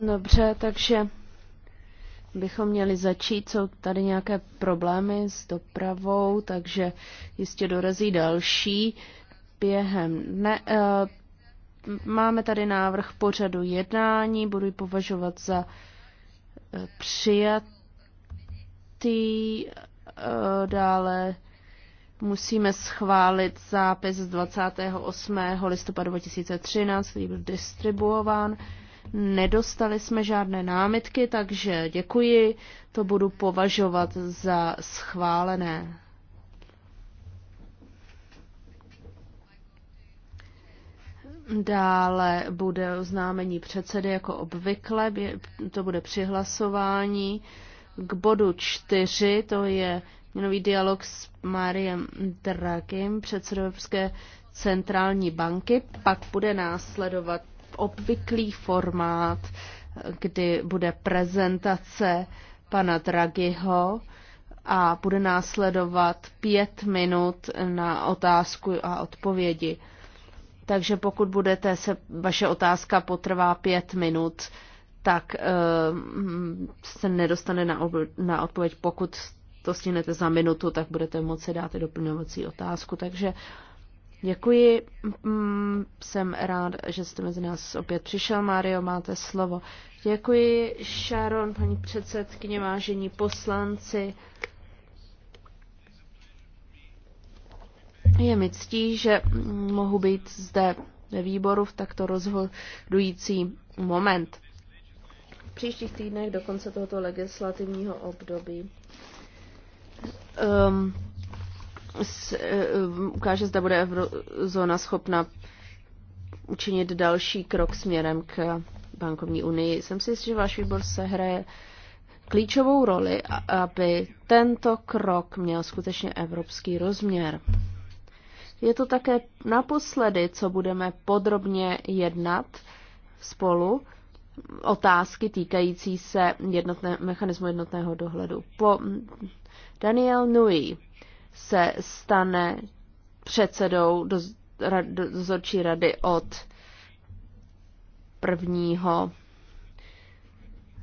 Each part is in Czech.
Dobře, takže bychom měli začít. Jsou tady nějaké problémy s dopravou, takže jistě dorazí další během. Ne, uh, eh, máme tady návrh pořadu jednání, budu ji považovat za uh, přijatý. Uh, dále Musíme schválit zápis z 28. listopadu 2013, který byl distribuován. Nedostali jsme žádné námitky, takže děkuji. To budu považovat za schválené. Dále bude oznámení předsedy jako obvykle, to bude přihlasování. K bodu čtyři, to je měnový dialog s Mariem Drakem, předsedou Evropské centrální banky. Pak bude následovat obvyklý formát, kdy bude prezentace pana Dragiho a bude následovat pět minut na otázku a odpovědi. Takže pokud budete se, vaše otázka potrvá pět minut, tak uh, se nedostane na, ob, na odpověď. Pokud to stihnete za minutu, tak budete moci dát i doplňovací otázku. Takže děkuji. Mm, Jsem rád, že jste mezi nás opět přišel. Mario, máte slovo. Děkuji, Sharon, paní předsedkyně, vážení poslanci. Je mi ctí, že mohu být zde ve výboru v takto rozhodující moment. V příštích týdnech do konce tohoto legislativního období um, s, um, ukáže, zda bude eurozóna schopna učinit další krok směrem k bankovní unii. Jsem si jistý, že váš výbor se hraje klíčovou roli, aby tento krok měl skutečně evropský rozměr. Je to také naposledy, co budeme podrobně jednat spolu otázky týkající se jednotné, mechanismu jednotného dohledu. Po Daniel Nui se stane předsedou dozorčí rady od prvního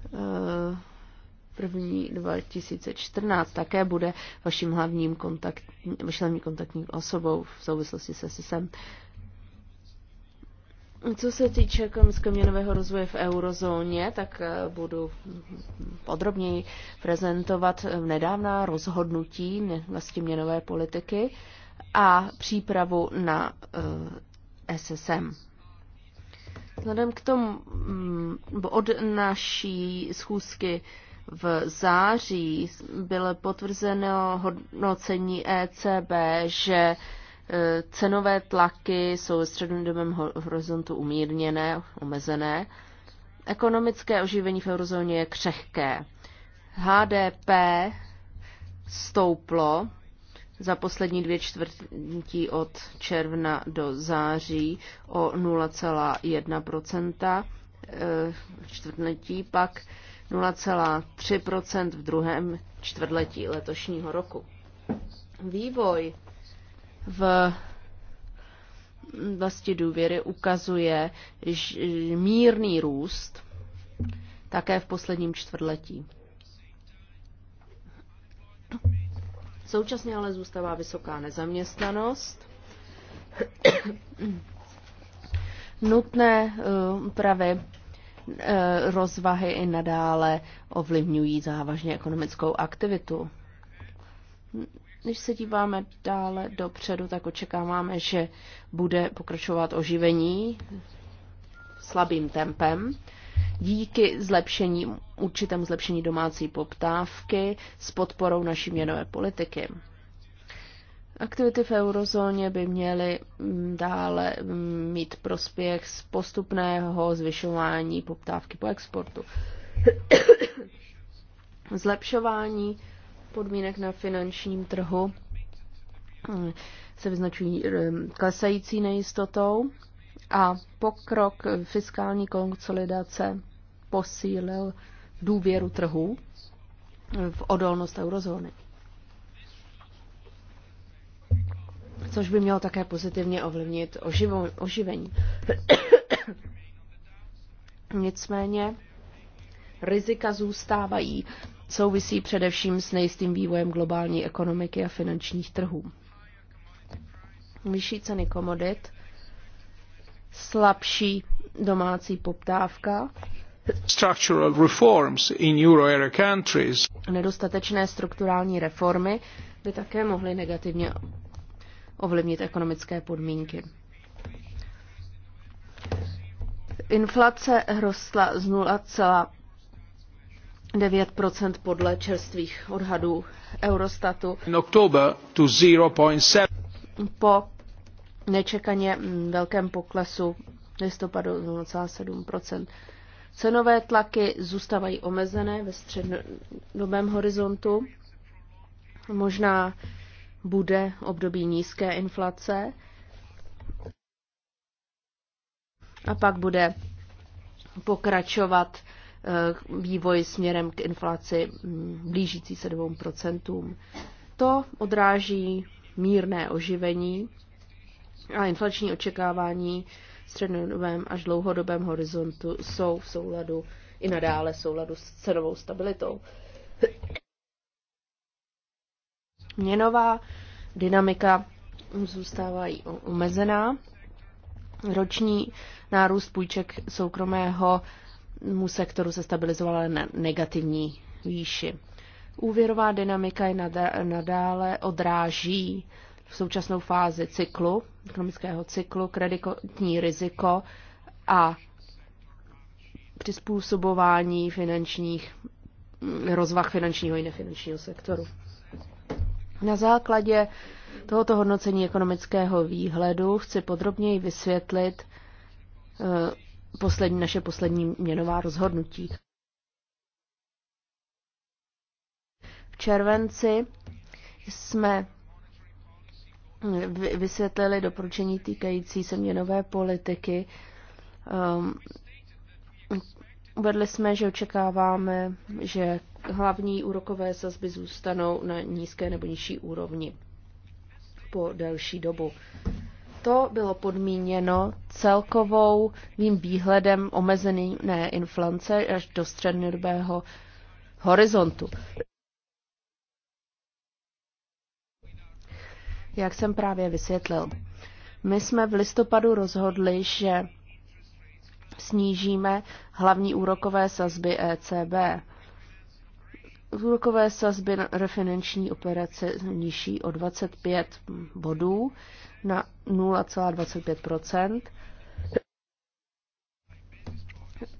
1. Eh, 2014 také bude vaším hlavním kontakt, vaším hlavní kontaktní osobou v souvislosti se SISem. Co se týče ekonomického rozvoje v eurozóně, tak eh, budu podrobněji prezentovat eh, nedávná rozhodnutí vlastně měnové politiky a přípravu na eh, SSM. Vzhledem k tomu mm, od naší schůzky v září bylo potvrzeno hodnocení ECB, že Cenové tlaky jsou ve střednědobém horizontu umírněné, omezené. Ekonomické oživení v eurozóně je křehké. HDP stouplo za poslední dvě čtvrtí od června do září o 0,1 eh, čtvrtletí, pak 0,3 v druhém čtvrtletí letošního roku. Vývoj v vlasti důvěry ukazuje mírný růst také v posledním čtvrtletí. Současně ale zůstává vysoká nezaměstnanost. Nutné eh, úpravy eh, rozvahy i nadále ovlivňují závažně ekonomickou aktivitu. Když se díváme dále dopředu, tak očekáváme, že bude pokračovat oživení slabým tempem. Díky zlepšení, určitému zlepšení domácí poptávky s podporou naší měnové politiky. Aktivity v eurozóně by měly mm, dále mm, mít prospěch z postupného zvyšování poptávky po exportu. Zlepšování podmínek na finančním trhu se vyznačují eh, klesající nejistotou a pokrok fiskální konsolidace posílil důvěru trhu v odolnost eurozóny. Což by mělo také pozitivně ovlivnit oživo, oživení. Nicméně rizika zůstávají souvisí především s nejistým vývojem globální ekonomiky a finančních trhů. Vyšší ceny komodit, slabší domácí poptávka, structural reforms in euro area countries. Nedostatečné strukturální reformy by také mohly negativně ovlivnit ekonomické podmínky. Inflace rostla z 9% podle čerstvých odhadů Eurostatu. In October to 0.7. Po nečekaně velkém poklesu listopadu 0,7%. Cenové tlaky zůstávají omezené ve střednodobém horizontu. Možná bude období nízké inflace a pak bude pokračovat Eh, vývoj směrem k inflaci mm, blížící se 2%. To odráží mírné oživení a inflační očekávání v střednodobém až dlouhodobém horizontu jsou v souladu i nadále v souladu s cenovou stabilitou. Měnová dynamika zůstávají omezená. Roční nárůst půjček soukromého soukromnému sektoru se stabilizovala na negativní výši. Úvěrová dynamika je nadále odráží v současnou fázi cyklu, ekonomického cyklu, kreditní riziko a přizpůsobování finančních, rozvah finančního i nefinančního sektoru. Na základě tohoto hodnocení ekonomického výhledu chci podrobněji vysvětlit eh, poslední, naše poslední měnová rozhodnutí. V červenci jsme vysvětlili doporučení týkající se měnové politiky. Um, uvedli jsme, že očekáváme, že hlavní úrokové sazby zůstanou na nízké nebo nižší úrovni po delší dobu to bylo podmíněno celkovou vým výhledem omezený ne inflace až do střednědobého horizontu. Jak jsem právě vysvětlil, my jsme v listopadu rozhodli, že snížíme hlavní úrokové sazby ECB úrokové sazby na refinanční operace nižší o 25 bodů na 0,25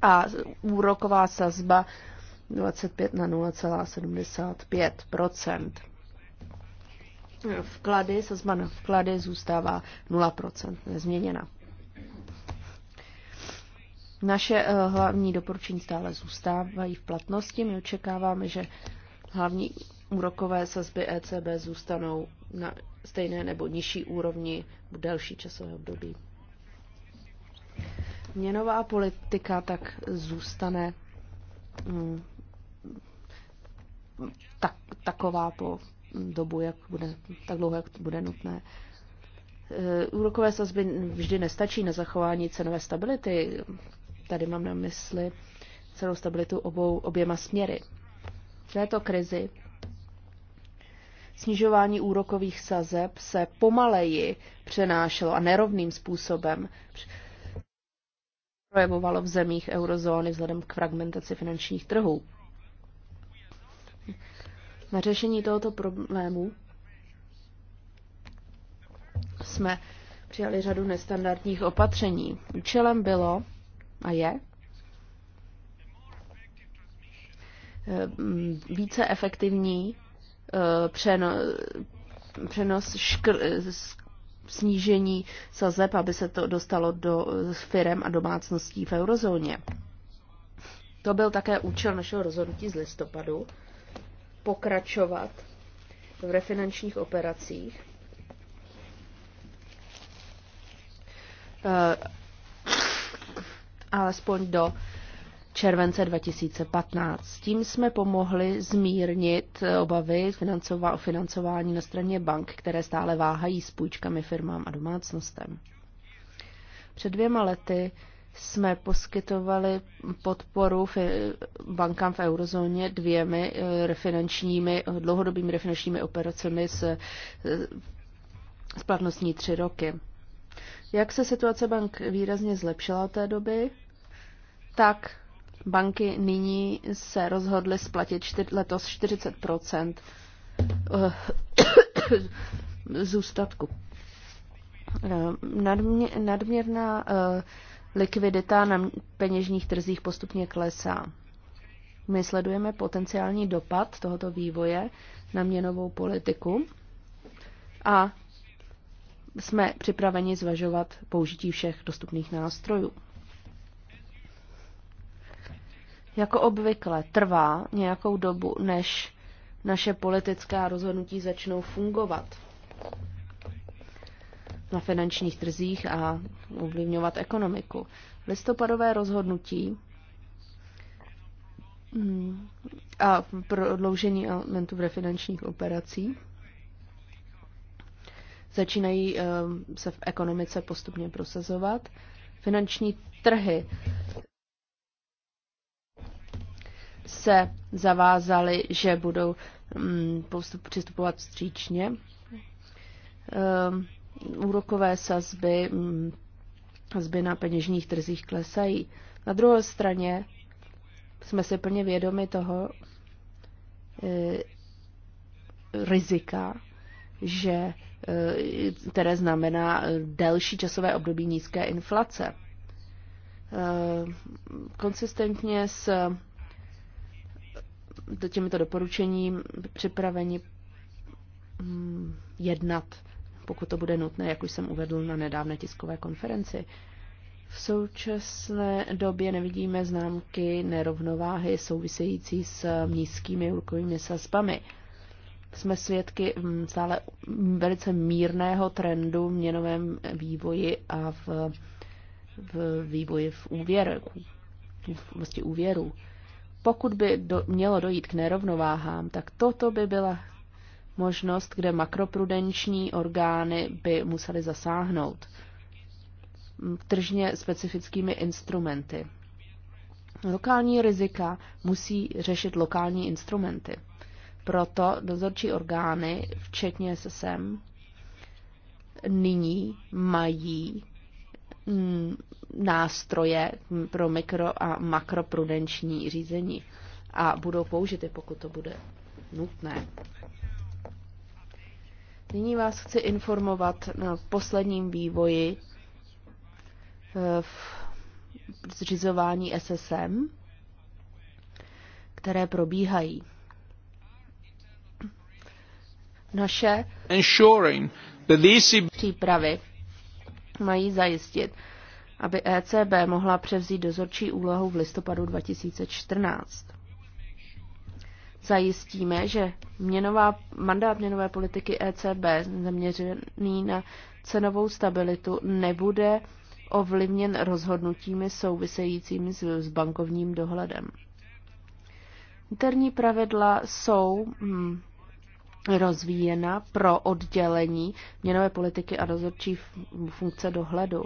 a úroková sazba 25 na 0,75 Vklady, sazba na vklady zůstává 0 nezměněna. Naše eh, hlavní doporučení stále zůstávají v platnosti. My očekáváme, že hlavní úrokové sazby ECB zůstanou na stejné nebo nižší úrovni v delší časové období. Měnová politika tak zůstane mm, tak, taková po dobu, jak bude, tak dlouho, jak bude nutné. Eh, úrokové sazby vždy nestačí na zachování cenové stability Tady mám na mysli celou stabilitu obou, oběma směry. V této krizi snižování úrokových sazeb se pomaleji přenášelo a nerovným způsobem projevovalo v zemích eurozóny vzhledem k fragmentaci finančních trhů. Na řešení tohoto problému jsme přijali řadu nestandardních opatření. Účelem bylo a je eh, více efektivní eh, přenos, škr, snížení sazeb, aby se to dostalo do firem a domácností v eurozóně. To byl také účel našeho rozhodnutí z listopadu pokračovat v refinančních operacích eh, alespoň do července 2015. Tím jsme pomohli zmírnit obavy o financování na straně bank, které stále váhají s půjčkami firmám a domácnostem. Před dvěma lety jsme poskytovali podporu bankám v eurozóně dvěmi eh, refinančními, dlouhodobými refinančními operacemi s splatnostní tři roky. Jak se situace bank výrazně zlepšila od té doby? tak banky nyní se rozhodly splatit čtyř, letos 40 eh, zůstatku. Eh, nadmě, nadměrná eh, likvidita na peněžních trzích postupně klesá. My sledujeme potenciální dopad tohoto vývoje na měnovou politiku a jsme připraveni zvažovat použití všech dostupných nástrojů jako obvykle trvá nějakou dobu, než naše politická rozhodnutí začnou fungovat na finančních trzích a ovlivňovat ekonomiku. Listopadové rozhodnutí mm, a prodloužení elementů ve finančních operací začínají eh, se v ekonomice postupně prosazovat. Finanční trhy se zavázali, že budou mm, postup, přistupovat stříčně. Ehm, úrokové sazby, mm, sazby na peněžních trzích klesají. Na druhé straně jsme si plně vědomi toho eh, rizika, že, eh, které znamená eh, delší časové období nízké inflace. Ehm, konsistentně s těmito doporučením připraveni mm, jednat, pokud to bude nutné, jak už jsem uvedl na nedávné tiskové konferenci. V současné době nevidíme známky nerovnováhy související s nízkými úrokovými sazbami. Jsme svědky mm, stále velice mírného trendu v měnovém vývoji a v, v vývoji v úvěru, v vlastně úvěru. Pokud by do, mělo dojít k nerovnováhám, tak toto by byla možnost, kde makroprudenční orgány by musely zasáhnout tržně specifickými instrumenty. Lokální rizika musí řešit lokální instrumenty. Proto dozorčí orgány, včetně SSM, nyní mají Mm, nástroje pro mikro a makroprudenční řízení a budou použity, pokud to bude nutné. Nyní vás chci informovat na posledním vývoji eh, v zřizování SSM, které probíhají. Naše e přípravy mají zajistit, aby ECB mohla převzít dozorčí úlohu v listopadu 2014. Zajistíme, že měnová, mandát měnové politiky ECB zaměřený na cenovou stabilitu nebude ovlivněn rozhodnutími souvisejícími s bankovním dohledem. Interní pravidla jsou hm, rozvíjena pro oddělení měnové politiky a dozorčí funkce dohledu.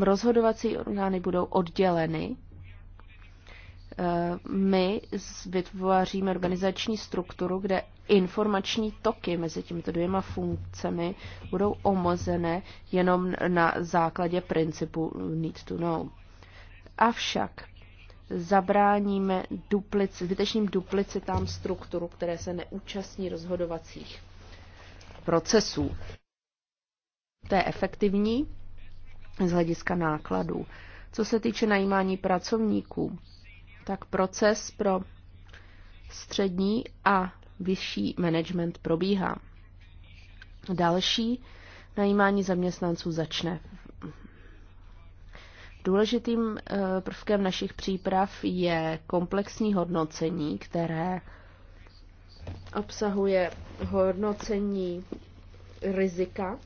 Rozhodovací orgány budou odděleny. Eh, my vytvoříme organizační strukturu, kde informační toky mezi těmito dvěma funkcemi budou omozené jenom na základě principu need to know. Avšak zabráníme duplic, zbytečným duplicitám strukturu, které se neúčastní rozhodovacích procesů. To je efektivní z hlediska nákladů. Co se týče najímání pracovníků, tak proces pro střední a vyšší management probíhá. Další najímání zaměstnanců začne Důležitým eh, prvkem našich příprav je komplexní hodnocení, které obsahuje hodnocení rizika,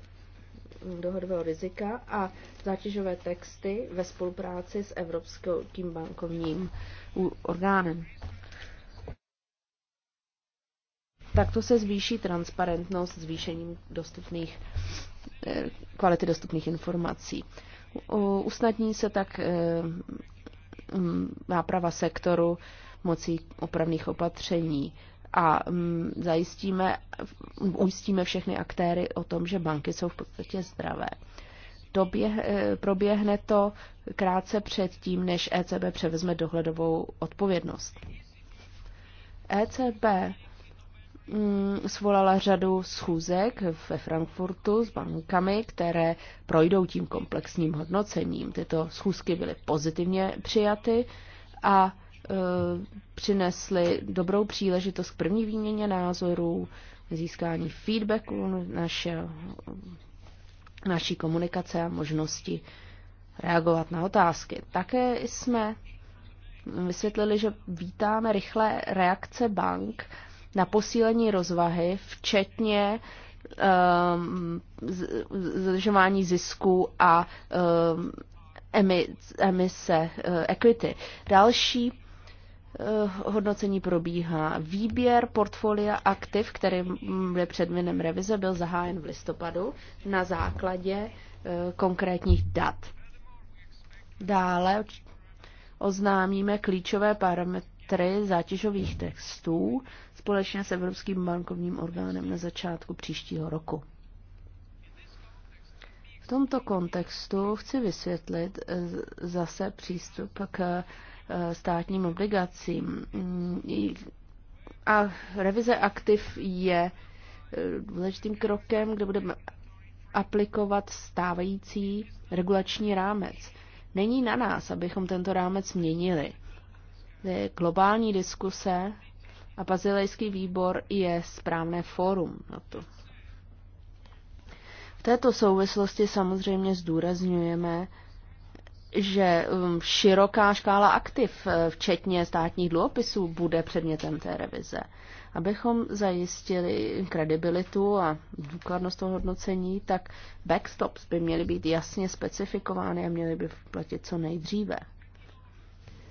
dohodového rizika a zátěžové texty ve spolupráci s Evropským bankovním orgánem. Takto se zvýší transparentnost zvýšením dostupných, eh, kvality dostupných informací. Usnadní se tak eh, mm, náprava sektoru mocí opravných opatření a mm, zajistíme, ujistíme všechny aktéry o tom, že banky jsou v podstatě zdravé. Doběh, eh, proběhne to krátce před tím, než ECB převezme dohledovou odpovědnost. ECB Mm, svolala řadu schůzek ve Frankfurtu s bankami, které projdou tím komplexním hodnocením. Tyto schůzky byly pozitivně přijaty a e, přinesly dobrou příležitost k první výměně názorů, získání feedbacku naše, naší komunikace a možnosti reagovat na otázky. Také jsme vysvětlili, že vítáme rychlé reakce bank na posílení rozvahy, včetně um, zadržování zisků a um, emise uh, equity. Další uh, hodnocení probíhá. Výběr portfolia aktiv, který byl předmětem revize, byl zahájen v listopadu na základě uh, konkrétních dat. Dále oznámíme klíčové parametry zátěžových textů společně s Evropským bankovním orgánem na začátku příštího roku. V tomto kontextu chci vysvětlit eh, zase přístup k eh, státním obligacím. A revize aktiv je eh, důležitým krokem, kde budeme aplikovat stávající regulační rámec. Není na nás, abychom tento rámec měnili. je globální diskuse a bazilejský výbor je správné fórum na to. V této souvislosti samozřejmě zdůrazňujeme, že um, široká škála aktiv, eh, včetně státních dluhopisů, bude předmětem té revize. Abychom zajistili kredibilitu a důkladnost toho hodnocení, tak backstops by měly být jasně specifikovány a měly by platit co nejdříve.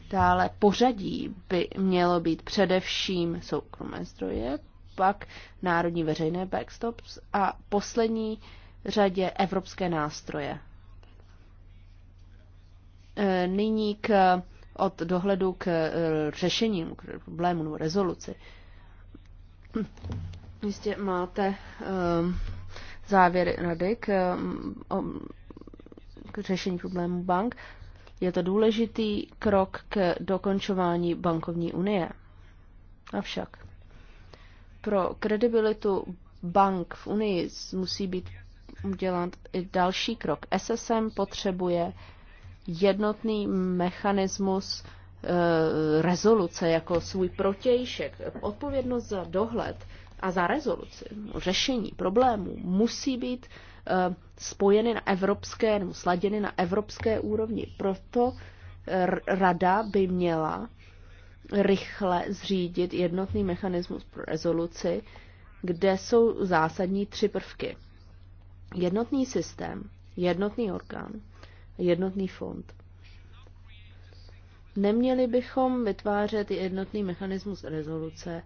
Dále pořadí by mělo být především soukromé zdroje, pak národní veřejné backstops a poslední řadě evropské nástroje. E, nyní k, od dohledu k e, řešením, k problému nebo rezoluci. Jistě máte um, závěry rady k, um, k řešení problému bank. Je to důležitý krok k dokončování bankovní unie. Avšak pro kredibilitu bank v Unii musí být udělat i další krok. SSM potřebuje jednotný mechanismus e, rezoluce jako svůj protějšek. Odpovědnost za dohled a za rezoluci, no, řešení problémů musí být Eh, spojeny na evropské nebo sladěny na evropské úrovni. Proto eh, rada by měla rychle zřídit jednotný mechanismus pro rezoluci, kde jsou zásadní tři prvky. Jednotný systém, jednotný orgán, jednotný fond. Neměli bychom vytvářet jednotný mechanismus rezoluce,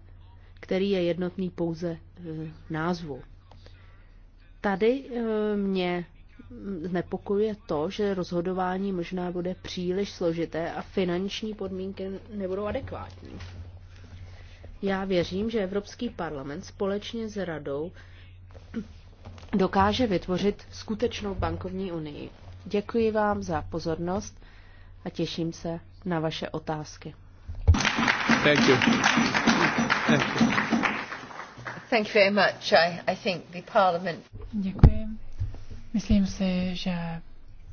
který je jednotný pouze v názvu. Tady e, mě znepokojuje to, že rozhodování možná bude příliš složité a finanční podmínky nebudou adekvátní. Já věřím, že Evropský parlament společně s radou dokáže vytvořit skutečnou bankovní unii. Děkuji vám za pozornost a těším se na vaše otázky. Thank you. Thank you. Thank you very much. I, I think the parliament... Děkuji. Myslím si, že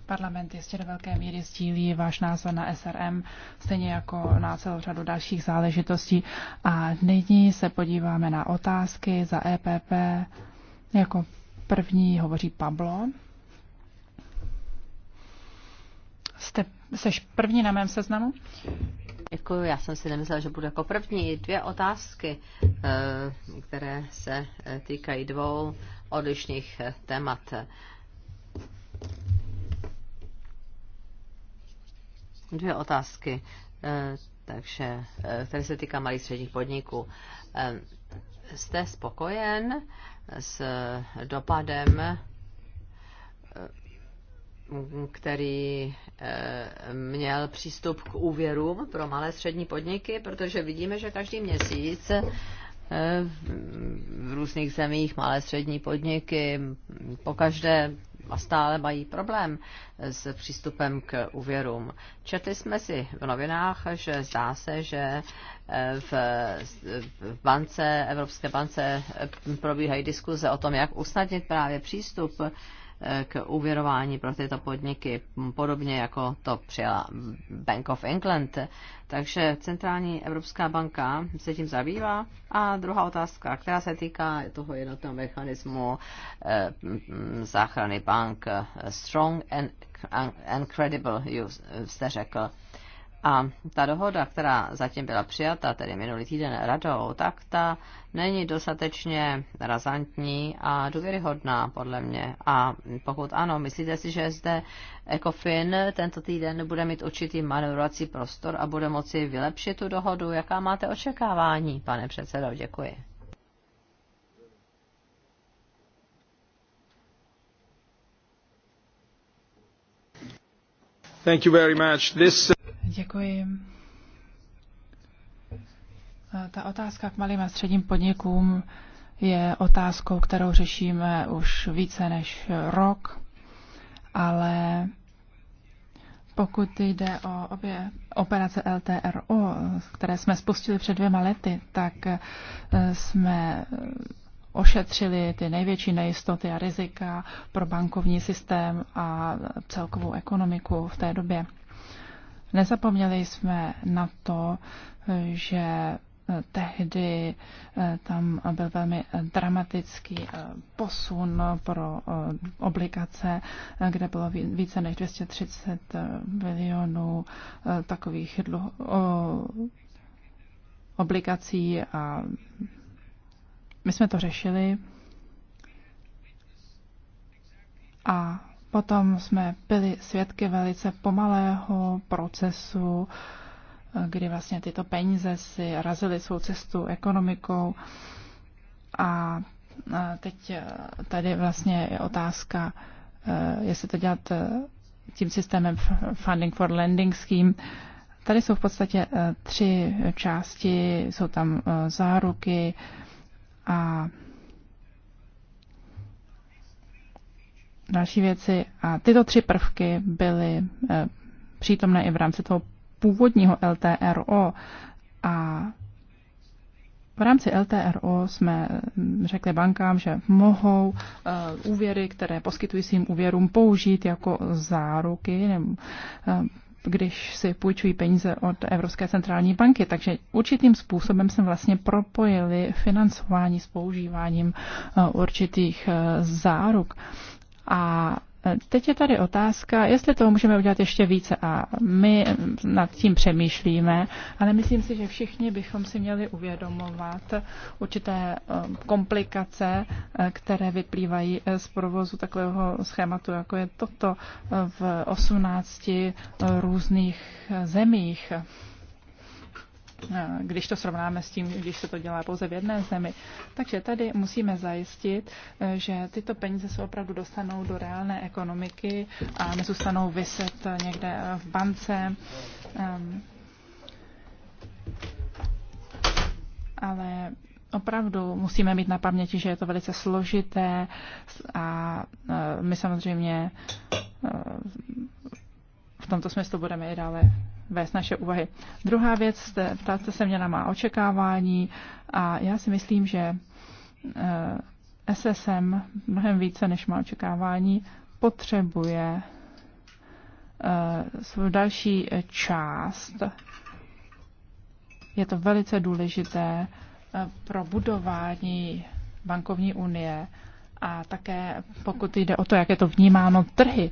Parlament jistě do velké míry sdílí váš názor na SRM, stejně jako na celou řadu dalších záležitostí. A nyní se podíváme na otázky za EPP. Jako první hovoří Pablo. Jste, seš první na mém seznamu? Děkuji, já jsem si nemyslela, že budu jako první. Dvě otázky, eh, které se eh, týkají dvou odlišných eh, témat. Dvě otázky, takže, které se týká malých středních podniků. Jste spokojen s dopadem který eh, měl přístup k úvěrům pro malé střední podniky, protože vidíme, že každý měsíc eh, v různých zemích malé střední podniky po každé a stále mají problém s přístupem k úvěrům. Četli jsme si v novinách, že zdá se, že eh, v, v bance, Evropské bance probíhají diskuze o tom, jak usnadnit právě přístup k uvěrování pro tyto podniky, podobně jako to přijala Bank of England. Takže Centrální Evropská banka se tím zabývá. A druhá otázka, která se týká toho jednotného mechanismu eh, záchrany bank eh, Strong and, and Credible, jste řekl. A ta dohoda, která zatím byla přijata, tedy minulý týden radou, tak ta není dostatečně razantní a důvěryhodná, podle mě. A pokud ano, myslíte si, že zde ECOFIN tento týden bude mít určitý manevrovací prostor a bude moci vylepšit tu dohodu? Jaká máte očekávání, pane předsedo? Děkuji. Thank you very much. This... Děkuji. Eh, ta otázka k malým a středním podnikům je otázkou, kterou řešíme už více než rok, ale pokud jde o obě operace LTRO, které jsme spustili před dvěma lety, tak eh, jsme ošetřili ty největší nejistoty a rizika pro bankovní systém a celkovou ekonomiku v té době. Nezapomněli jsme na to, že eh, tehdy eh, tam byl velmi eh, dramatický posun pro obligace, kde bylo více než 230 milionů takových obligací a my jsme to řešili a Potom jsme byli svědky velice pomalého procesu, kdy vlastně tyto peníze si razily svou cestu ekonomikou. A teď e, tady vlastně je otázka, e, jestli to dělat e, tím systémem Funding for Lending Scheme. Tady jsou v podstatě tři části, jsou tam záruky a další věci. A tyto tři prvky byly eh, přítomné i v rámci toho původního LTRO. A v rámci LTRO jsme hm, řekli bankám, že mohou eh, úvěry, které poskytují svým úvěrům, použít jako záruky, eh, když si půjčují peníze od Evropské centrální banky. Takže určitým způsobem jsme vlastně propojili financování s používáním určitých záruk. A e, Teď je tady otázka, jestli toho můžeme udělat ještě více a my e, nad tím přemýšlíme, ale myslím si, že všichni bychom si měli uvědomovat určité e, komplikace, které vyplývají z provozu takového schématu, jako je toto v 18 různých zemích když to srovnáme s tím, když se to dělá pouze v jedné zemi. Takže tady musíme zajistit, že tyto peníze se opravdu dostanou do reálné ekonomiky a nezůstanou vyset někde v bance. Ehm, ale opravdu musíme mít na paměti, že je to velice složité a e, my samozřejmě e, v tomto smyslu budeme i dále vést naše úvahy. Druhá věc, ptáte se mě na má očekávání a já si myslím, že eh, SSM mnohem více než má očekávání potřebuje eh, svou další část. Je to velice důležité eh, pro budování bankovní unie a také pokud jde o to, jak je to vnímáno trhy,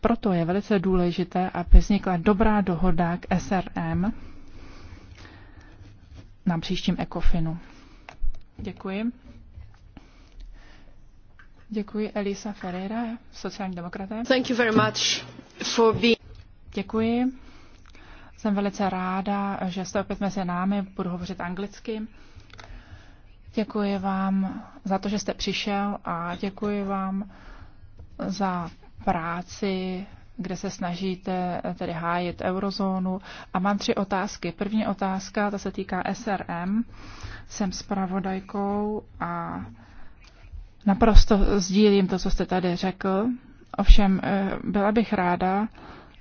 proto je velice důležité, aby vznikla dobrá dohoda k SRM na příštím ECOFINu. Děkuji. Děkuji Elisa Ferreira, sociální demokraté. Thank you very much for being... Děkuji. Jsem velice ráda, že jste opět mezi námi, budu hovořit anglicky. Děkuji vám za to, že jste přišel a děkuji vám za práci, kde se snažíte eh, tedy hájit eurozónu. A mám tři otázky. První otázka, ta se týká SRM. Jsem zpravodajkou a naprosto sdílím to, co jste tady řekl. Ovšem, eh, byla bych ráda,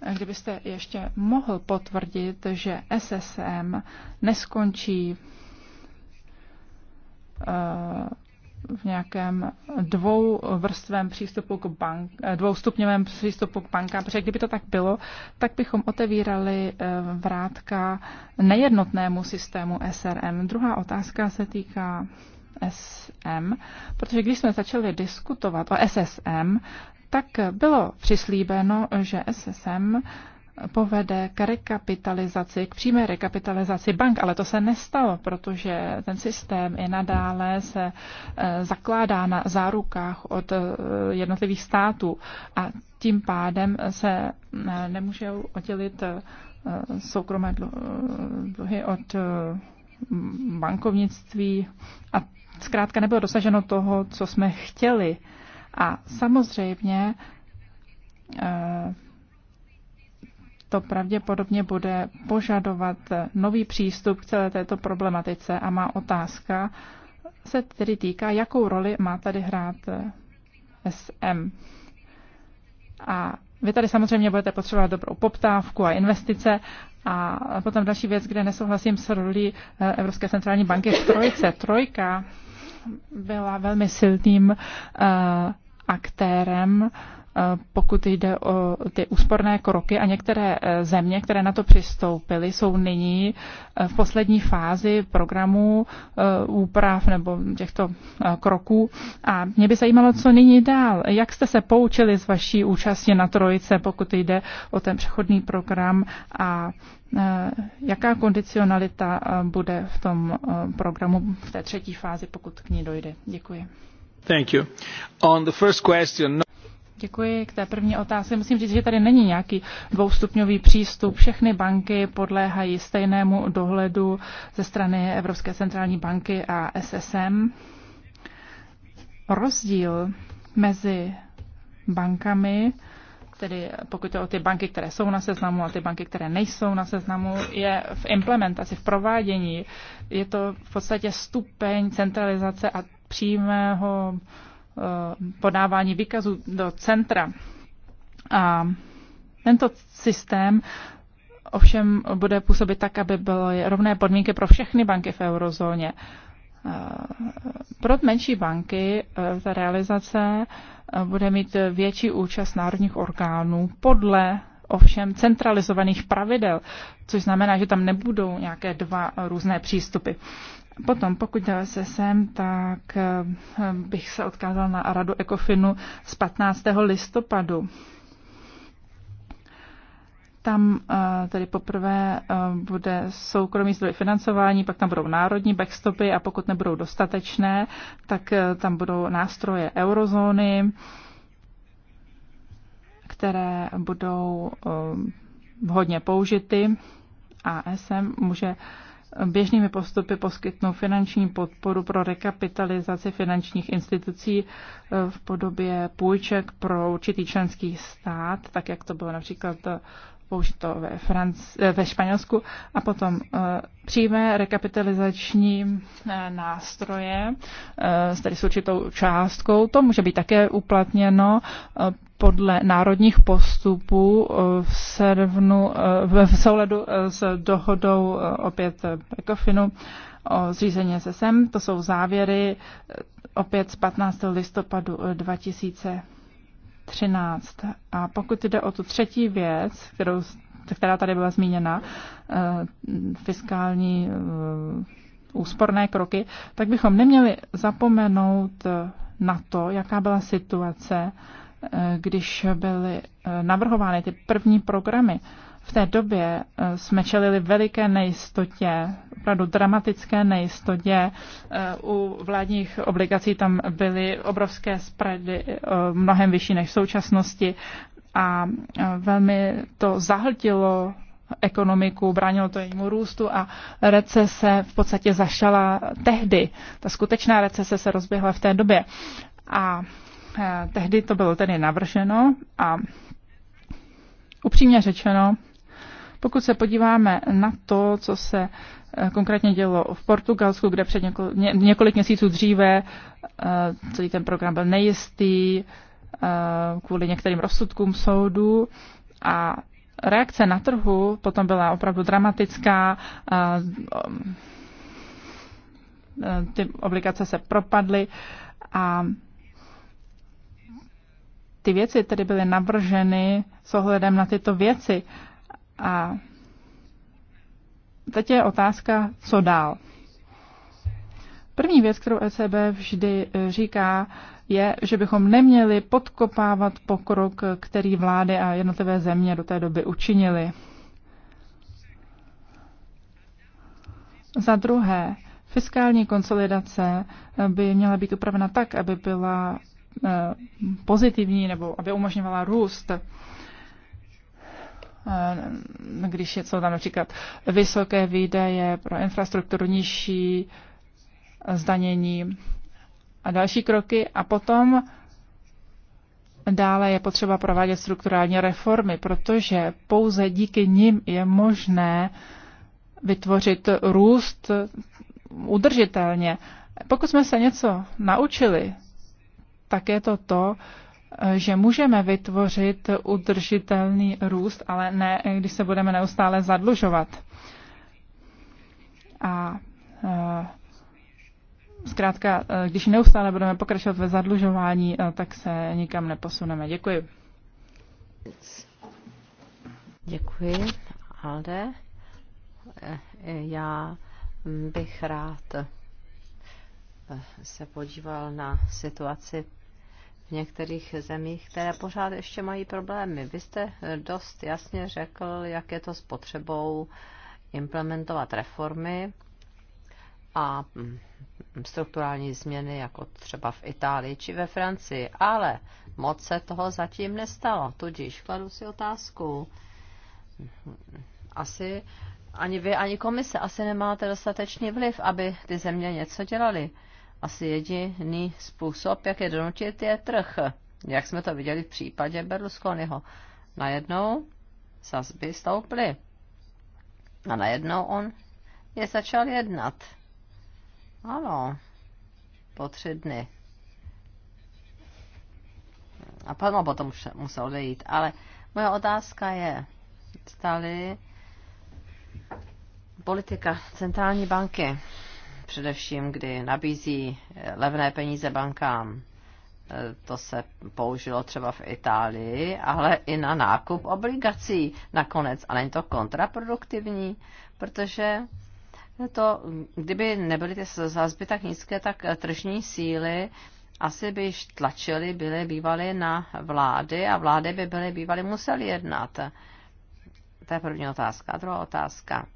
eh, kdybyste ještě mohl potvrdit, že SSM neskončí v nějakém dvouvrstvém přístupu k bank, eh, dvoustupňovém přístupu k bankám, protože kdyby to tak bylo, tak bychom otevírali eh, vrátka nejednotnému systému SRM. Druhá otázka se týká SM, protože když jsme začali diskutovat o SSM, tak bylo přislíbeno, že SSM povede k rekapitalizaci, k přímé rekapitalizaci bank, ale to se nestalo, protože ten systém i nadále se eh, zakládá na zárukách od eh, jednotlivých států a tím pádem se eh, nemůže oddělit soukromé dluhy od bankovnictví a zkrátka nebylo dosaženo toho, co jsme chtěli. A samozřejmě to pravděpodobně bude požadovat nový přístup k celé této problematice a má otázka se tedy týká, jakou roli má tady hrát SM. A vy tady samozřejmě budete potřebovat dobrou poptávku a investice. A potom další věc, kde nesouhlasím s rolí eh, Evropské centrální banky v trojce. Trojka byla velmi silným uh, aktérem uh, Eh, pokud jde o ty úsporné kroky a některé eh, země, které na to přistoupily, jsou nyní eh, v poslední fázi programu úprav nebo těchto kroků. A mě by zajímalo, co nyní dál. Jak jste se poučili z vaší účasti na trojice, pokud jde o ten přechodný program a jaká kondicionalita bude v tom programu v té třetí fázi, pokud k ní dojde. Děkuji. Thank you. On the first question, Děkuji k té první otázce. Musím říct, že tady není nějaký dvoustupňový přístup. Všechny banky podléhají stejnému dohledu ze strany Evropské centrální banky a SSM. Rozdíl mezi bankami, tedy pokud to o ty banky, které jsou na seznamu a ty banky, které nejsou na seznamu, je v implementaci, v provádění. Je to v podstatě stupeň centralizace a přímého Eh, podávání výkazu do centra. A tento systém ovšem bude působit tak, aby byly rovné podmínky pro všechny banky v eurozóně. Eh, pro menší banky eh, ta realizace bude mít větší účast národních orgánů podle ovšem centralizovaných pravidel, což znamená, že tam nebudou nějaké dva různé přístupy. Potom, pokud jde se sem, tak eh, bych se odkázal na Radu Ekofinu z 15. listopadu. Tam eh, tedy poprvé eh, bude soukromý zdroj financování, pak tam budou národní backstopy a pokud nebudou dostatečné, tak tam budou nástroje eurozóny, které budou hodně použity a SM může uh, běžnými postupy poskytnou finanční podporu pro rekapitalizaci finančních institucí eh, v podobě půjček pro určitý členský stát, tak jak to bylo například eh, použito ve, Franc- eh, ve Španělsku, a potom přímé rekapitalizační nástroje, tady s určitou částkou, to může být také uplatněno podle národních postupů eh, v, servnu, eh, v souledu eh, s dohodou opět Ekofinu o zřízení SSM. To jsou závěry opět z 15. listopadu 2013. A pokud jde o tu třetí věc, kterou, která tady byla zmíněna, fiskální úsporné kroky, tak bychom neměli zapomenout na to, jaká byla situace když byly eh, navrhovány ty první programy, v té době eh, jsme čelili veliké nejistotě, opravdu dramatické nejistotě. Eh, u vládních obligací tam byly obrovské spready, mnohem vyšší než v současnosti a velmi to zahltilo ekonomiku, bránilo to jejímu růstu a recese v podstatě zašala tehdy. Ta skutečná recese se rozběhla v té době. A Eh, tehdy to bylo tedy navrženo a upřímně řečeno, pokud se podíváme na to, co se eh, konkrétně dělo v Portugalsku, kde před něko, ně, několik měsíců dříve eh, celý ten program byl nejistý kvůli některým rozsudkům soudu a reakce na trhu potom byla opravdu dramatická. Ty obligace se propadly a ty věci tedy byly navrženy s ohledem na tyto věci. A teď je otázka, co dál. První věc, kterou ECB vždy e, říká, je, že bychom neměli podkopávat pokrok, který vlády a jednotlivé země do té doby učinili. Za druhé, fiskální konsolidace by měla být upravena tak, aby byla Eh, pozitivní nebo aby umožňovala růst eh, když je, co tam například vysoké výdaje pro infrastrukturu, nižší zdanění a další kroky. A potom dále je potřeba provádět strukturální reformy, protože pouze díky nim je možné vytvořit růst udržitelně. Pokud jsme se něco naučili tak je to to, eh, že můžeme vytvořit udržitelný růst, ale ne, když se budeme neustále zadlužovat. A eh, zkrátka, eh, když neustále budeme pokračovat ve zadlužování, tak se nikam neposuneme. Děkuji. Děkuji, Alde. Já bych rád se podíval na situaci v některých zemích, které pořád ještě mají problémy. Vy jste eh, dost jasně řekl, jak je to s potřebou implementovat reformy a hm, strukturální změny, jako třeba v Itálii či ve Francii, ale moc se toho zatím nestalo. Tudíž kladu si otázku. Asi ani vy, ani komise asi nemáte dostatečný vliv, aby ty země něco dělaly asi jediný způsob, jak je donutit, je trh. Jak jsme to viděli v případě Berlusconiho. Najednou sazby stouply. A najednou on je začal jednat. Ano, po tři dny. A potom, no, potom už musel odejít. Ale moje otázka je, stali politika centrální banky především kdy nabízí eh, levné peníze bankám. Eh, to se použilo třeba v Itálii, ale i na nákup obligací nakonec. A není to kontraproduktivní, protože to, kdyby nebyly ty sazby tak nízké, tak eh, tržní síly asi by již tlačily, byly bývaly na vlády a vlády by byly bývaly museli jednat. To je první otázka. A druhá otázka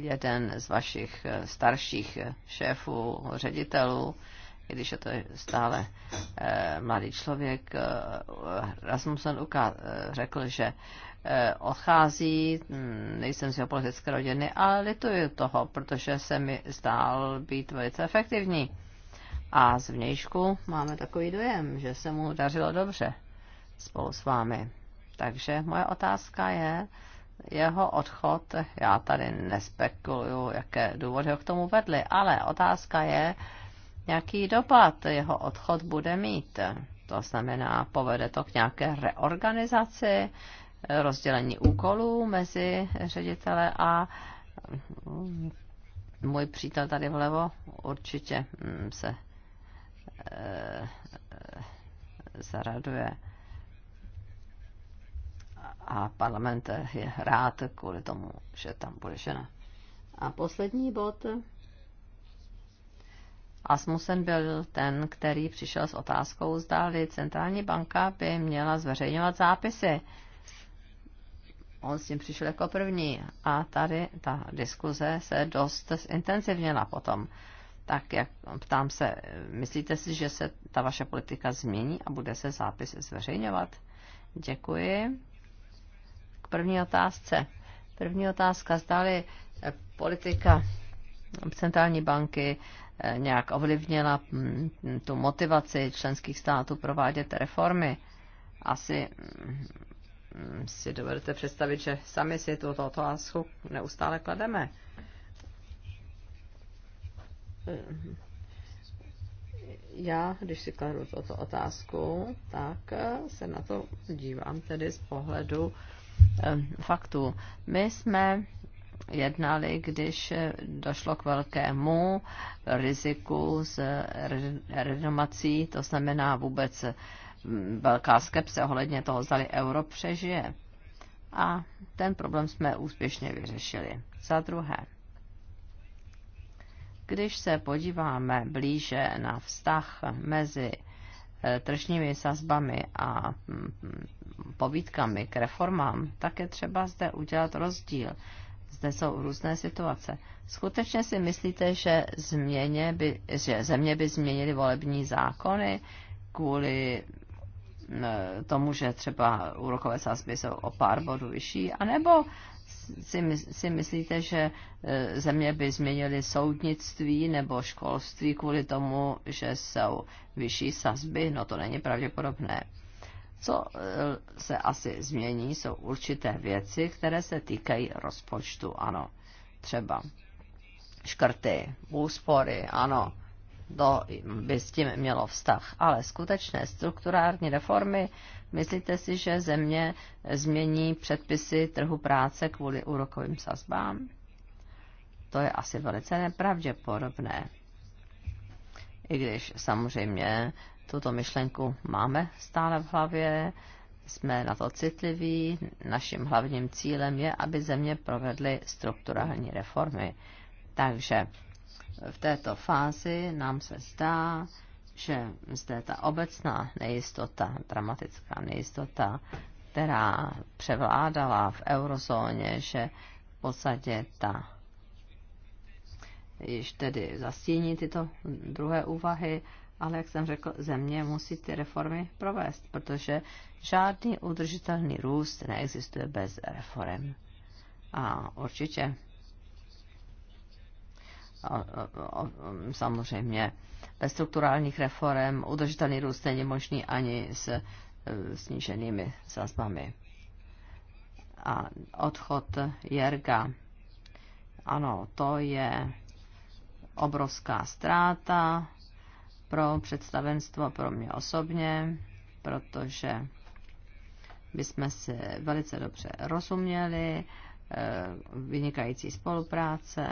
jeden z vašich eh, starších eh, šéfů, ředitelů, když je to stále e, mladý člověk, e, Rasmussen uká, e, řekl, že e, odchází, hm, nejsem z jeho politické rodiny, ale lituji toho, protože se mi zdál být velice efektivní. A z vnějšku máme takový dojem, že se mu dařilo dobře spolu s vámi. Takže moje otázka je, jeho odchod, já tady nespekuluju, jaké důvody ho k tomu vedly, ale otázka je, jaký dopad jeho odchod bude mít. To znamená, povede to k nějaké reorganizaci, rozdělení úkolů mezi ředitele a mm, můj přítel tady vlevo určitě mm, se e, e zaraduje. E, a parlament je rád kvůli tomu, že tam bude žena. A poslední bod. Asmussen byl ten, který přišel s otázkou, zdáli centrální banka by měla zveřejňovat zápisy. On s tím přišel jako první a tady ta diskuze se dost intenzivněla potom. Tak jak ptám se, myslíte si, že se ta vaše politika změní a bude se zápis zveřejňovat? Děkuji. K první otázce. První otázka, zdali eh, politika centrální banky eh, nějak ovlivnila mm, tu motivaci členských států provádět reformy. Asi mm, si dovedete představit, že sami si tuto otázku neustále klademe. Já, když si kladu tuto otázku, tak eh, se na to dívám tedy z pohledu Ehm, faktů. My jsme jednali, když došlo k velkému riziku z renomací, to znamená vůbec mm, velká skepse ohledně toho, zdali euro přežije. A ten problém jsme úspěšně vyřešili. Za druhé, když se podíváme blíže na vztah mezi eh, tržními sazbami a mm, povídkami k reformám, tak je třeba zde udělat rozdíl. Zde jsou různé situace. Skutečně si myslíte, že, změně by, že země by změnily volební zákony kvůli tomu, že třeba úrokové sazby jsou o pár bodů vyšší, anebo si, si myslíte, že e, země by změnily soudnictví nebo školství kvůli tomu, že jsou vyšší sazby? No to není pravděpodobné. Co eh, se asi změní, jsou určité věci, které se týkají rozpočtu, ano. Třeba škrty, úspory, ano, to by s tím mělo vztah. Ale skutečné strukturální reformy, myslíte si, že země změní předpisy trhu práce kvůli úrokovým sazbám? To je asi velice nepravděpodobné. I když samozřejmě tuto myšlenku máme stále v hlavě, jsme na to citliví. Naším hlavním cílem je, aby země provedly strukturální reformy. Takže v této fázi nám se zdá, že zde ta obecná nejistota, dramatická nejistota, která převládala v eurozóně, že v podstatě ta již tedy zastíní tyto druhé úvahy ale jak jsem řekl, země musí ty reformy provést, protože žádný udržitelný růst neexistuje bez reform. A určitě samozřejmě bez strukturálních reform udržitelný růst není možný ani s e, sníženými sazbami. A odchod Jerga, ano, to je obrovská ztráta pro představenstvo, pro mě osobně, protože bychom si velice dobře rozuměli, eh, vynikající spolupráce,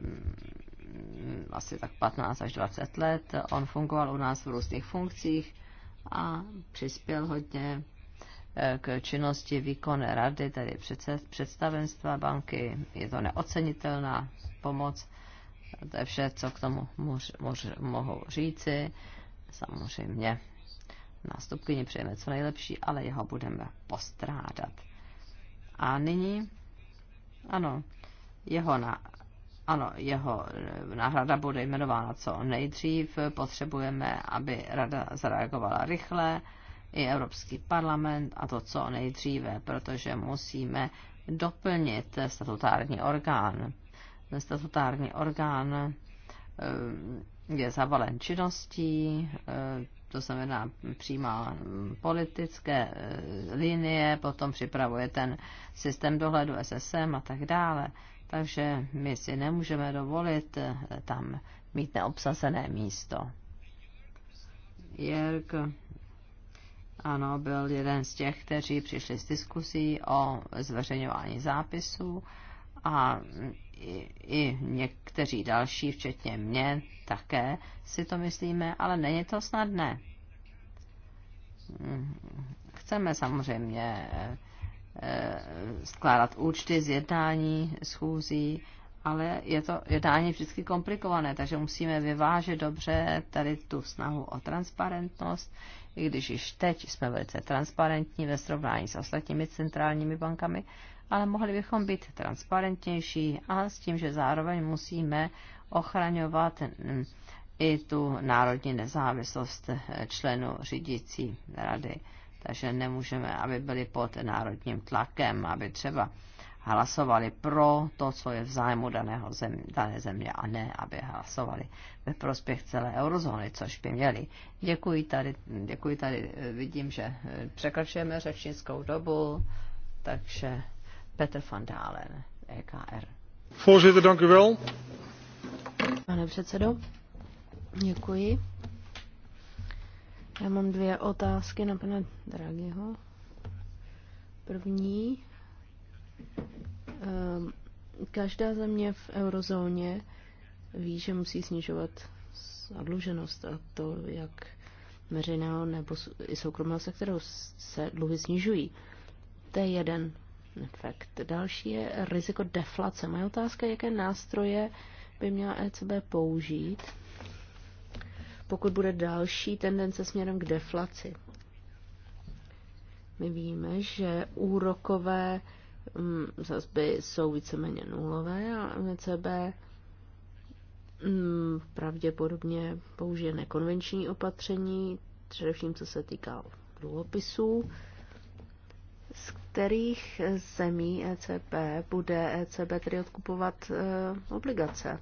mm, asi tak 15 až 20 let. On fungoval u nás v různých funkcích a přispěl hodně eh, k činnosti výkonné rady, tedy představenstva banky. Je to neocenitelná pomoc to je vše, co k tomu mož, mož, mohu říci. Samozřejmě nástupkyni přejeme co nejlepší, ale jeho budeme postrádat. A nyní, ano, jeho na, ano, jeho náhrada bude jmenována co nejdřív. Potřebujeme, aby rada zareagovala rychle, i Evropský parlament, a to co nejdříve, protože musíme doplnit statutární orgán statutární orgán eh, je zavalen činností, eh, to znamená přijímá mm, politické eh, linie, potom připravuje ten systém dohledu SSM a tak dále. Takže my si nemůžeme dovolit tam mít neobsazené místo. Jirk, ano, byl jeden z těch, kteří přišli s diskusí o zveřejňování zápisů a mm, i, i někteří další, včetně mě, také si to myslíme, ale není to snadné. Chceme samozřejmě eh, eh, skládat účty z jednání, schůzí, ale je to jednání vždycky komplikované, takže musíme vyvážet dobře tady tu snahu o transparentnost, i když již teď jsme velice transparentní ve srovnání s ostatními centrálními bankami, ale mohli bychom být transparentnější a s tím, že zároveň musíme ochraňovat mm, i tu národní nezávislost eh, členů řídící rady. Takže nemůžeme, aby byli pod národním tlakem, aby třeba hlasovali pro to, co je v zájmu daného zem, dané země a ne, aby hlasovali ve prospěch celé eurozóny, což by měli. Děkuji tady, děkuji tady eh, vidím, že eh, překračujeme řečnickou dobu, takže Petr van Dalen, EKR. Voorzitter, dank u wel. Pane předsedo, děkuji. Já mám dvě otázky na pana Dragiho. První. Ehm, každá země v eurozóně ví, že musí snižovat zadluženost a to, jak veřejného nebo i soukromého sektoru se dluhy snižují. To je jeden efekt. Další je riziko deflace. Moje otázka je, jaké nástroje by měla ECB použít, pokud bude další tendence směrem k deflaci. My víme, že úrokové mm, sazby jsou víceméně nulové a ECB mm, pravděpodobně použije nekonvenční opatření, především co se týká dluhopisů, kterých zemí ECB bude ECB tedy odkupovat e, obligace.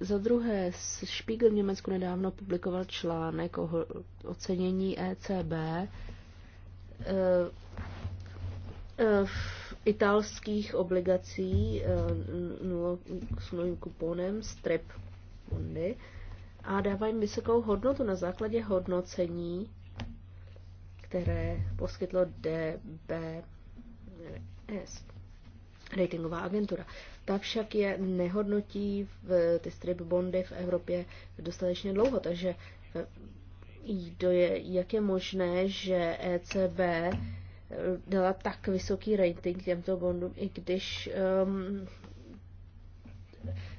Za druhé, Spiegel v Německu nedávno publikoval článek o ocenění ECB e, e, v italských obligací s novým kuponem Strip Bondy a jim vysokou hodnotu na základě hodnocení které poskytlo DBS, ratingová agentura. Ta však je nehodnotí v ty strip bondy v Evropě dostatečně dlouho, takže eh, jak je možné, že ECB eh, dala tak vysoký rating těmto bondům, i když um,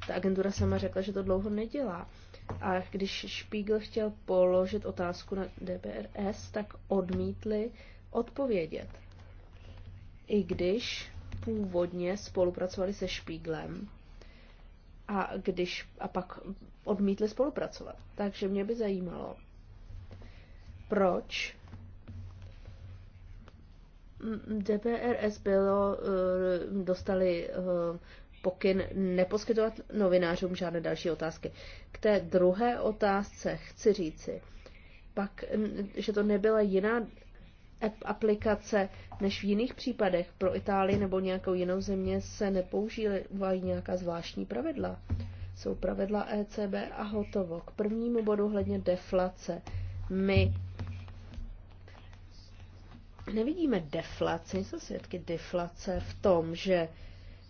ta agentura sama řekla, že to dlouho nedělá. A když Spiegel chtěl položit otázku na DBRS, tak odmítli odpovědět. I když původně spolupracovali se Špíglem a, když, a pak odmítli spolupracovat. Takže mě by zajímalo, proč DPRS bylo, eh, dostali eh, pokyn neposkytovat novinářům žádné další otázky. K té druhé otázce chci říci, pak, že to nebyla jiná aplikace než v jiných případech pro Itálii nebo nějakou jinou země se nepoužívají nějaká zvláštní pravidla. Jsou pravidla ECB a hotovo. K prvnímu bodu hledně deflace. My nevidíme deflaci, jsme svědky deflace v tom, že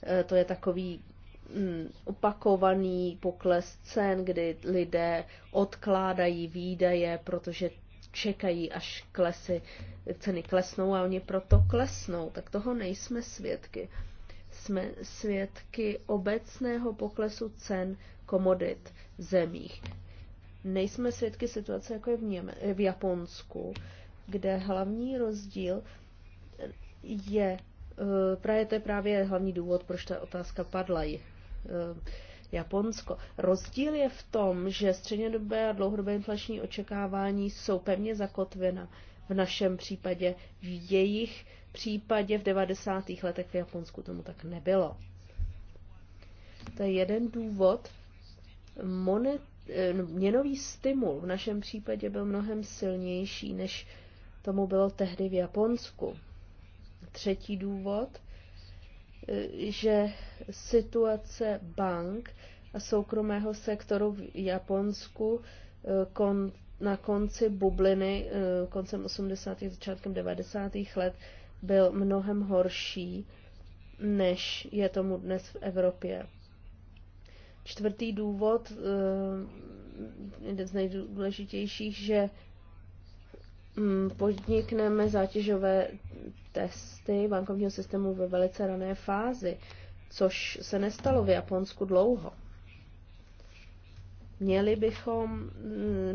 Eh, to je takový mm, opakovaný pokles cen, kdy lidé odkládají výdaje, protože čekají, až klesy, ceny klesnou a oni proto klesnou. Tak toho nejsme svědky. Jsme svědky obecného poklesu cen komodit v zemích. Nejsme svědky situace, jako je v, Něme- v Japonsku, kde hlavní rozdíl je Eh, právě to je právě hlavní důvod, proč ta otázka padla. Eh, Japonsko. Rozdíl je v tom, že střednědobé a dlouhodobé inflační očekávání jsou pevně zakotvena v našem případě, v jejich případě v 90. letech v Japonsku tomu tak nebylo. To je jeden důvod. Monet, eh, no, měnový stimul v našem případě byl mnohem silnější, než tomu bylo tehdy v Japonsku. Třetí důvod, e, že situace bank a soukromého sektoru v Japonsku e, kon, na konci bubliny, e, koncem 80. začátkem 90. let, byl mnohem horší, než je tomu dnes v Evropě. Čtvrtý důvod, jeden z nejdůležitějších, že Mm, podnikneme zátěžové testy bankovního systému ve velice rané fázi, což se nestalo v Japonsku dlouho. Měli bychom mm,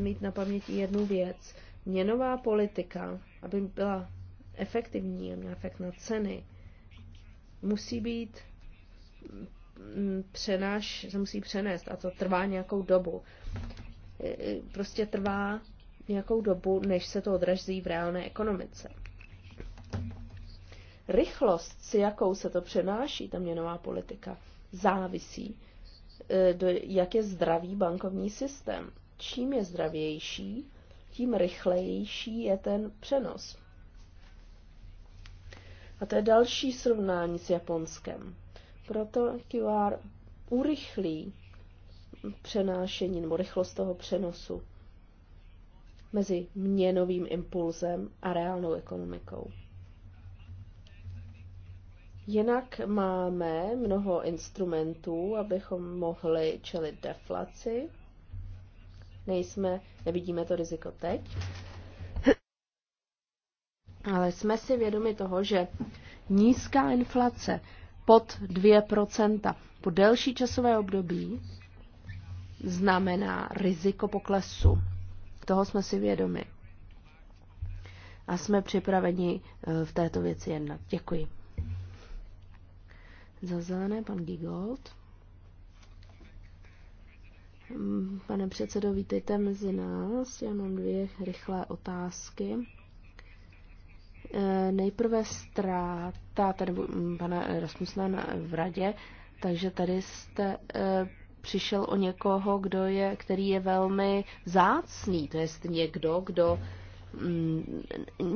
mít na paměti jednu věc. Měnová politika, aby byla efektivní a měla efekt na ceny, musí být mm, přenáš, se musí přenést a to trvá nějakou dobu. E, e, prostě trvá nějakou dobu, než se to odrazí v reálné ekonomice. Rychlost, s jakou se to přenáší, ta měnová politika, závisí, e, do, jak je zdravý bankovní systém. Čím je zdravější, tím rychlejší je ten přenos. A to je další srovnání s Japonskem. Proto QR urychlí přenášení nebo rychlost toho přenosu mezi měnovým impulzem a reálnou ekonomikou. Jinak máme mnoho instrumentů, abychom mohli čelit deflaci. Nejsme, nevidíme to riziko teď. Ale jsme si vědomi toho, že nízká inflace pod 2% po delší časové období znamená riziko poklesu toho jsme si vědomi. A jsme připraveni eh, v této věci jednat. Děkuji. Za zelené pan Gigold. Mm, pane předsedo, vítejte mezi nás. Já mám dvě rychlé otázky. Eh, nejprve ztráta tady pana Rasmusna v radě, takže tady jste eh, přišel o někoho, kdo je, který je velmi zácný, to je někdo, kdo mm,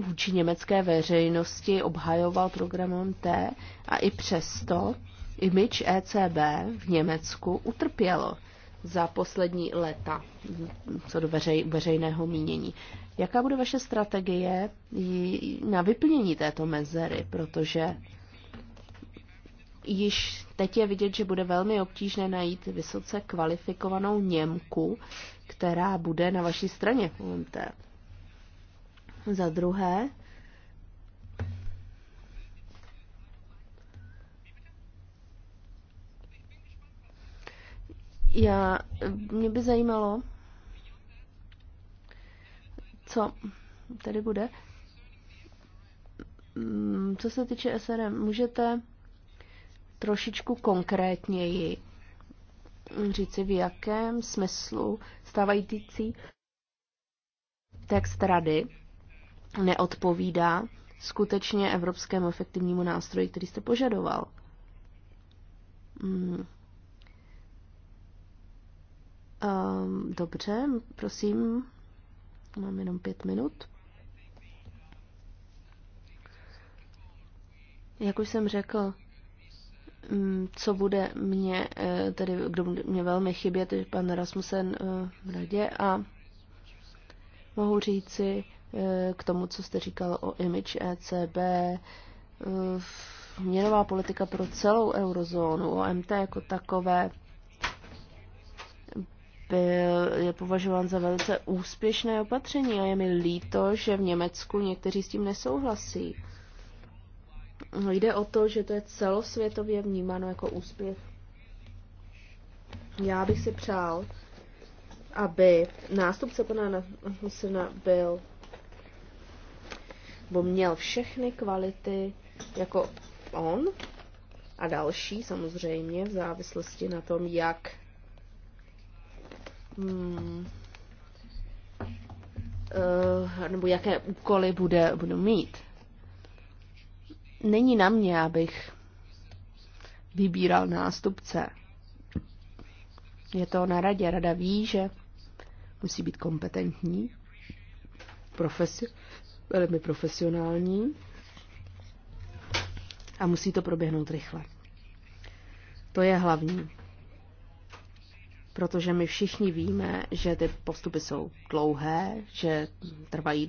vůči německé veřejnosti obhajoval programem T a i přesto image ECB v Německu utrpělo za poslední léta co do veřej, veřejného mínění. Jaká bude vaše strategie na vyplnění této mezery, protože již teď je vidět, že bude velmi obtížné najít vysoce kvalifikovanou Němku, která bude na vaší straně v UMT. Za druhé, já, mě by zajímalo, co tady bude. Mm, co se týče SRM, můžete trošičku konkrétněji říci, v jakém smyslu stávající text rady neodpovídá skutečně evropskému efektivnímu nástroji, který jste požadoval. Hmm. Um, dobře, prosím, mám jenom pět minut. Jak už jsem řekl, Mm, co bude mě, eh, tedy kdo bude mě velmi chybět, je pan Rasmussen eh, v radě a mohu říci eh, k tomu, co jste říkal o image ECB, měnová politika pro celou eurozónu, OMT jako takové, byl, je považován za velice úspěšné opatření a je mi líto, že v Německu někteří s tím nesouhlasí. Jde o to, že to je celosvětově vnímáno jako úspěch. Já bych si přál, aby nástupce pana Husina byl, bo měl všechny kvality jako on a další samozřejmě v závislosti na tom, jak hmm, uh, nebo jaké úkoly bude, budu mít. Není na mě, abych vybíral nástupce. Je to na radě. Rada ví, že musí být kompetentní, profesi- velmi profesionální a musí to proběhnout rychle. To je hlavní. Protože my všichni víme, že ty postupy jsou dlouhé, že trvají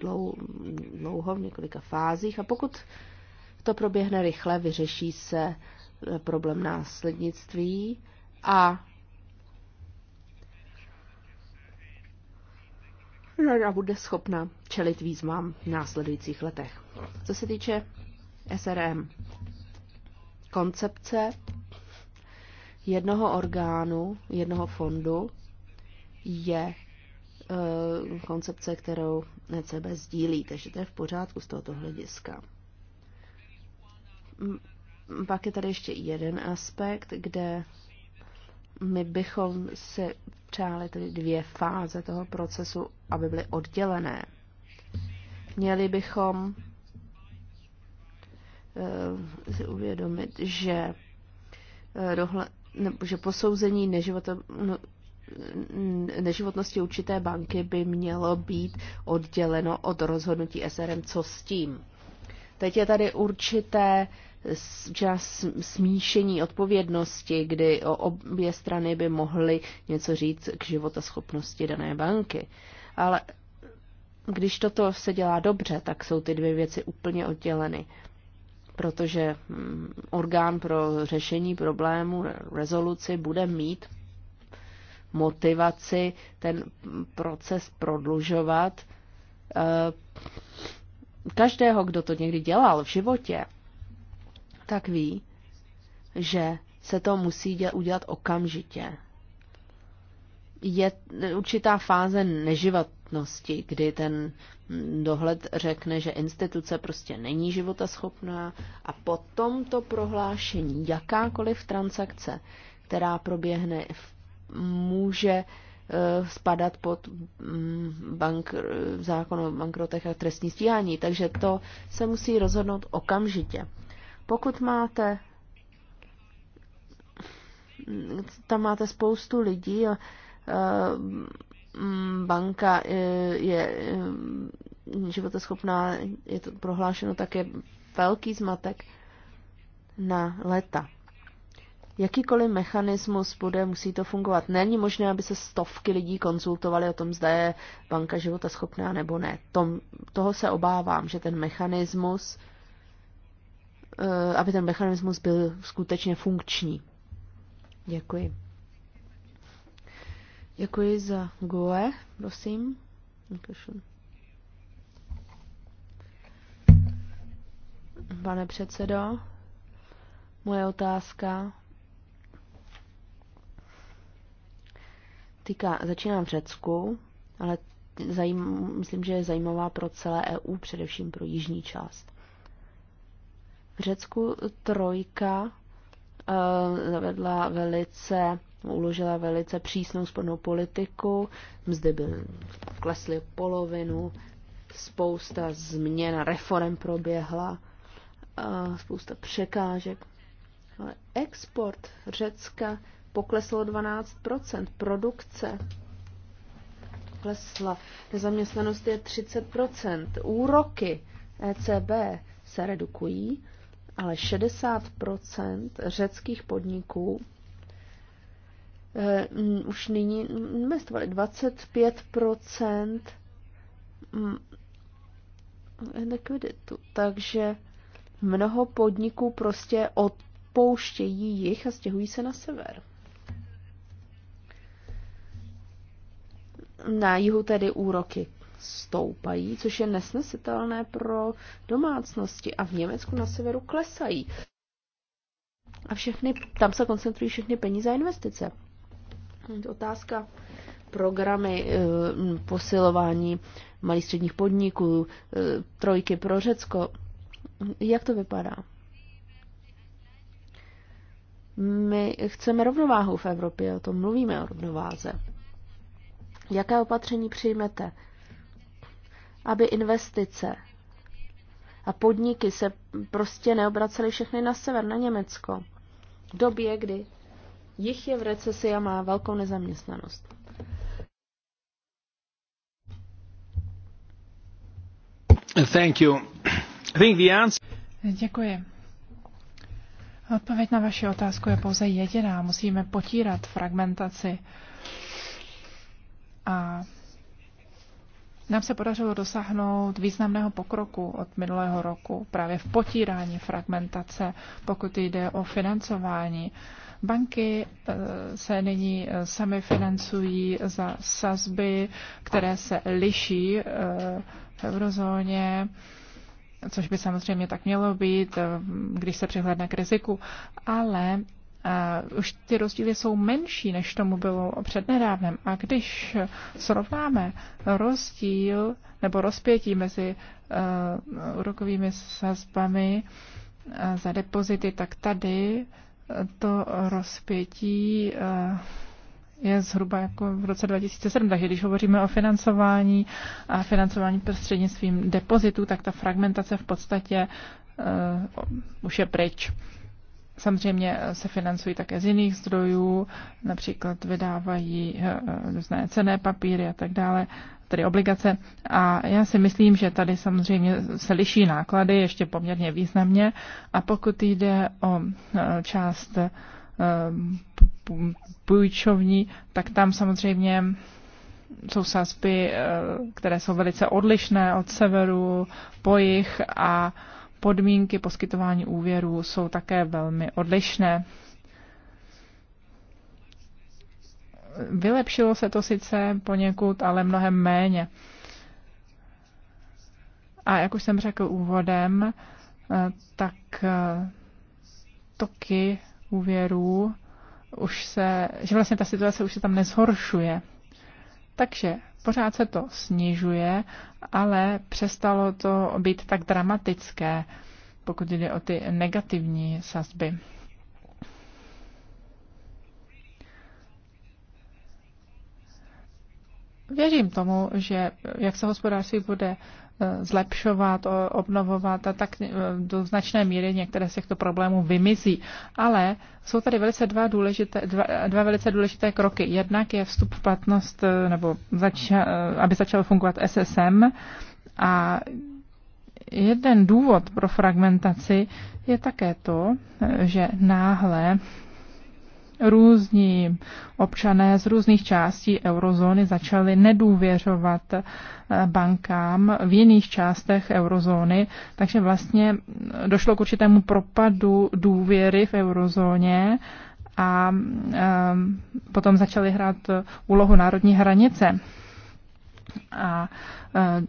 dlouho v několika fázích a pokud to proběhne rychle, vyřeší se eh, problém následnictví a Rada bude schopna čelit výzvám v následujících letech. Co se týče SRM, koncepce jednoho orgánu, jednoho fondu je eh, koncepce, kterou ECB sdílí, takže to je v pořádku z tohoto hlediska. Pak je tady ještě jeden aspekt, kde my bychom si přáli tedy dvě fáze toho procesu, aby byly oddělené. Měli bychom eh, si uvědomit, že, eh, dohle, ne, že posouzení neživota, no, neživotnosti určité banky by mělo být odděleno od rozhodnutí SRM, co s tím. Teď je tady určité čas smíšení odpovědnosti, kdy obě strany by mohly něco říct k schopnosti dané banky. Ale když toto se dělá dobře, tak jsou ty dvě věci úplně odděleny. Protože hm, orgán pro řešení problému, rezoluci, bude mít motivaci ten proces prodlužovat eh, každého, kdo to někdy dělal v životě, tak ví, že se to musí dělat, udělat okamžitě. Je určitá fáze neživotnosti, kdy ten dohled řekne, že instituce prostě není životaschopná a po tomto prohlášení jakákoliv transakce, která proběhne, může eh, spadat pod mm, bank, zákon o bankrotech a trestní stíhání. Takže to se musí rozhodnout okamžitě. Pokud máte tam máte spoustu lidí, eh, banka eh, je eh, životoschopná, je to prohlášeno také velký zmatek na leta. Jakýkoliv mechanismus bude, musí to fungovat. Není možné, aby se stovky lidí konzultovali o tom, zda je banka života schopná nebo ne. Tom, toho se obávám, že ten mechanismus uh, Eh, aby ten mechanismus byl skutečně funkční. Děkuji. Děkuji za GOE, prosím. Pane předsedo, moje otázka týká, začínám v Řecku, ale zajím, myslím, že je zajímavá pro celé EU, především pro jižní část. V Řecku trojka eh, zavedla velice, uložila velice přísnou spornou politiku, mzdy byly, klesly polovinu, spousta změn a reform proběhla, eh, spousta překážek. Ale export Řecka poklesl o 12%, produkce klesla, nezaměstnanost je 30%, úroky ECB se redukují, ale 60 řeckých podniků eh, už nyní investovali 25 likviditu. Takže mnoho podniků prostě odpouštějí jich a stěhují se na sever. Na jihu tedy úroky stoupají, což je nesnesitelné pro domácnosti a v Německu na severu klesají. A všechny, tam se koncentrují všechny peníze a investice. Otázka programy eh, posilování malých středních podniků, eh, trojky pro Řecko. Jak to vypadá? My chceme rovnováhu v Evropě, o tom mluvíme, o rovnováze. Jaké opatření přijmete? aby investice a podniky se prostě neobracely všechny na sever, na Německo. V době, kdy jich je v recesi a má velkou nezaměstnanost. Thank you. I think the answer... Děkuji. Odpověď na vaši otázku je pouze jediná. Musíme potírat fragmentaci a nám se podařilo dosáhnout významného pokroku od minulého roku právě v potírání fragmentace, pokud jde o financování. Banky eh, se nyní eh, sami financují za sazby, které se liší eh, v eurozóně, což by samozřejmě tak mělo být, když se přihledne k riziku, ale Eh, už ty rozdíly jsou menší, než tomu bylo přednedávnem. A když srovnáme rozdíl nebo rozpětí mezi uh, úrokovými sazbami uh, za depozity, tak tady to rozpětí uh, je zhruba jako v roce 2007. Takže když hovoříme o financování a financování prostřednictvím depozitů, tak ta fragmentace v podstatě uh, už je pryč. Samozřejmě eh, se financují také z jiných zdrojů, například vydávají eh, eh, různé cené papíry a tak dále, tedy obligace. A já si myslím, že tady samozřejmě se liší náklady ještě poměrně významně. A pokud jde o část půjčovní, tak tam samozřejmě jsou sazby, které jsou velice odlišné od severu po jich a podmínky poskytování úvěrů jsou také velmi odlišné. Vylepšilo se to sice poněkud, ale mnohem méně. A jak už jsem řekl úvodem, eh, tak eh, toky úvěrů už se, že vlastně ta situace už se tam nezhoršuje. Takže Pořád se to snižuje, ale přestalo to být tak dramatické, pokud jde o ty negativní sazby. Věřím tomu, že jak se hospodářství bude zlepšovat, obnovovat a tak e, do značné míry některé z těchto problémů vymizí. Ale jsou tady velice dva, důležité, dva, dva velice důležité kroky. Jednak je vstup v platnost, e, nebo zača, e, aby začal fungovat SSM a jeden důvod pro fragmentaci je také to, že náhle různí občané z různých částí eurozóny začali nedůvěřovat eh, bankám v jiných částech eurozóny, takže vlastně došlo k určitému propadu důvěry v eurozóně a eh, potom začaly hrát úlohu národní hranice. A eh,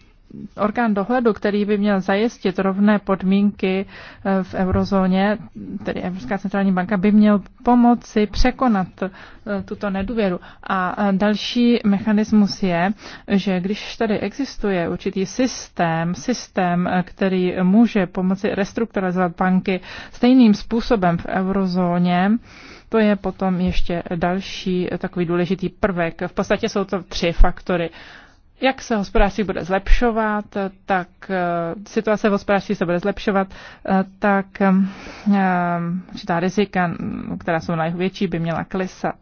orgán dohledu, který by měl zajistit rovné podmínky eh, v eurozóně, tedy Evropská centrální banka, by měl pomoci překonat eh, tuto nedůvěru. A eh, další mechanismus je, že když tady existuje určitý systém, systém, který může pomoci restrukturalizovat banky stejným způsobem v eurozóně, to je potom ještě další takový důležitý prvek. V podstatě jsou to tři faktory jak se hospodářství bude zlepšovat, tak eh, situace v hospodářství se bude zlepšovat, eh, tak eh, určitá rizika, která jsou největší, by měla klesat.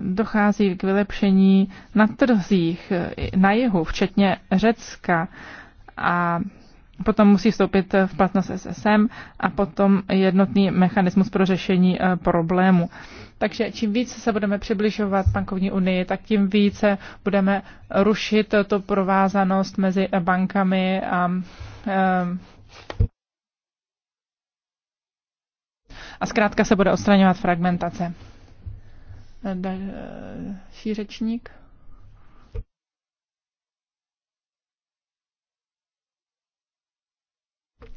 Dochází k vylepšení na trzích na jihu, včetně Řecka a potom musí vstoupit v platnost SSM a potom jednotný mechanismus pro řešení eh, problému. Takže čím více se budeme přibližovat bankovní unii, tak tím více budeme rušit to provázanost mezi bankami a eh, a zkrátka se bude odstraňovat fragmentace. Eh, další řečník.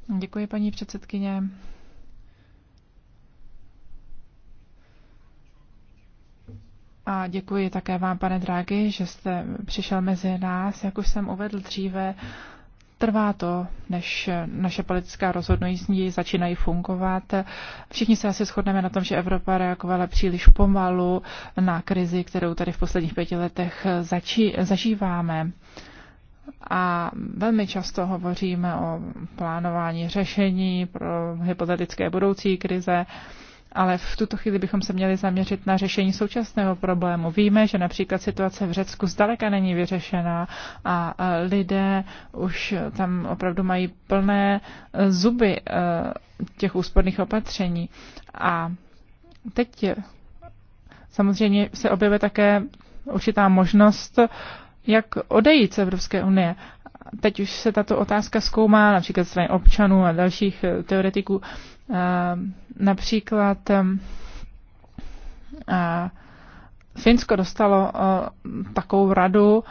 Děkuji, paní předsedkyně. A děkuji také vám, pane Drágy, že jste přišel mezi nás. Jak už jsem uvedl dříve, trvá to, než naše politická rozhodnutí začínají fungovat. Všichni se asi shodneme na tom, že Evropa reagovala příliš pomalu na krizi, kterou tady v posledních pěti letech zažíváme a velmi často hovoříme o plánování řešení pro hypotetické budoucí krize, ale v tuto chvíli bychom se měli zaměřit na řešení současného problému. Víme, že například situace v Řecku zdaleka není vyřešená a lidé už tam opravdu mají plné e, zuby e, těch úsporných opatření. A teď samozřejmě se objevuje také určitá možnost jak odejít z Evropské unie. Teď už se tato otázka zkoumá například strany občanů a dalších eh, teoretiků. Eh, například eh, Finsko dostalo takovou radu,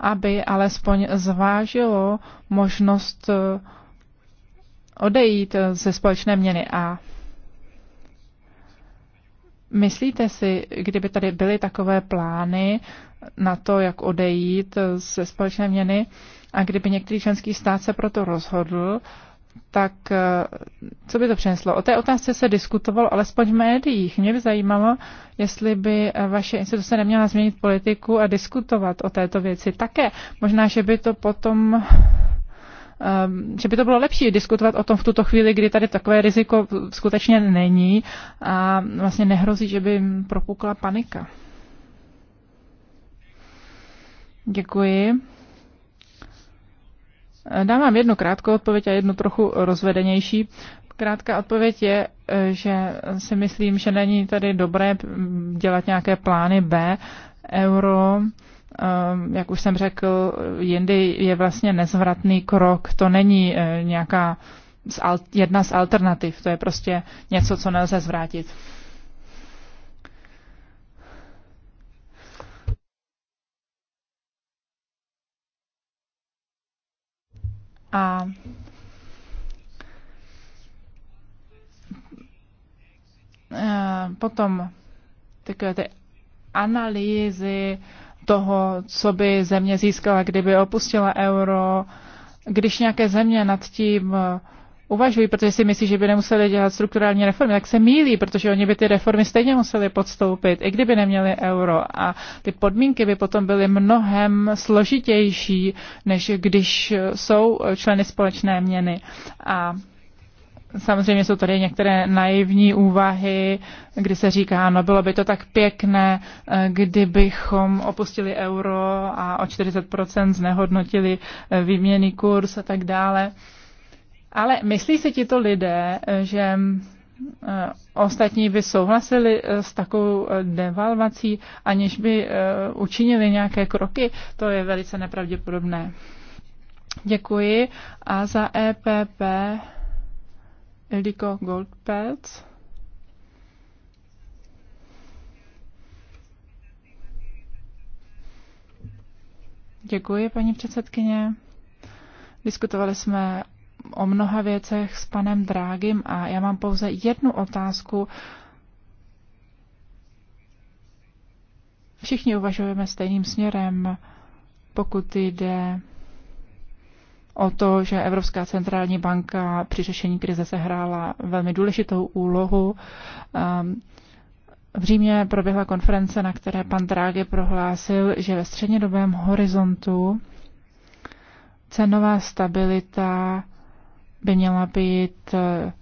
aby alespoň zvážilo možnost odejít ze společné měny. A myslíte si, kdyby tady byly takové plány, na to, jak odejít ze společné měny. A kdyby některý členský stát se proto rozhodl, tak eh, co by to přineslo? O té otázce se diskutovalo alespoň v médiích. Mě by zajímalo, jestli by eh, vaše instituce neměla změnit politiku a diskutovat o této věci také. Možná, že by to potom ehm, že by to bylo lepší diskutovat o tom v tuto chvíli, kdy tady takové riziko skutečně není a vlastně nehrozí, že by propukla panika. Děkuji. Dám vám jednu krátkou odpověď a jednu trochu rozvedenější. Krátká odpověď je, že si myslím, že není tady dobré dělat nějaké plány B. Euro, ehm, jak už jsem řekl, jindy je vlastně nezvratný krok. To není eh, nějaká jedna z alternativ, to je prostě něco, co nelze zvrátit. A eh, potom takové ty analýzy toho, co by země získala, kdyby opustila euro, když nějaké země nad tím eh, uvažují, protože si myslí, že by nemuseli dělat strukturální reformy, tak se mílí, protože oni by ty reformy stejně museli podstoupit, i kdyby neměli euro. A ty podmínky by potom byly mnohem složitější, než když jsou členy společné měny. A Samozřejmě jsou tady některé naivní úvahy, kdy se říká, no bylo by to tak pěkné, kdybychom opustili euro a o 40% znehodnotili výměný kurz a tak dále. Ale myslí si tito lidé, že eh, ostatní by souhlasili eh, s takovou eh, devalvací, aniž by učinili nějaké kroky, to je velice nepravděpodobné. Děkuji. A za EPP Eliko Goldpelc. Děkuji, paní předsedkyně. Diskutovali jsme o mnoha věcech s panem Drágim a já mám pouze jednu otázku. Všichni uvažujeme stejným směrem, pokud jde o to, že Evropská centrální banka při řešení krize sehrála velmi důležitou úlohu. Ehm, v Římě proběhla konference, na které pan Draghi prohlásil, že ve střednědobém horizontu cenová stabilita by měla být eh,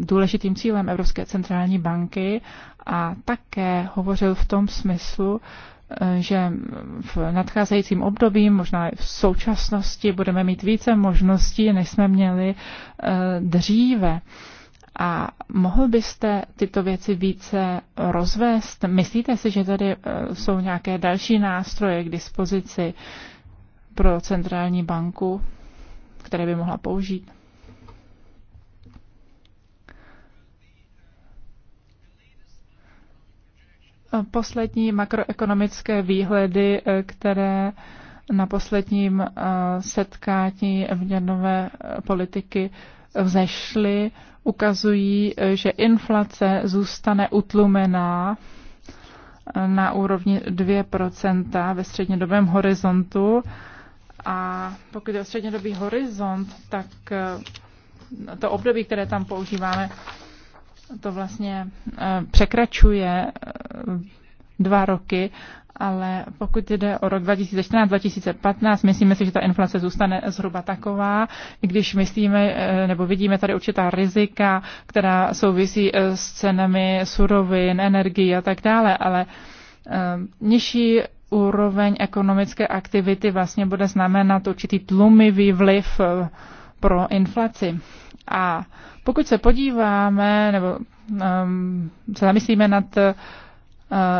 důležitým cílem Evropské centrální banky a také hovořil v tom smyslu, eh, že v nadcházejícím období, možná v současnosti, budeme mít více možností, než jsme měli eh, dříve. A mohl byste tyto věci více rozvést? Myslíte si, že tady jsou nějaké další nástroje k dispozici pro centrální banku? které by mohla použít. Poslední makroekonomické výhledy, eh, které na posledním eh, setkání měnové eh, politiky vzešly, ukazují, že inflace zůstane utlumená na úrovni 2 ve střednědobém horizontu a pokud je o střednědobý horizont, tak eh, to období, které tam používáme, to vlastně eh, překračuje eh, dva roky, ale pokud jde o rok 2014-2015, myslíme si, že ta inflace zůstane zhruba taková, i když myslíme nebo vidíme tady určitá rizika, která souvisí s cenami surovin, energii a tak dále, ale nižší úroveň ekonomické aktivity vlastně bude znamenat určitý tlumivý vliv eh, pro inflaci. A pokud se podíváme nebo um, se zamyslíme nad uh,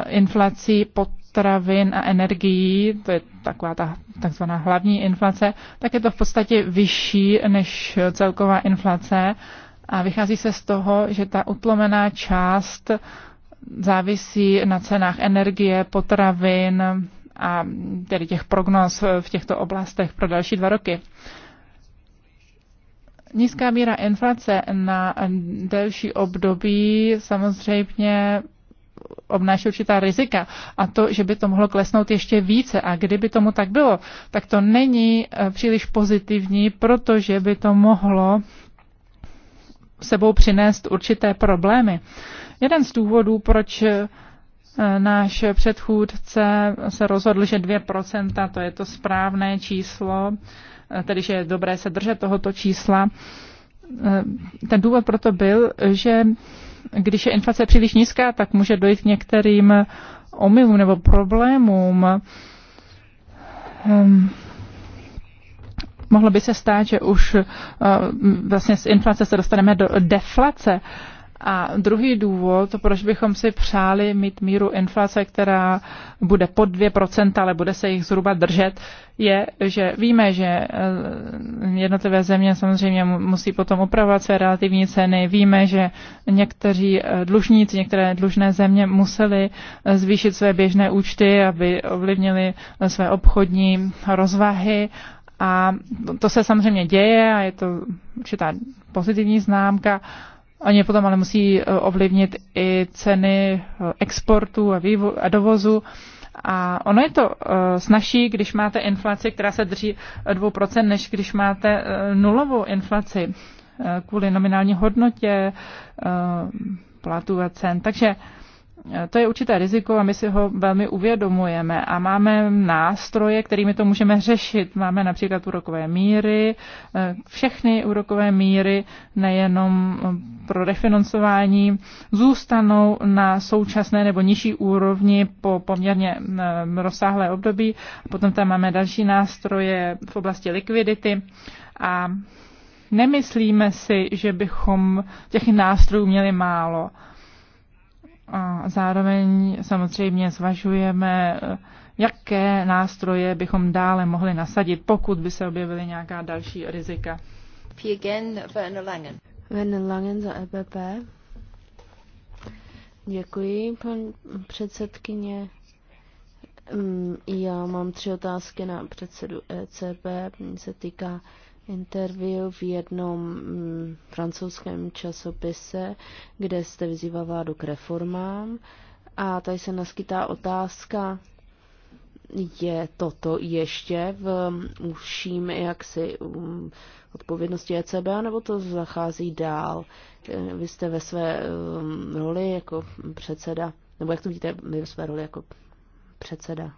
inflací potravin a energií, to je taková ta takzvaná hlavní inflace, tak je to v podstatě vyšší než celková inflace a vychází se z toho, že ta utlomená část závisí na cenách energie, potravin a tedy těch prognóz v těchto oblastech pro další dva roky. Nízká míra inflace na delší období samozřejmě obnáší určitá rizika a to, že by to mohlo klesnout ještě více a kdyby tomu tak bylo, tak to není eh, příliš pozitivní, protože by to mohlo sebou přinést určité problémy. Jeden z důvodů, proč eh, náš předchůdce se rozhodl, že 2% to je to správné číslo, eh, tedy že je dobré se držet tohoto čísla. Eh, ten důvod proto byl, že když je inflace příliš nízká, tak může dojít k některým omylům nebo problémům. Ehm, mohlo by se stát, že už vlastně z inflace se dostaneme do deflace. A druhý důvod, proč bychom si přáli mít míru inflace, která bude pod 2%, ale bude se jich zhruba držet, je, že víme, že eh, jednotlivé země samozřejmě musí potom upravovat své relativní ceny. Víme, že někteří eh, dlužníci, některé dlužné země museli eh, zvýšit své běžné účty, aby ovlivnili své obchodní rozvahy a to se samozřejmě děje a je to určitá pozitivní známka, Oni potom ale musí eh, ovlivnit i ceny eh, exportu a, vývo- a dovozu. A ono je to uh, snažší, když máte inflaci, která se drží 2%, než když máte uh, nulovou inflaci uh, kvůli nominální hodnotě uh, platů a cen. Takže uh, to je určité riziko a my si ho velmi uvědomujeme a máme nástroje, kterými to můžeme řešit. Máme například úrokové míry, eh, všechny úrokové míry, nejenom eh, pro refinancování, zůstanou na současné nebo nižší úrovni po poměrně eh, rozsáhlé období. Potom tam máme další nástroje v oblasti likvidity a nemyslíme si, že bychom těch nástrojů měli málo. A zároveň samozřejmě zvažujeme, jaké nástroje bychom dále mohli nasadit, pokud by se objevily nějaká další rizika. Vielen Langen. Werner Langen za EBP. Děkuji, pan předsedkyně. Mm, já mám tři otázky na předsedu ECB. se týká interview v jednom mm, francouzském časopise, kde jste vyzýval vládu k reformám a tady se naskytá otázka, je toto ještě v mm, užším jaksi mm, odpovědnosti ECB, nebo to zachází dál? Eh, vy jste ve své roli jako předseda, nebo jak to vidíte, vy ve své roli jako předseda?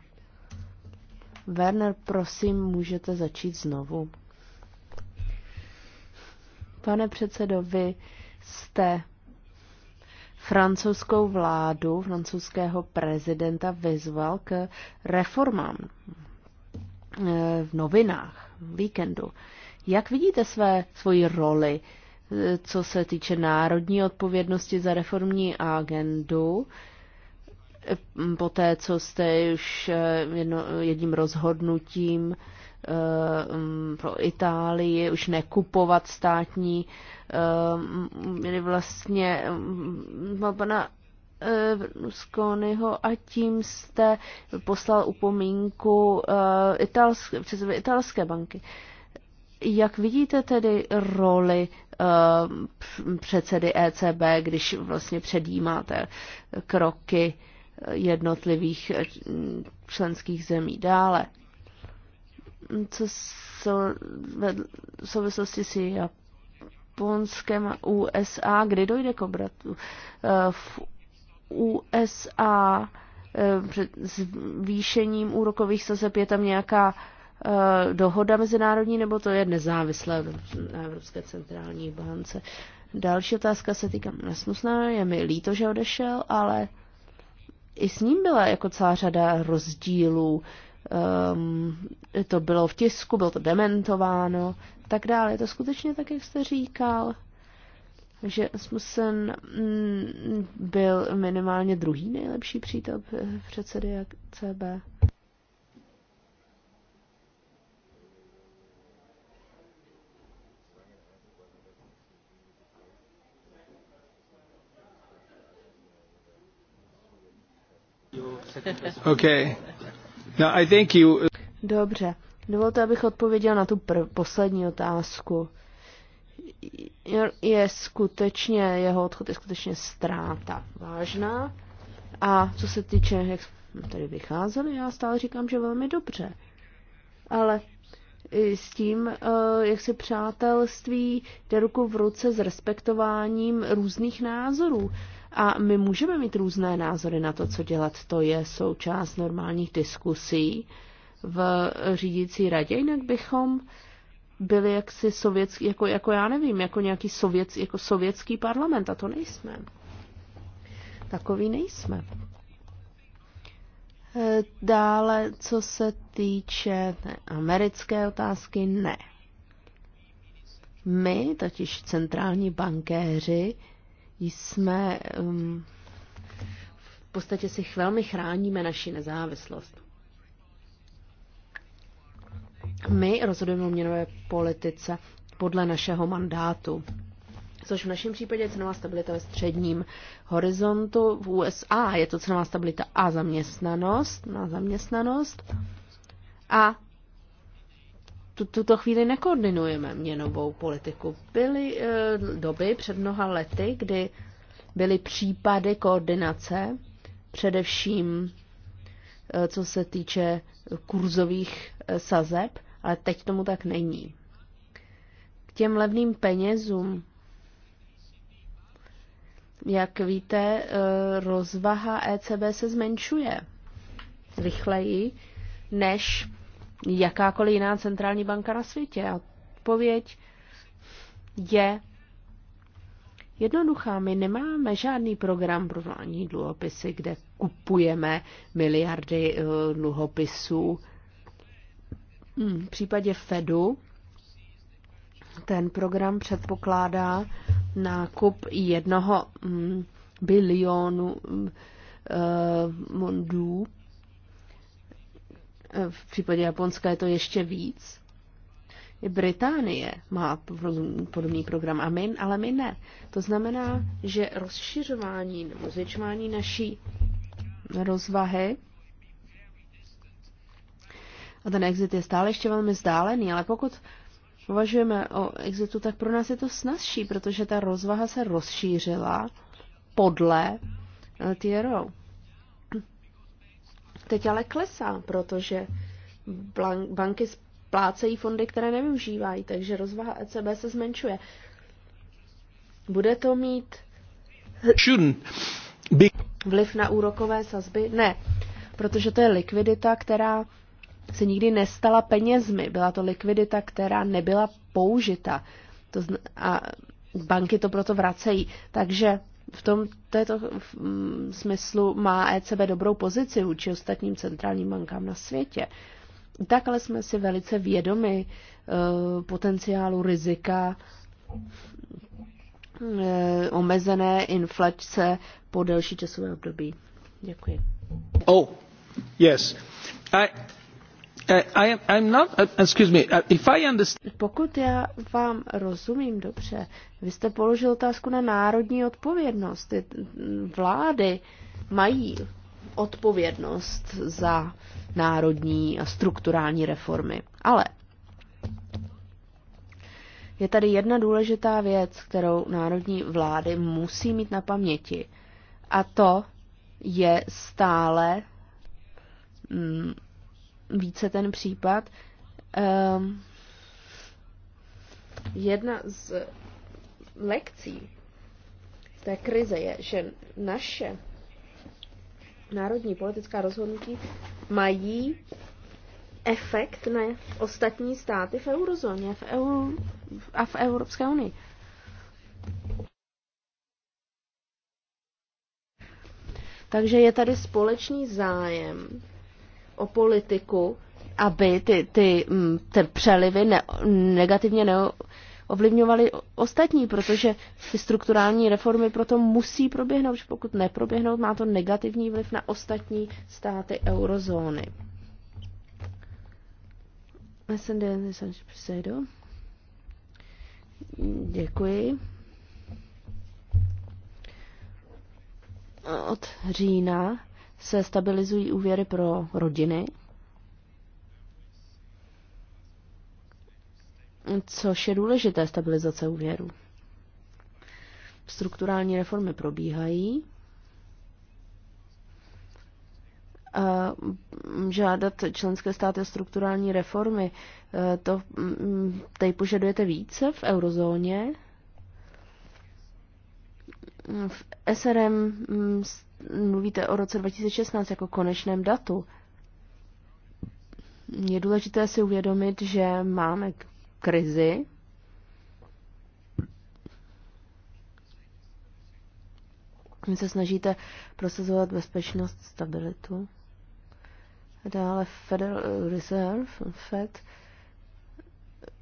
Werner, prosím, můžete začít znovu. Pane předsedo, vy jste francouzskou vládu, francouzského prezidenta vyzval k reformám eh, v novinách, víkendu. Jak vidíte své, svoji roli, eh, co se týče národní odpovědnosti za reformní agendu, eh, po té, co jste už jedno, jedním rozhodnutím Eh, pro Itálii, už nekupovat státní, eh, měli vlastně eh, pana Berlusconiho a tím jste poslal upomínku italské, přes italské banky. Jak vidíte tedy roli předsedy ECB, když vlastně předjímáte kroky jednotlivých členských zemí dále? co v souvislosti s Japonskem a USA, kdy dojde k obratu. Eh, v USA eh, před zvýšením úrokových sazeb je tam nějaká eh, dohoda mezinárodní, nebo to je nezávislé na Evropské centrální bance. Další otázka se týká Rasmusna. Je mi líto, že odešel, ale i s ním byla jako celá řada rozdílů. Uh, um, to bylo v tisku, bylo to dementováno, tak dále. Je to skutečně tak, jak jste říkal, že Asmussen mm, byl minimálně druhý nejlepší přítel předsedy CB. Okay. No, dobře, dovolte, abych odpověděl na tu poslední otázku. Je skutečně, jeho odchod je skutečně ztráta vážná. A co se týče, jak tady vycházeli, já stále říkám, že velmi dobře. Ale i s tím, eh, jak se přátelství jde ruku v ruce s respektováním různých názorů. A my můžeme mít různé názory na to, co dělat. To je součást normálních diskusí v řídící radě, jinak bychom byli jaksi sovětský, jako, jako já nevím, jako nějaký sovět, jako sovětský parlament a to nejsme. Takový nejsme. E, dále, co se týče americké otázky, ne. My, totiž centrální bankéři, jsme um, v podstatě si velmi chráníme naši nezávislost. My rozhodujeme o měnové politice podle našeho mandátu, což v našem případě je cenová stabilita ve středním horizontu. V USA je to cenová stabilita a zaměstnanost, na zaměstnanost a tuto chvíli nekoordinujeme měnovou politiku. Byly eh, doby před mnoha lety, kdy byly případy koordinace, především eh, co se týče kurzových eh, sazeb, ale teď tomu tak není. K těm levným penězům, jak víte, rozvaha ECB se zmenšuje rychleji než jakákoliv jiná centrální banka na světě. A odpověď je jednoduchá. My nemáme žádný program pro vládní dluhopisy, kde kupujeme miliardy eh, dluhopisů. Hmm, v případě Fedu ten program předpokládá nákup jednoho hmm, bilionu mondů hmm, eh, v případě Japonska je to ještě víc. I Británie má podobný program a my, ale my ne. To znamená, že rozšiřování nebo zvětšování naší rozvahy a ten exit je stále ještě velmi vzdálený, ale pokud uvažujeme o exitu, tak pro nás je to snazší, protože ta rozvaha se rozšířila podle LTRO. Eh, teď ale klesá, protože banky splácejí fondy, které nevyužívají, takže rozvaha ECB se zmenšuje. Bude to mít vliv na úrokové sazby? Ne, protože to je likvidita, která se nikdy nestala penězmi. Byla to likvidita, která nebyla použita. To zna- a banky to proto vracejí. Takže v tom této mm, smyslu má ECB dobrou pozici vůči ostatním centrálním bankám na světě. Tak ale jsme si velice vědomi e, potenciálu rizika e, omezené inflace po delší časové období. Děkuji. Oh, yes. I... Eh, eh, eh, Pokud já vám rozumím dobře, vy jste položil otázku na národní odpovědnost. Mm, vlády mají odpovědnost za národní a strukturální reformy. Ale je tady jedna důležitá věc, kterou národní vlády musí mít na paměti. A to je stále mm, více ten případ. Um, jedna z lekcí té krize je, že naše národní politická rozhodnutí mají efekt na ostatní státy v eurozóně v EU, a v Evropské unii. Takže je tady společný zájem o politiku, aby ty, ty, mm, ty přelivy ne, negativně neovlivňovaly ostatní, protože ty strukturální reformy proto musí proběhnout, že pokud neproběhnou, má to negativní vliv na ostatní státy eurozóny. Děkuji. Od října se stabilizují úvěry pro rodiny, což je důležité stabilizace úvěru. Strukturální reformy probíhají. A mm, žádat členské státy o strukturální reformy, eh, to mm, mm, tady požadujete více v eurozóně? V SRM mm, mluvíte o roce 2016 jako konečném datu. Je důležité si uvědomit, že máme krizi. Vy se snažíte prosazovat bezpečnost, stabilitu. Dále Federal Reserve, Fed,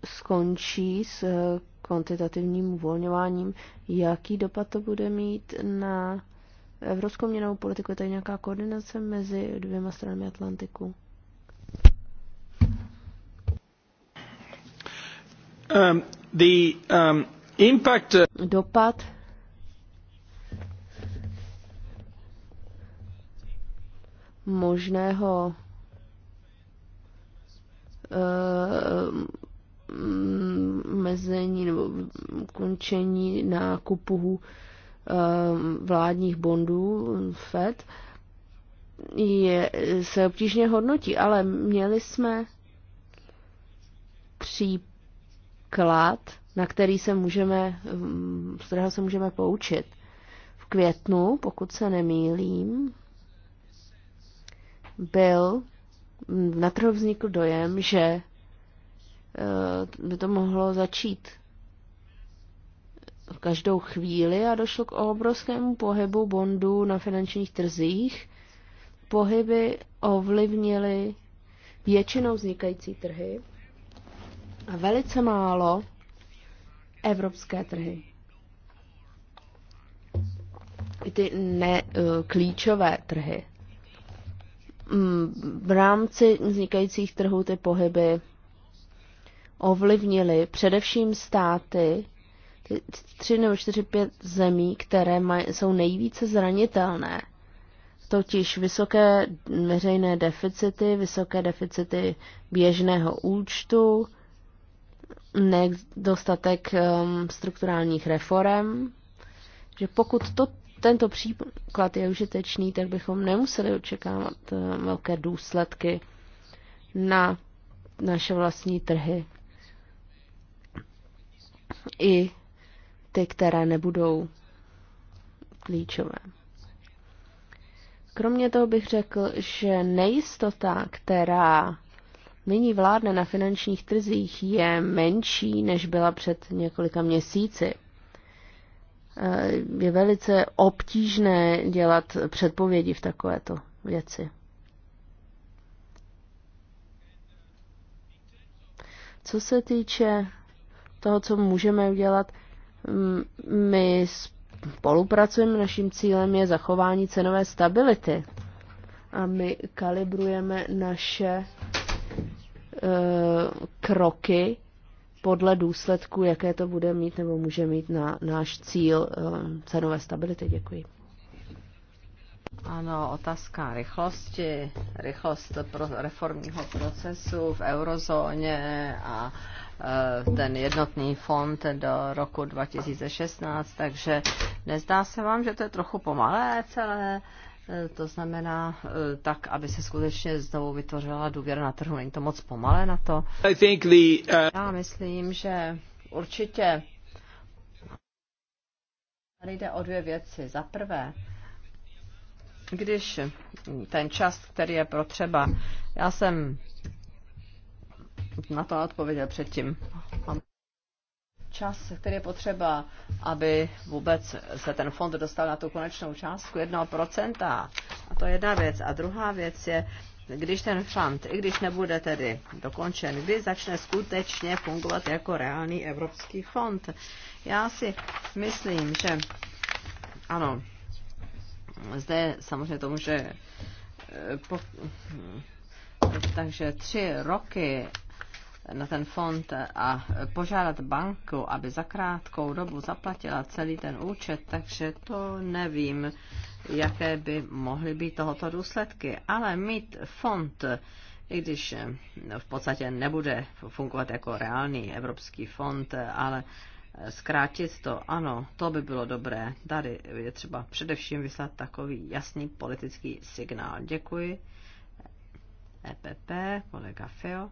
skončí s eh, kvantitativním uvolňováním, jaký dopad to bude mít na evropskou měnovou politiku. Je tady nějaká koordinace mezi dvěma stranami Atlantiku? Um, the, um, impact... Uh, dopad možného uh, Mm, mezení nebo ukončení nákupu eh, vládních bondů FED je, se obtížně hodnotí, ale měli jsme příklad, na který se můžeme, mm, z kterého se můžeme poučit. V květnu, pokud se nemýlím, byl na trhu vznikl dojem, že Eh, by to mohlo začít v každou chvíli a došlo k obrovskému pohybu bondů na finančních trzích. Pohyby ovlivnily většinou vznikající trhy a velice málo evropské trhy. I ty neklíčové eh, trhy. Mm, v rámci vznikajících trhů ty pohyby ovlivnily především státy, ty tři nebo čtyři, pět zemí, které maj, jsou nejvíce zranitelné. Totiž vysoké veřejné deficity, vysoké deficity běžného účtu, nedostatek um, strukturálních reform, že pokud to, tento příklad je užitečný, tak bychom nemuseli očekávat uh, velké důsledky na naše vlastní trhy i ty, které nebudou klíčové. Kromě toho bych řekl, že nejistota, která nyní vládne na finančních trzích, je menší, než byla před několika měsíci. Eh, je velice obtížné dělat předpovědi v takovéto věci. Co se týče toho, co můžeme udělat. Mm, my spolupracujeme, naším cílem je zachování cenové stability a my kalibrujeme naše eh, kroky podle důsledku, jaké to bude mít nebo může mít na náš cíl eh, cenové stability. Děkuji. Ano, otázka rychlosti, rychlost pro reformního procesu v eurozóně a Eh, ten jednotný fond do roku 2016, takže nezdá se vám, že to je trochu pomalé celé, eh, to znamená eh, tak, aby se skutečně znovu vytvořila důvěra na trhu. Není to moc pomalé na to? Já myslím, že určitě tady jde o dvě věci. Za prvé, když ten čas, který je potřeba, já jsem na to odpověděl předtím. Mám čas, který je potřeba, aby vůbec se ten fond dostal na tu konečnou částku 1%. A to je jedna věc. A druhá věc je, když ten fond, i když nebude tedy dokončen, kdy začne skutečně fungovat jako reálný evropský fond. Já si myslím, že ano, zde samozřejmě tomu, že eh, po, takže tři roky na ten fond a požádat banku, aby za krátkou dobu zaplatila celý ten účet, takže to nevím, jaké by mohly být tohoto důsledky. Ale mít fond, i když eh, v podstatě nebude fungovat jako reálný evropský fond, ale zkrátit to, ano, to by bylo dobré. Tady je třeba především vyslat takový jasný politický signál. Děkuji. EPP, kolega Feo.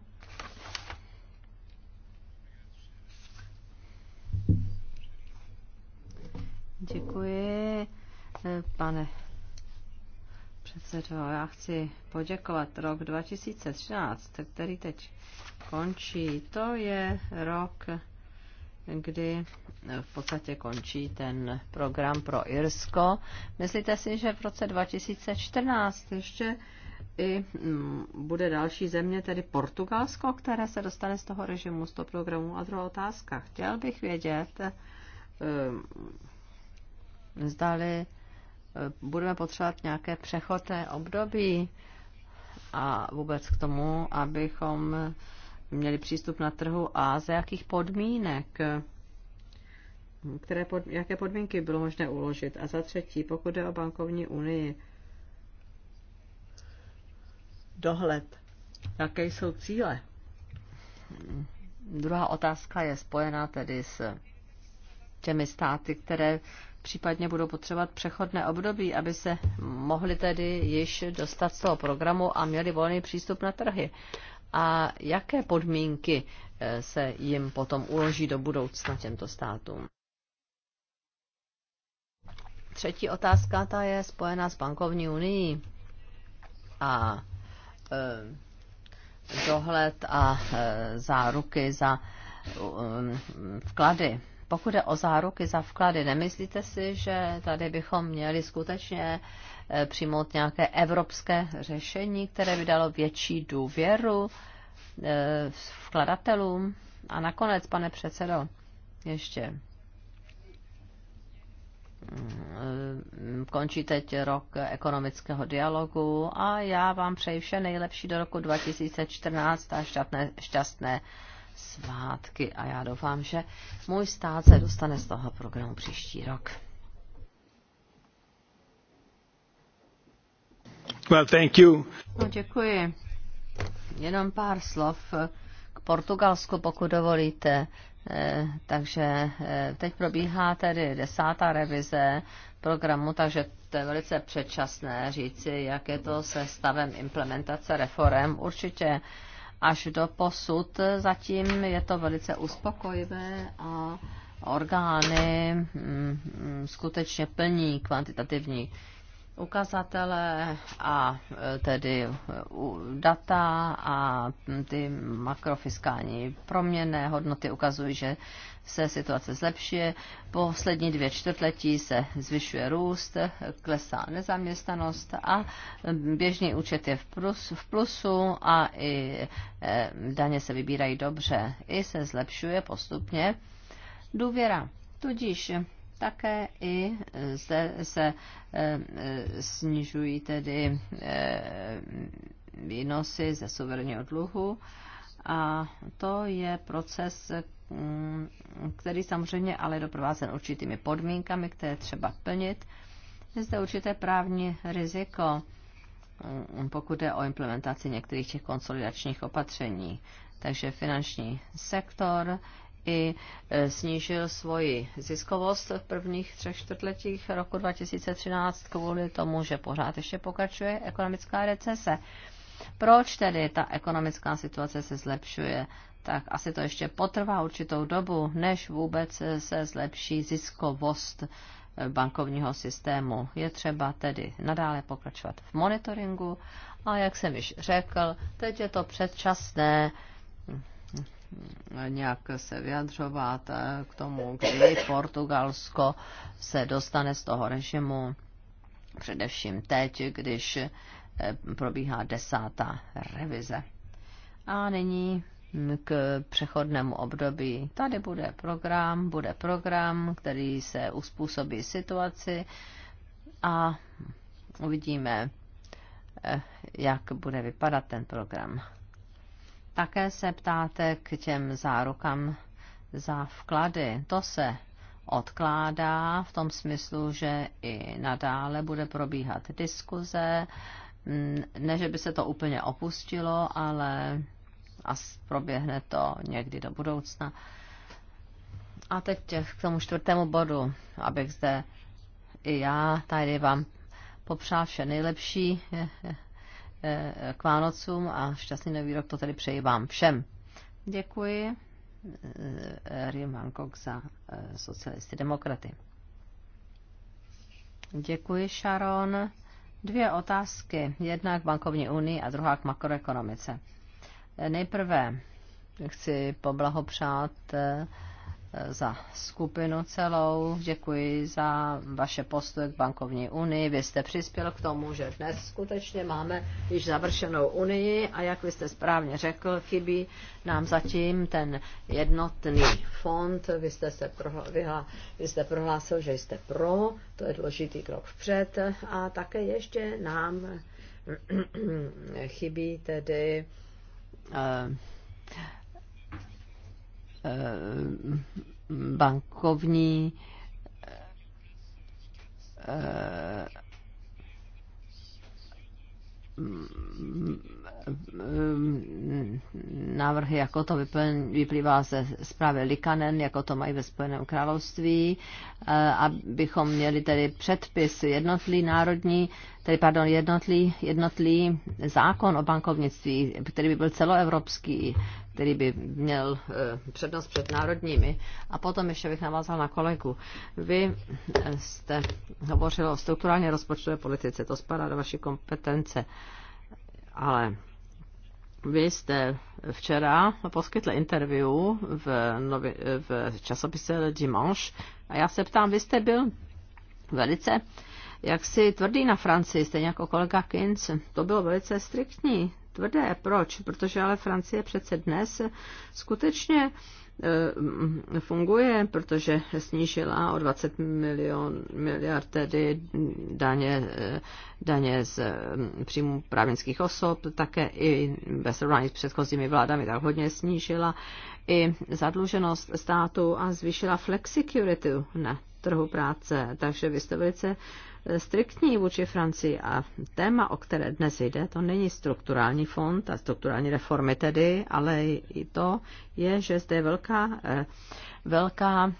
Děkuji, eh, pane předsedo. Já chci poděkovat rok 2013, který teď končí. To je rok, kdy v podstatě končí ten program pro Irsko. Myslíte si, že v roce 2014 ještě i mm, bude další země, tedy Portugalsko, které se dostane z toho režimu, z toho programu. A druhá otázka. Chtěl bych vědět, eh, zdali eh, budeme potřebovat nějaké přechodné období a vůbec k tomu, abychom měli přístup na trhu a za jakých podmínek, které pod, jaké podmínky bylo možné uložit. A za třetí, pokud jde o bankovní unii, dohled. Jaké jsou cíle? Druhá otázka je spojená tedy s těmi státy, které případně budou potřebovat přechodné období, aby se mohli tedy již dostat z toho programu a měli volný přístup na trhy. A jaké podmínky e, se jim potom uloží do budoucna těmto státům? Třetí otázka ta je spojená s bankovní unii a e, dohled a e, záruky za e, vklady pokud jde o záruky za vklady, nemyslíte si, že tady bychom měli skutečně eh, přijmout nějaké evropské řešení, které by dalo větší důvěru eh, vkladatelům? A nakonec, pane předsedo, ještě mm, končí teď rok ekonomického dialogu a já vám přeji vše nejlepší do roku 2014 a šťastné, šťastné svátky a já doufám, že můj stát se dostane z toho programu příští rok. Well, thank you. No, děkuji. Jenom pár slov k Portugalsku, pokud dovolíte. Eh, takže eh, teď probíhá tedy desátá revize programu, takže to je velice předčasné říci, jak je to se stavem implementace reform. Určitě až do posud. Zatím je to velice uspokojivé a orgány mm, mm, skutečně plní kvantitativní ukazatele a e, tedy e, data a ty makrofiskální proměny hodnoty ukazují, že se situace zlepšuje. Poslední dvě čtvrtletí se zvyšuje růst, klesá nezaměstnanost a e, běžný účet je v, plus, v plusu a i daně se vybírají dobře. I se zlepšuje postupně důvěra. Tudíž také i zde eh, se eh, snižují tedy eh, výnosy ze suverního dluhu a to je proces, mm, který samozřejmě ale je doprovázen určitými podmínkami, které třeba plnit. Je zde určité právní riziko, mm, pokud je o implementaci některých těch konsolidačních opatření. Takže finanční sektor i e, snížil svoji ziskovost v prvních třech čtvrtletích roku 2013 kvůli tomu, že pořád ještě pokračuje ekonomická recese. Proč tedy ta ekonomická situace se zlepšuje? Tak asi to ještě potrvá určitou dobu, než vůbec se zlepší ziskovost e, bankovního systému. Je třeba tedy nadále pokračovat v monitoringu a jak jsem již řekl, teď je to předčasné nějak se vyjadřovat eh, k tomu, kdy Portugalsko se dostane z toho režimu, především teď, když eh, probíhá desátá revize. A nyní k přechodnému období. Tady bude program, bude program, který se uspůsobí situaci a uvidíme, eh, jak bude vypadat ten program. Také se ptáte k těm zárukám za vklady. To se odkládá v tom smyslu, že i nadále bude probíhat diskuze. Mm, ne, že by se to úplně opustilo, ale a proběhne to někdy do budoucna. A teď k tomu čtvrtému bodu, abych zde i já tady vám popřál vše nejlepší Eh, k Vánocům a šťastný nový rok to tedy přeji vám všem. Děkuji. Eh, Rim Hancock za eh, socialisty demokraty. Děkuji, Sharon. Dvě otázky. Jedna k bankovní unii a druhá k makroekonomice. Nejprve chci poblahopřát za skupinu celou, děkuji za vaše postoje k bankovní unii. Vy jste přispěl k tomu, že dnes skutečně máme již završenou unii a jak vy jste správně řekl, chybí nám zatím ten jednotný fond. Vy jste, se prohl- vy jste prohlásil, že jste pro, to je důležitý krok vpřed a také ještě nám chybí tedy uh, Eh, bankovní eh, Eh, návrhy, jako to vyplývá ze zprávy Likanen, jako to mají ve Spojeném království, eh, abychom měli tedy předpis jednotlý národní, tedy pardon, jednotlý, jednotlý zákon o bankovnictví, který by byl celoevropský, který by měl eh, přednost před národními. A potom ještě bych navázal na kolegu. Vy jste hovořil o strukturálně rozpočtové politice, to spadá do vaší kompetence, ale vy jste včera poskytli interview v, novi, v časopise Le Dimanche a já se ptám, vy jste byl velice jak si tvrdý na Francii, stejně jako kolega Kinz. To bylo velice striktní, tvrdé. Proč? Protože ale Francie přece dnes skutečně Eh, funguje, protože snížila o 20 milion, miliard tedy daně, eh, daně z mm, příjmu právnických osob, také i ve srovnání s předchozími vládami tak hodně snížila i zadluženost státu a zvýšila flexicurity na trhu práce. Takže vy jste velice striktní vůči Francii a téma, o které dnes jde, to není strukturální fond a strukturální reformy tedy, ale i to je, že zde je velká, eh, velká,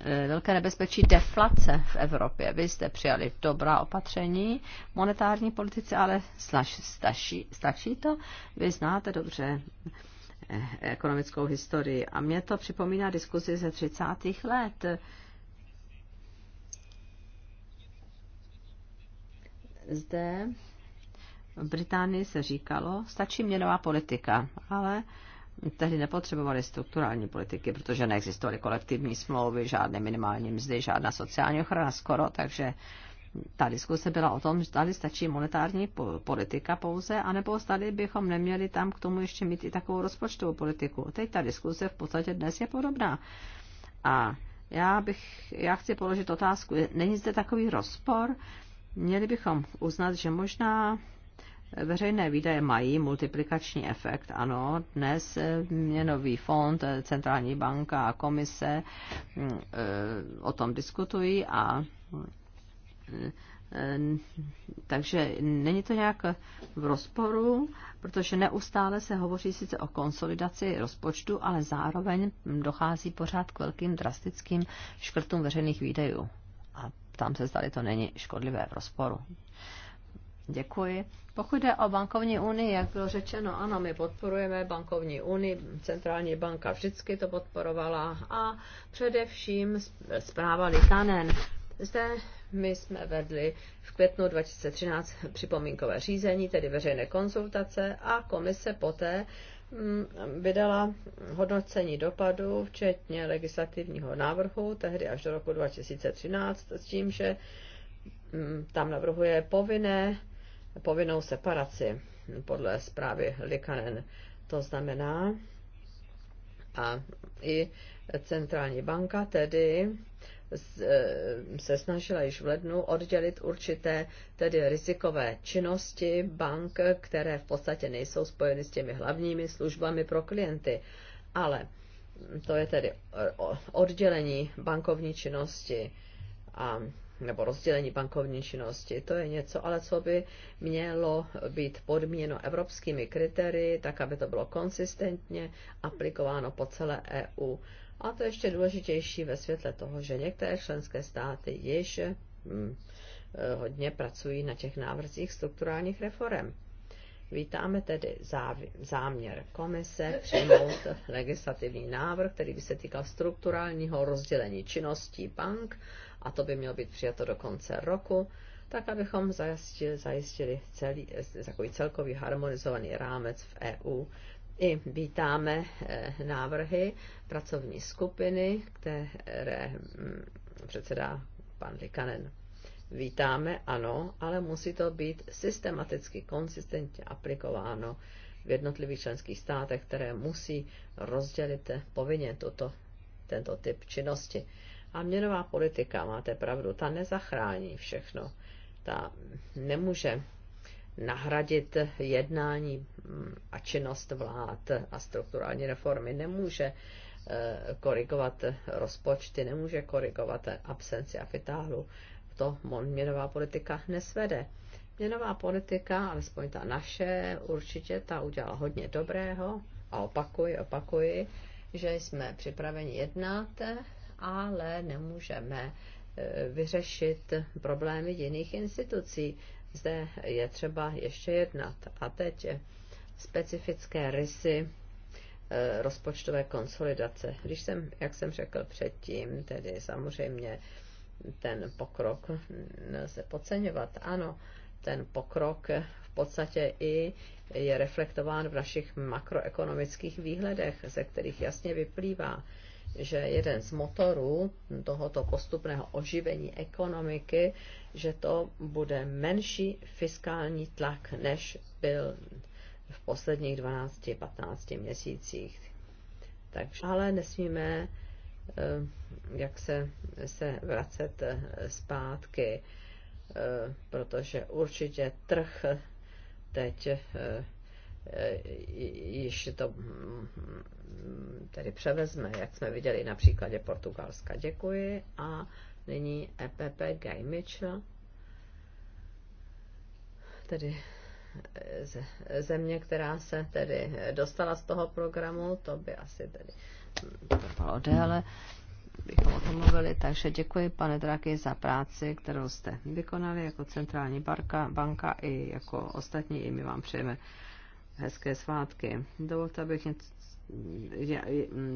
eh, velké nebezpečí deflace v Evropě. Vy jste přijali dobrá opatření monetární politice, ale stačí, stačí to? Vy znáte dobře eh, ekonomickou historii. A mě to připomíná diskuzi ze 30. let zde v Británii se říkalo, stačí měnová politika, ale tehdy nepotřebovali strukturální politiky, protože neexistovaly kolektivní smlouvy, žádné minimální mzdy, žádná sociální ochrana skoro, takže ta diskuse byla o tom, že tady stačí monetární politika pouze, anebo tady bychom neměli tam k tomu ještě mít i takovou rozpočtovou politiku. Teď ta diskuse v podstatě dnes je podobná. A já bych, já chci položit otázku, není zde takový rozpor měli bychom uznat, že možná Veřejné výdaje mají multiplikační efekt, ano. Dnes eh, měnový fond, eh, centrální banka a komise mm, eh, o tom diskutují a mm, takže není to nějak v rozporu, protože neustále se hovoří sice o konsolidaci rozpočtu, ale zároveň dochází pořád k velkým drastickým škrtům veřejných výdejů. A Ptám se, zdali to není škodlivé v rozporu. Děkuji. Pokud jde o bankovní unii, jak bylo řečeno, ano, my podporujeme bankovní unii, centrální banka vždycky to podporovala a především zpráva Litanen. Zde my jsme vedli v květnu 2013 připomínkové řízení, tedy veřejné konzultace a komise poté Mm, vydala hodnocení dopadu, včetně legislativního návrhu, tehdy až do roku 2013, s tím, že mm, tam navrhuje povinné, povinnou separaci podle zprávy Likanen. To znamená, a i centrální banka tedy Eh, se snažila již v lednu oddělit určité tedy rizikové činnosti bank, které v podstatě nejsou spojeny s těmi hlavními službami pro klienty. Ale to je tedy eh, oddělení bankovní činnosti a nebo rozdělení bankovní činnosti. To je něco, ale co by mělo být podmíněno evropskými kritérii, tak aby to bylo konsistentně aplikováno po celé EU. A to ještě důležitější ve světle toho, že některé členské státy již hm, eh, hodně pracují na těch návrzích strukturálních reform. Vítáme tedy záměr komise přijmout legislativní návrh, který by se týkal strukturálního rozdělení činností bank a to by mělo být přijato do konce roku, tak abychom zajistili, zajistili celý, eh, takový celkový harmonizovaný rámec v EU i vítáme eh, návrhy pracovní skupiny, které mm, předsedá pan Likanen. Vítáme, ano, ale musí to být systematicky, konsistentně aplikováno v jednotlivých členských státech, které musí rozdělit povinně tuto, tento typ činnosti. A měnová politika, máte pravdu, ta nezachrání všechno. Ta nemůže nahradit jednání mm, a činnost vlád a strukturální reformy. Nemůže eh, korigovat rozpočty, nemůže korigovat absenci kapitálu. To měnová politika nesvede. Měnová politika, alespoň ta naše, určitě ta udělala hodně dobrého a opakuji, opakuji, že jsme připraveni jednat, ale nemůžeme eh, vyřešit problémy jiných institucí zde je třeba ještě jednat. A teď specifické rysy eh, rozpočtové konsolidace. Když jsem, jak jsem řekl předtím, tedy samozřejmě ten pokrok se podceňovat. Ano, ten pokrok v podstatě i je reflektován v našich makroekonomických výhledech, ze kterých jasně vyplývá, že jeden z motorů tohoto postupného oživení ekonomiky že to bude menší fiskální tlak, než byl v posledních 12-15 měsících. Takže, ale nesmíme eh, jak se, se vracet eh, zpátky, eh, protože určitě trh teď již to hm, tedy převezme, jak jsme viděli na příkladě Portugalska. Děkuji a není EPP Guy Mitchell, tedy eh, země, která se tedy dostala z toho programu, to by asi tedy mm, trvalo déle, bychom o tom mluvili. Takže děkuji, pane Draky, za práci, kterou jste vykonali jako centrální banka, banka i jako ostatní. I my vám přejeme hezké svátky. Dovolte, abych něco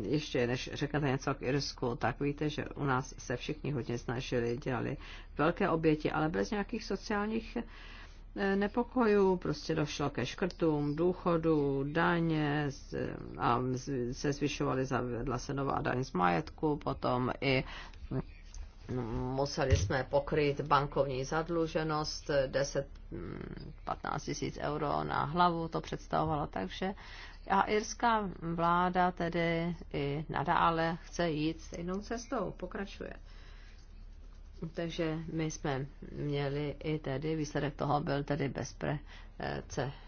ještě než řeknete něco k Irsku, tak víte, že u nás se všichni hodně snažili, dělali velké oběti, ale bez nějakých sociálních eh, nepokojů, prostě došlo ke škrtům, důchodu, daně a se zvyšovaly, zavedla se nová daň z majetku, potom i mm, museli jsme pokryt bankovní zadluženost 10-15 mm, tisíc euro na hlavu to představovalo, takže a irská vláda tedy i nadále chce jít stejnou cestou, pokračuje. Takže my jsme měli i tedy, výsledek toho byl tedy bezpre,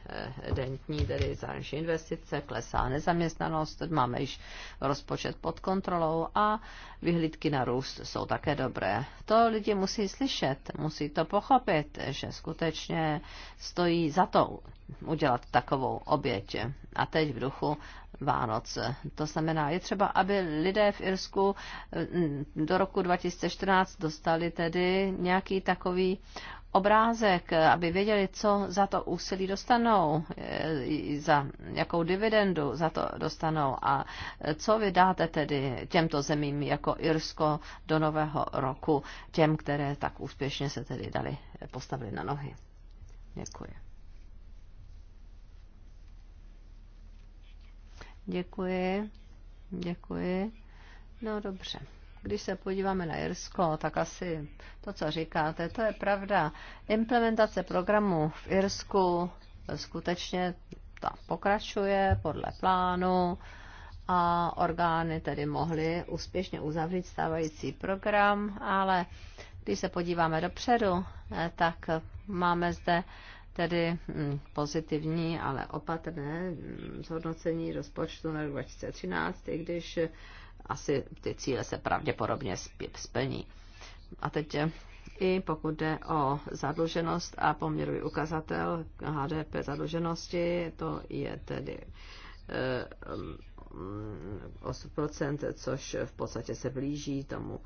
precedentní, tedy zahraniční investice, klesá nezaměstnanost, máme již rozpočet pod kontrolou a vyhlídky na růst jsou také dobré. To lidi musí slyšet, musí to pochopit, že skutečně stojí za to udělat takovou oběť. A teď v duchu Vánoc. To znamená, je třeba, aby lidé v Irsku mm, do roku 2014 dostali tedy nějaký takový obrázek, aby věděli, co za to úsilí dostanou, eh, za jakou dividendu za to dostanou a co vy dáte tedy těmto zemím jako Irsko do nového roku, těm, které tak úspěšně se tedy dali, eh, postavili na nohy. Děkuji. Děkuji. Děkuji. No dobře. Když se podíváme na Irsko, tak asi to, co říkáte, to je pravda. Implementace programu v Irsku skutečně ta pokračuje podle plánu a orgány tedy mohly úspěšně uzavřít stávající program, ale když se podíváme dopředu, eh, tak máme zde tedy hm, pozitivní, ale opatrné hm, zhodnocení rozpočtu na 2013, i když asi ty cíle se pravděpodobně splní. A teď i pokud jde o zadluženost a poměrový ukazatel HDP zadluženosti, to je tedy 8%, eh, mm, což v podstatě se blíží tomu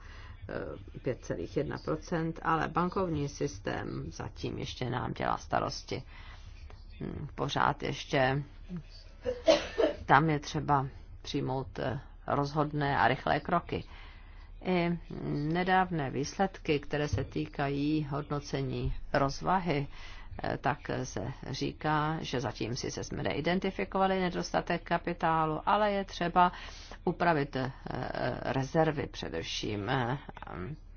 5,1%, eh, ale bankovní systém zatím ještě nám dělá starosti. Hm, pořád ještě tam je třeba přijmout eh, rozhodné a rychlé kroky. I nedávné výsledky, které se týkají hodnocení rozvahy, eh, tak se říká, že zatím si se jsme neidentifikovali nedostatek kapitálu, ale je třeba upravit eh, rezervy především, eh,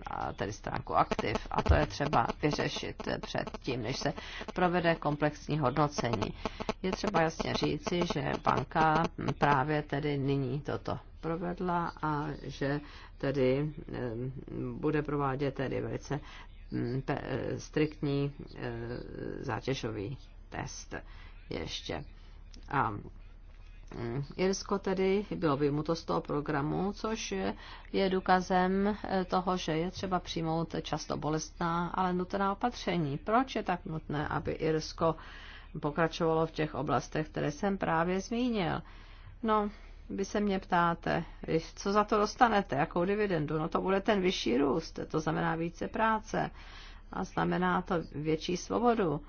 a tedy stránku aktiv, a to je třeba vyřešit před tím, než se provede komplexní hodnocení. Je třeba jasně říci, že banka právě tedy nyní toto provedla a že tedy bude provádět tedy velice mm, striktní e, zátěžový test ještě. A mm, Irsko tedy bylo vymuto z toho programu, což je důkazem e, toho, že je třeba přijmout často bolestná, ale nutná opatření. Proč je tak nutné, aby Irsko pokračovalo v těch oblastech, které jsem právě zmínil? No, vy se mě ptáte, co za to dostanete, jakou dividendu, no to bude ten vyšší růst, to znamená více práce a znamená to větší svobodu.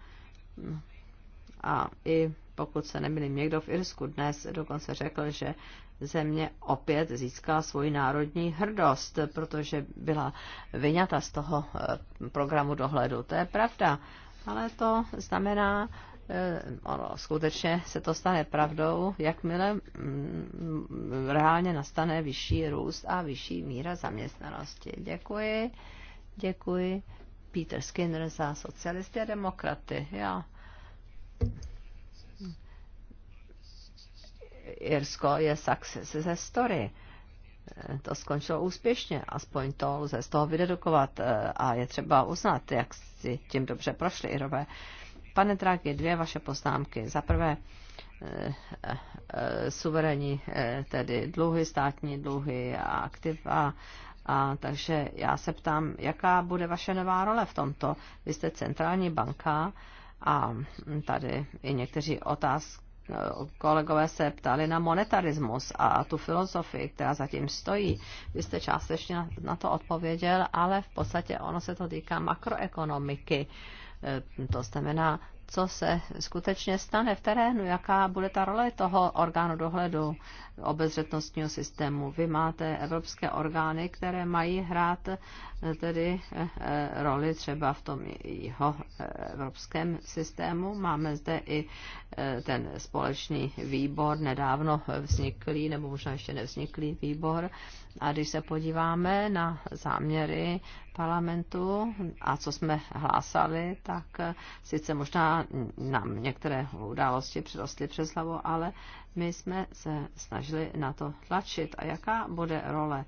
A i pokud se nemýlím, někdo v Irsku dnes dokonce řekl, že země opět získala svoji národní hrdost, protože byla vyňata z toho eh, programu dohledu. To je pravda, ale to znamená Eh, ono skutečně se to stane pravdou, jakmile mm, reálně nastane vyšší růst a vyšší míra zaměstnanosti. Děkuji, děkuji Peter Skinner za socialisty a demokraty. Já. Irsko je success ze story. Eh, to skončilo úspěšně, aspoň to lze z toho vydedukovat eh, a je třeba uznat, jak si tím dobře prošli Irové. Pane Tráky, dvě vaše poznámky. Za prvé, eh, eh, suverení, eh, tedy dluhy, státní dluhy a aktiva. A takže já se ptám, jaká bude vaše nová role v tomto? Vy jste centrální banka a tady i někteří otázky, kolegové se ptali na monetarismus a tu filozofii, která zatím stojí. Vy jste částečně na to odpověděl, ale v podstatě ono se to týká makroekonomiky. Uh, Eh, to znamená, co se skutečně stane v terénu, jaká bude ta role toho orgánu dohledu obezřetnostního systému. Vy máte evropské orgány, které mají hrát eh, tedy eh, roli třeba v tom jeho evropském systému. Máme zde i ten společný výbor, nedávno vzniklý, nebo možná ještě nevzniklý výbor a když se podíváme na záměry parlamentu a co jsme hlásali, tak sice možná nám některé události přirostly přes hlavu, ale my jsme se snažili na to tlačit. A jaká bude role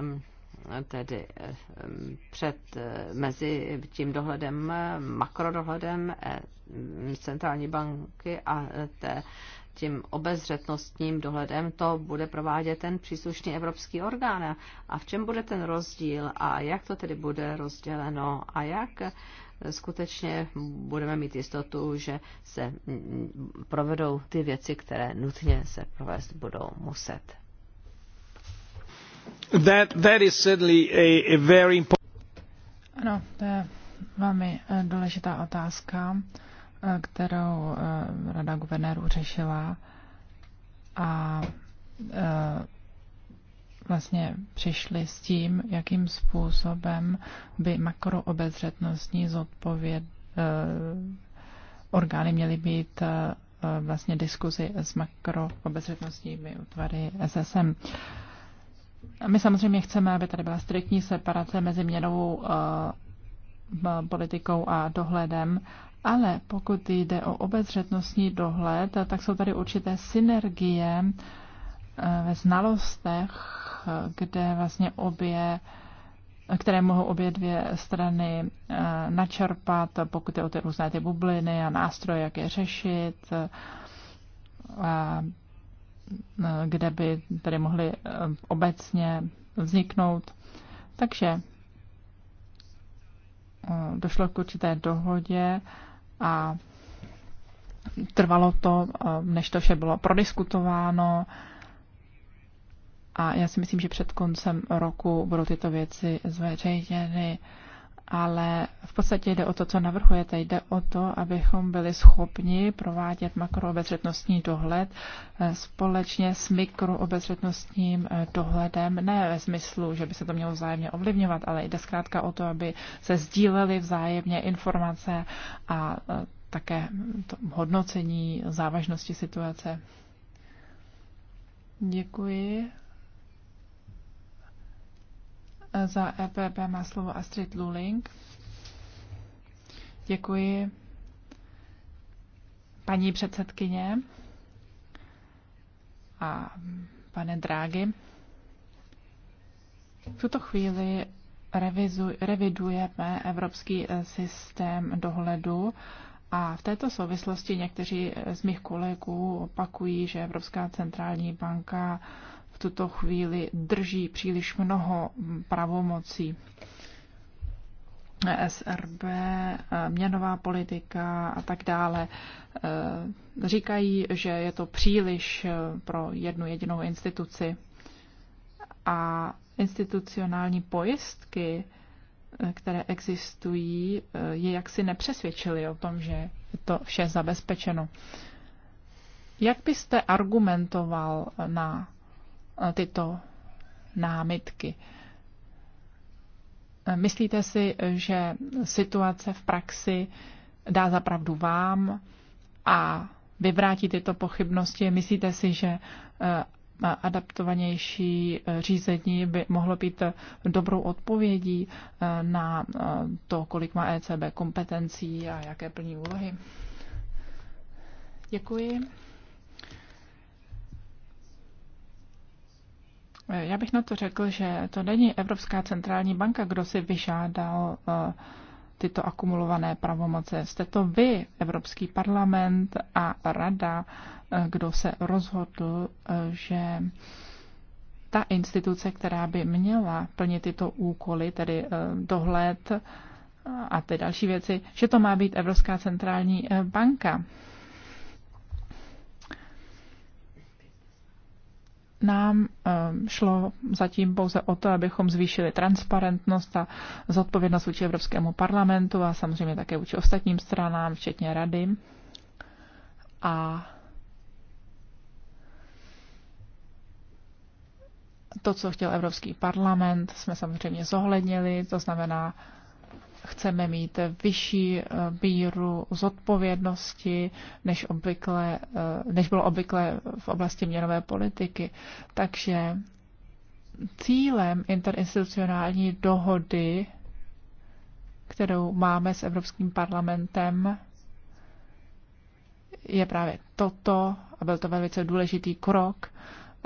mm, tedy mm, před, mezi tím dohledem, makrodohledem eh, centrální banky a té tím obezřetnostním dohledem to bude provádět ten příslušný evropský orgán. A v čem bude ten rozdíl a jak to tedy bude rozděleno a jak eh, skutečně budeme mít jistotu, že se mm, mm, provedou ty věci, které nutně se provést budou muset. That, that is certainly a, a very important... Ano, to je velmi eh, důležitá otázka. Eh, kterou eh, Rada guvernérů řešila a eh, vlastně přišli s tím, jakým způsobem by makroobezřetnostní zodpověd orgány měly být vlastně diskuzi s makroobezřetnostními útvary SSM. My samozřejmě chceme, aby tady byla striktní separace mezi měnovou politikou a dohledem ale pokud jde o obezřetnostní dohled, tak jsou tady určité synergie eh, ve znalostech, kde vlastně obě které mohou obě dvě strany eh, načerpat, pokud je o ty různé ty bubliny a nástroje, jak je řešit, eh, a kde by tady mohly obecně vzniknout. Takže došlo k určité dohodě a trvalo to, eh, než to vše bylo prodiskutováno. A já si myslím, že před koncem roku budou tyto věci zveřejněny ale v podstatě jde o to, co navrhujete. Jde o to, abychom byli schopni provádět makroobezřetnostní dohled eh, společně s mikroobezřetnostním eh, dohledem, ne ve smyslu, že by se to mělo vzájemně ovlivňovat, ale jde zkrátka o to, aby se sdílely vzájemně informace a eh, také to hodnocení závažnosti situace. Děkuji. Za EPP má slovo Astrid Luling. Děkuji, paní předsedkyně a pane Drágy. V tuto chvíli revizu, revidujeme evropský eh, systém dohledu a v této souvislosti někteří eh, z mých kolegů opakují, že Evropská centrální banka tuto chvíli drží příliš mnoho pravomocí. SRB, eh, měnová politika a tak dále. Eh, říkají, že je to příliš eh, pro jednu jedinou instituci. A institucionální pojistky, které existují, je jaksi nepřesvědčili o tom, že je to vše zabezpečeno. Jak byste argumentoval na tyto námitky. Myslíte si, že situace v praxi dá zapravdu vám a vyvrátí tyto pochybnosti? Myslíte si, že eh, adaptovanější eh, řízení by mohlo být eh, dobrou odpovědí na to, kolik má ECB kompetencí a jaké plní úlohy? Děkuji. Já bych na to řekl, že to není Evropská centrální banka, kdo si vyžádal eh, tyto akumulované pravomoce. Jste to vy, Evropský parlament a rada, eh, kdo se rozhodl, eh, že ta instituce, která by měla plnit tyto úkoly, tedy dohled a ty další věci, že to má být Evropská centrální banka. nám ehm, šlo zatím pouze o to, abychom zvýšili transparentnost a zodpovědnost vůči Evropskému parlamentu a samozřejmě také vůči ostatním stranám, včetně rady. A to, co chtěl Evropský parlament, jsme samozřejmě zohlednili, to znamená chceme mít vyšší eh, míru zodpovědnosti, než, obvykle, eh, než bylo obvykle v oblasti měnové politiky. Takže cílem interinstitucionální dohody, kterou máme s Evropským parlamentem, je právě toto a byl to velice důležitý krok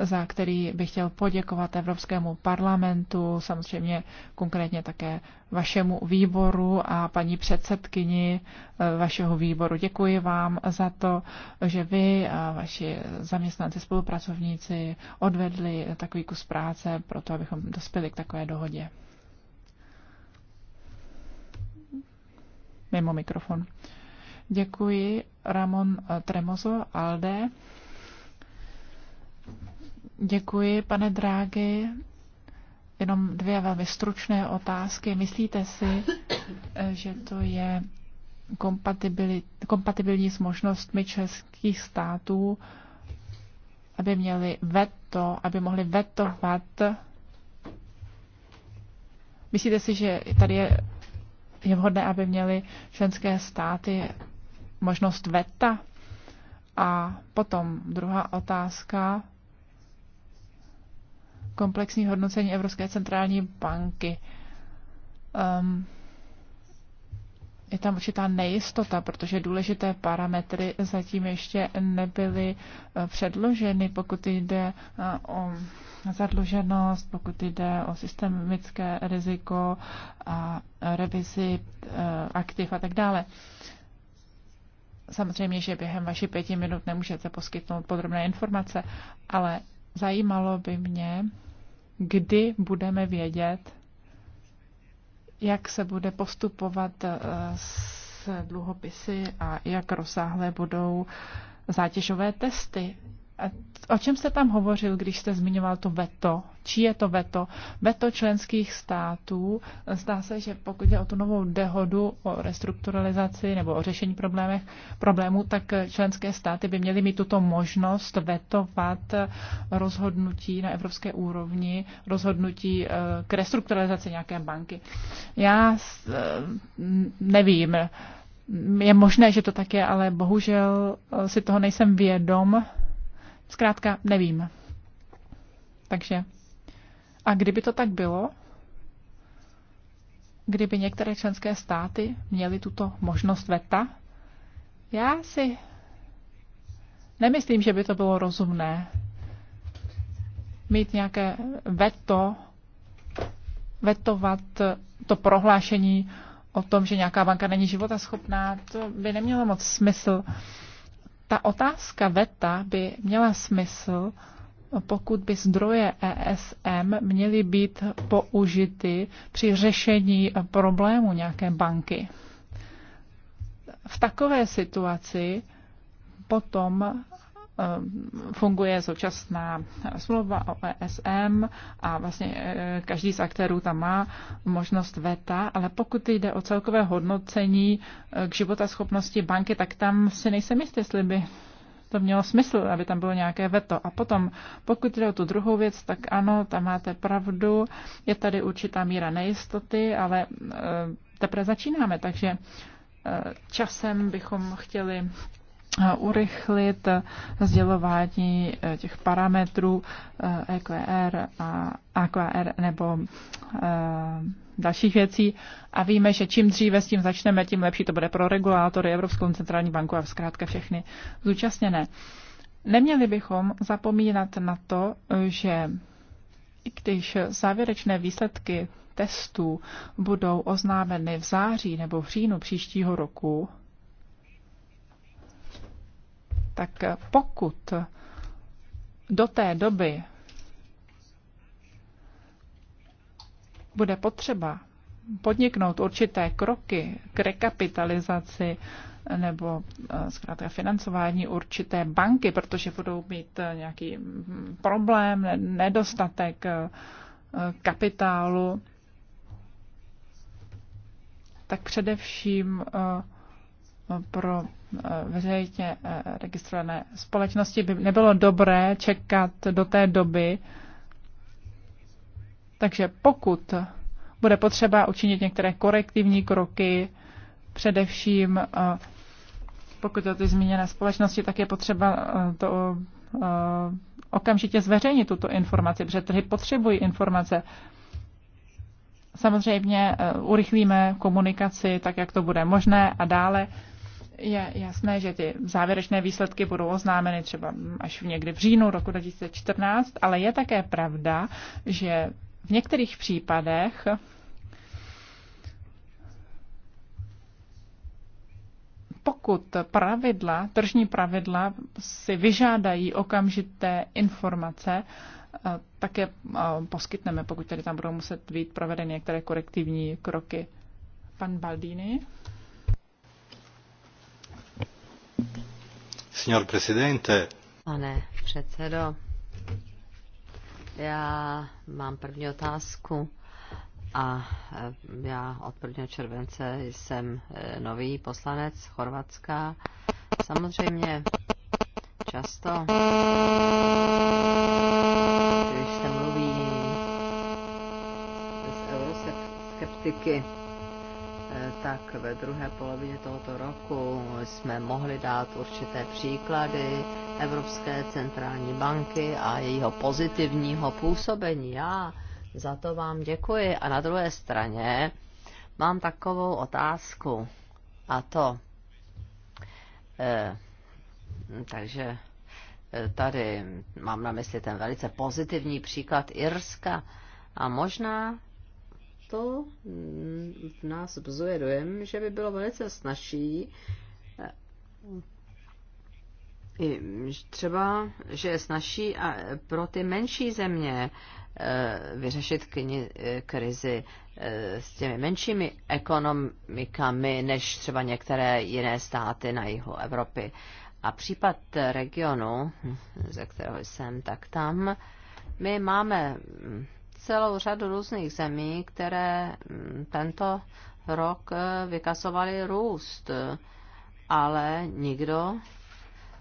za který bych chtěl poděkovat Evropskému parlamentu, samozřejmě konkrétně také vašemu výboru a paní předsedkyni eh, vašeho výboru. Děkuji vám za to, že vy a vaši zaměstnanci, spolupracovníci odvedli takový kus práce pro to, abychom dospěli k takové dohodě. Mimo mikrofon. Děkuji Ramon Tremozo Alde. Děkuji, pane Drágy. Jenom dvě velmi stručné otázky. Myslíte si, že to je kompatibilní s možnostmi českých států, aby měli veto, aby mohli vetovat? Myslíte si, že tady je, je vhodné, aby měli členské státy možnost veta? A potom druhá otázka komplexní hodnocení Evropské centrální banky. Um, je tam určitá nejistota, protože důležité parametry zatím ještě nebyly eh, předloženy, pokud jde eh, o zadluženost, pokud jde o systemické riziko a revizi eh, aktiv a tak dále. Samozřejmě, že během vašich pěti minut nemůžete poskytnout podrobné informace, ale Zajímalo by mě, kdy budeme vědět, jak se bude postupovat eh, s dluhopisy a jak rozsáhlé budou zátěžové testy. O čem jste tam hovořil, když jste zmiňoval to veto? Čí je to veto? Veto členských států. Zdá se, že pokud jde o tu novou dehodu o restrukturalizaci nebo o řešení problémů, tak členské státy by měly mít tuto možnost vetovat rozhodnutí na evropské úrovni, rozhodnutí eh, k restrukturalizaci nějaké banky. Já eh, nevím. Je možné, že to tak je, ale bohužel eh, si toho nejsem vědom Zkrátka nevím. Takže a kdyby to tak bylo, kdyby některé členské státy měly tuto možnost veta, já si nemyslím, že by to bylo rozumné mít nějaké veto, vetovat to prohlášení o tom, že nějaká banka není životaschopná, to by nemělo moc smysl ta otázka VETA by měla smysl, pokud by zdroje ESM měly být použity při řešení problému nějaké banky. V takové situaci potom Eh, funguje současná smlouva o ESM a vlastně eh, každý z aktérů tam má možnost veta, ale pokud jde o celkové hodnocení eh, k schopnosti banky, tak tam si nejsem jistý, jestli by to mělo smysl, aby tam bylo nějaké veto. A potom, pokud jde o tu druhou věc, tak ano, tam máte pravdu, je tady určitá míra nejistoty, ale teprve začínáme, takže časem bychom chtěli Eh, urychlit eh, sdělování eh, těch parametrů EQR e a AQR nebo dalších věcí a víme, že čím dříve s tím začneme, tím lepší to bude pro regulátory, Evropskou centrální banku a zkrátka všechny zúčastněné. Neměli bychom zapomínat na to, že i když závěrečné výsledky testů budou oznámeny v září nebo v říjnu příštího roku, tak pokud do té doby bude potřeba podniknout určité kroky k rekapitalizaci nebo eh, zkrátka financování určité banky, protože budou mít eh, nějaký mm, problém, nedostatek eh, kapitálu, tak především pro veřejně eh, registrované společnosti by nebylo dobré čekat do té doby. Takže pokud bude potřeba učinit některé korektivní kroky, především eh, pokud to ty zmíněné společnosti, tak je potřeba eh, to okamžitě zveřejnit tuto informaci, protože trhy potřebují informace. Samozřejmě urychlíme komunikaci tak, jak to bude možné a dále je jasné, že ty závěrečné výsledky budou oznámeny třeba až v někdy v říjnu roku 2014, ale je také pravda, že v některých případech pokud pravidla, tržní pravidla si vyžádají okamžité informace, eh, tak je eh, poskytneme, pokud tady tam budou muset být provedeny některé korektivní kroky. Pan Baldini. Signor Presidente. Pane předsedo, já mám první otázku. A eh, já od 1. července jsem eh, nový poslanec Chorvatska. Samozřejmě často, když se mluví s euroskeptiky, tak ve druhé polovině tohoto roku jsme mohli dát určité příklady Evropské centrální banky a jejího pozitivního působení. Já za to vám děkuji. A na druhé straně mám takovou otázku. A to, E, takže eh, tady mám na mysli ten velice pozitivní příklad Irska a možná to mm, v nás vzuje dojem, že by bylo velice snažší eh, třeba, že je snažší pro ty menší země eh, vyřešit eh, krizi s těmi menšími ekonomikami než třeba některé jiné státy na jihu Evropy. A případ regionu, ze kterého jsem, tak tam my máme mm, celou řadu různých zemí, které mm, tento rok eh, vykazovaly růst, ale nikdo,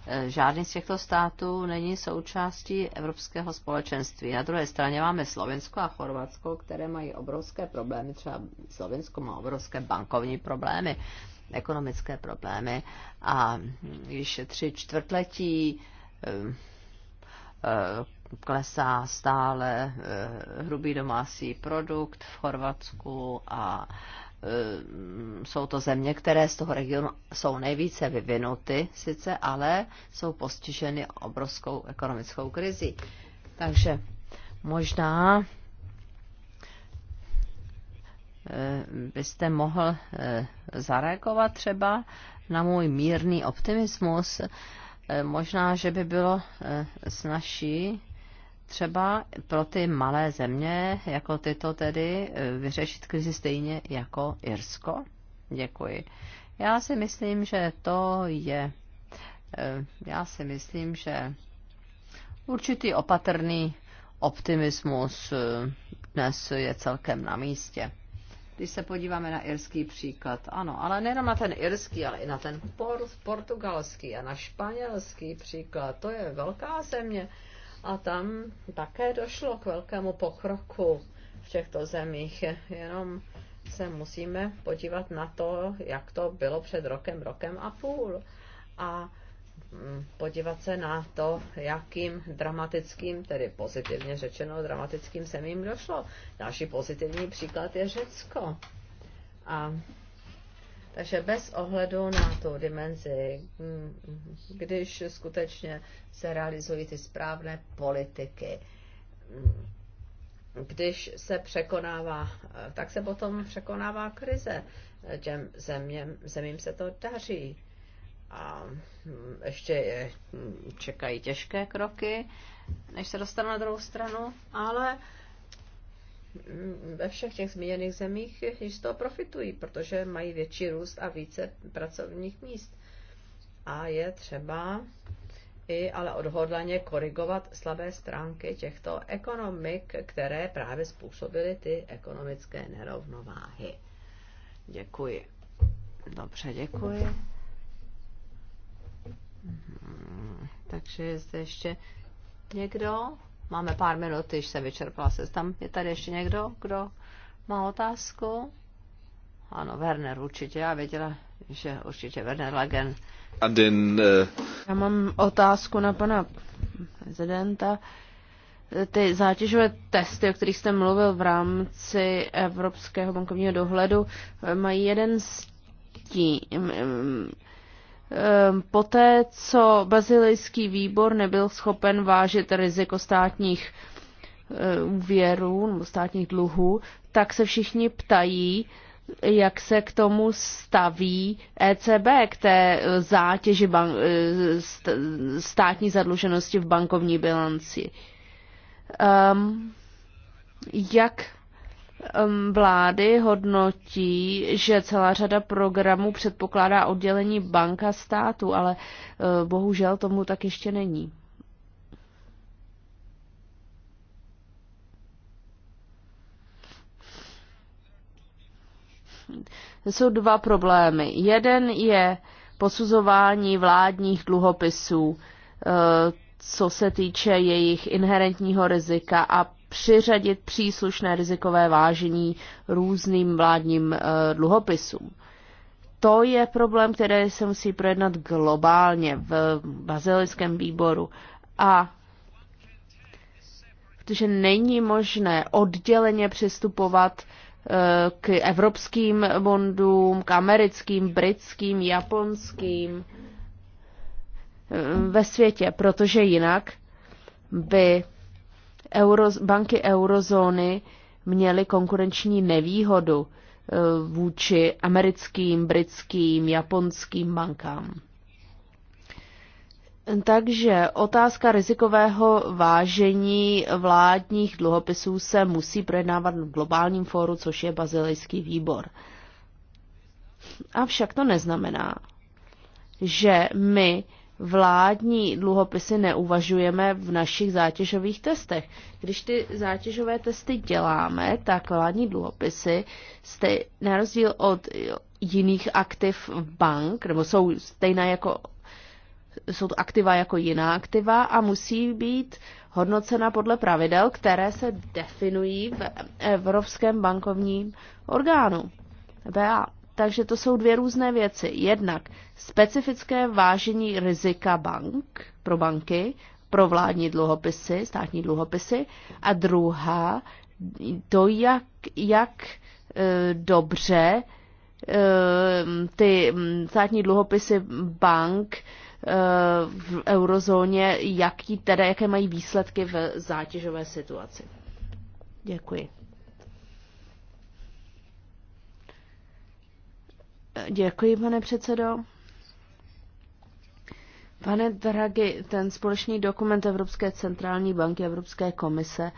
eh, žádný z těchto států není součástí Evropského společenství. Na druhé straně máme Slovensko a Chorvatsko, které mají obrovské problémy. Třeba Slovensko má obrovské bankovní problémy, ekonomické problémy a již tři čtvrtletí eh, klesá stále eh, hrubý domácí produkt v Chorvatsku a eh, jsou to země, které z toho regionu jsou nejvíce vyvinuty sice, ale jsou postiženy obrovskou ekonomickou krizi. Takže možná eh, byste mohl zareagovat třeba na můj mírný optimismus. Možná, že by bylo snažší třeba pro ty malé země, jako tyto tedy, eh, vyřešit krizi stejně jako Irsko? Děkuji. Já si myslím, že to je. Eh, já si myslím, že určitý opatrný optimismus eh, dnes je celkem na místě. Když se podíváme na irský příklad, ano, ale nejenom na ten irský, ale i na ten portugalský a na španělský příklad, to je velká země a tam také došlo k velkému pokroku v těchto zemích. Jenom se musíme podívat na to, jak to bylo před rokem, rokem a půl. A mm, podívat se na to, jakým dramatickým, tedy pozitivně řečeno, dramatickým semím došlo. Další pozitivní příklad je Řecko. A takže bez ohledu na tu dimenzi, mm, když skutečně se realizují ty správné politiky, mm, když se překonává, tak se potom překonává krize. Těm zeměm, zemím se to daří. A mm, ještě je, čekají těžké kroky, než se dostanou na druhou stranu, ale Mm, ve všech těch zmíněných zemích již z toho profitují, protože mají větší růst a více pracovních míst. A je třeba i ale odhodlaně korigovat slabé stránky těchto ekonomik, které právě způsobily ty ekonomické nerovnováhy. Děkuji. Dobře, děkuji. Mhm. Takže je zde ještě někdo? Máme pár minut, již se vyčerpala se. Tam je tady ještě někdo, kdo má otázku? Ano, Werner určitě, já věděla, že určitě Werner Lagen. A den, uh... Já mám otázku na pana prezidenta. Ty zátěžové testy, o kterých jste mluvil v rámci Evropského bankovního dohledu, mají jeden z tím, Ehm, poté, co bazilejský výbor nebyl schopen vážit riziko státních eh, úvěrů nebo státních dluhů, tak se všichni ptají, jak se k tomu staví ECB, k té eh, zátěži eh, státní zadluženosti v bankovní bilanci. Um, jak vlády hodnotí, že celá řada programů předpokládá oddělení banka státu, ale eh, bohužel tomu tak ještě není. Jsou dva problémy. Jeden je posuzování vládních dluhopisů, eh, co se týče jejich inherentního rizika a přiřadit příslušné rizikové vážení různým vládním eh, dluhopisům. To je problém, který se musí projednat globálně v bazilickém výboru. A protože není možné odděleně přistupovat eh, k evropským bondům, k americkým, britským, japonským eh, ve světě, protože jinak by euro, banky eurozóny měly konkurenční nevýhodu eh, vůči americkým, britským, japonským bankám. Takže otázka rizikového vážení vládních dluhopisů se musí projednávat v globálním fóru, což je bazilejský výbor. Avšak to neznamená, že my vládní dluhopisy neuvažujeme v našich zátěžových testech. Když ty zátěžové testy děláme, tak vládní dluhopisy jste, na rozdíl od jiných aktiv bank, nebo jsou stejné jako jsou to aktiva jako jiná aktiva a musí být hodnocena podle pravidel, které se definují v Evropském bankovním orgánu, BA. Takže to jsou dvě různé věci. Jednak specifické vážení rizika bank pro banky, pro vládní dluhopisy, státní dluhopisy. A druhá, to, jak, jak e, dobře e, ty státní dluhopisy bank e, v eurozóně, jaký teda, jaké mají výsledky v zátěžové situaci. Děkuji. Děkuji, pane předsedo. Pane Draghi, ten společný dokument Evropské centrální banky, Evropské komise,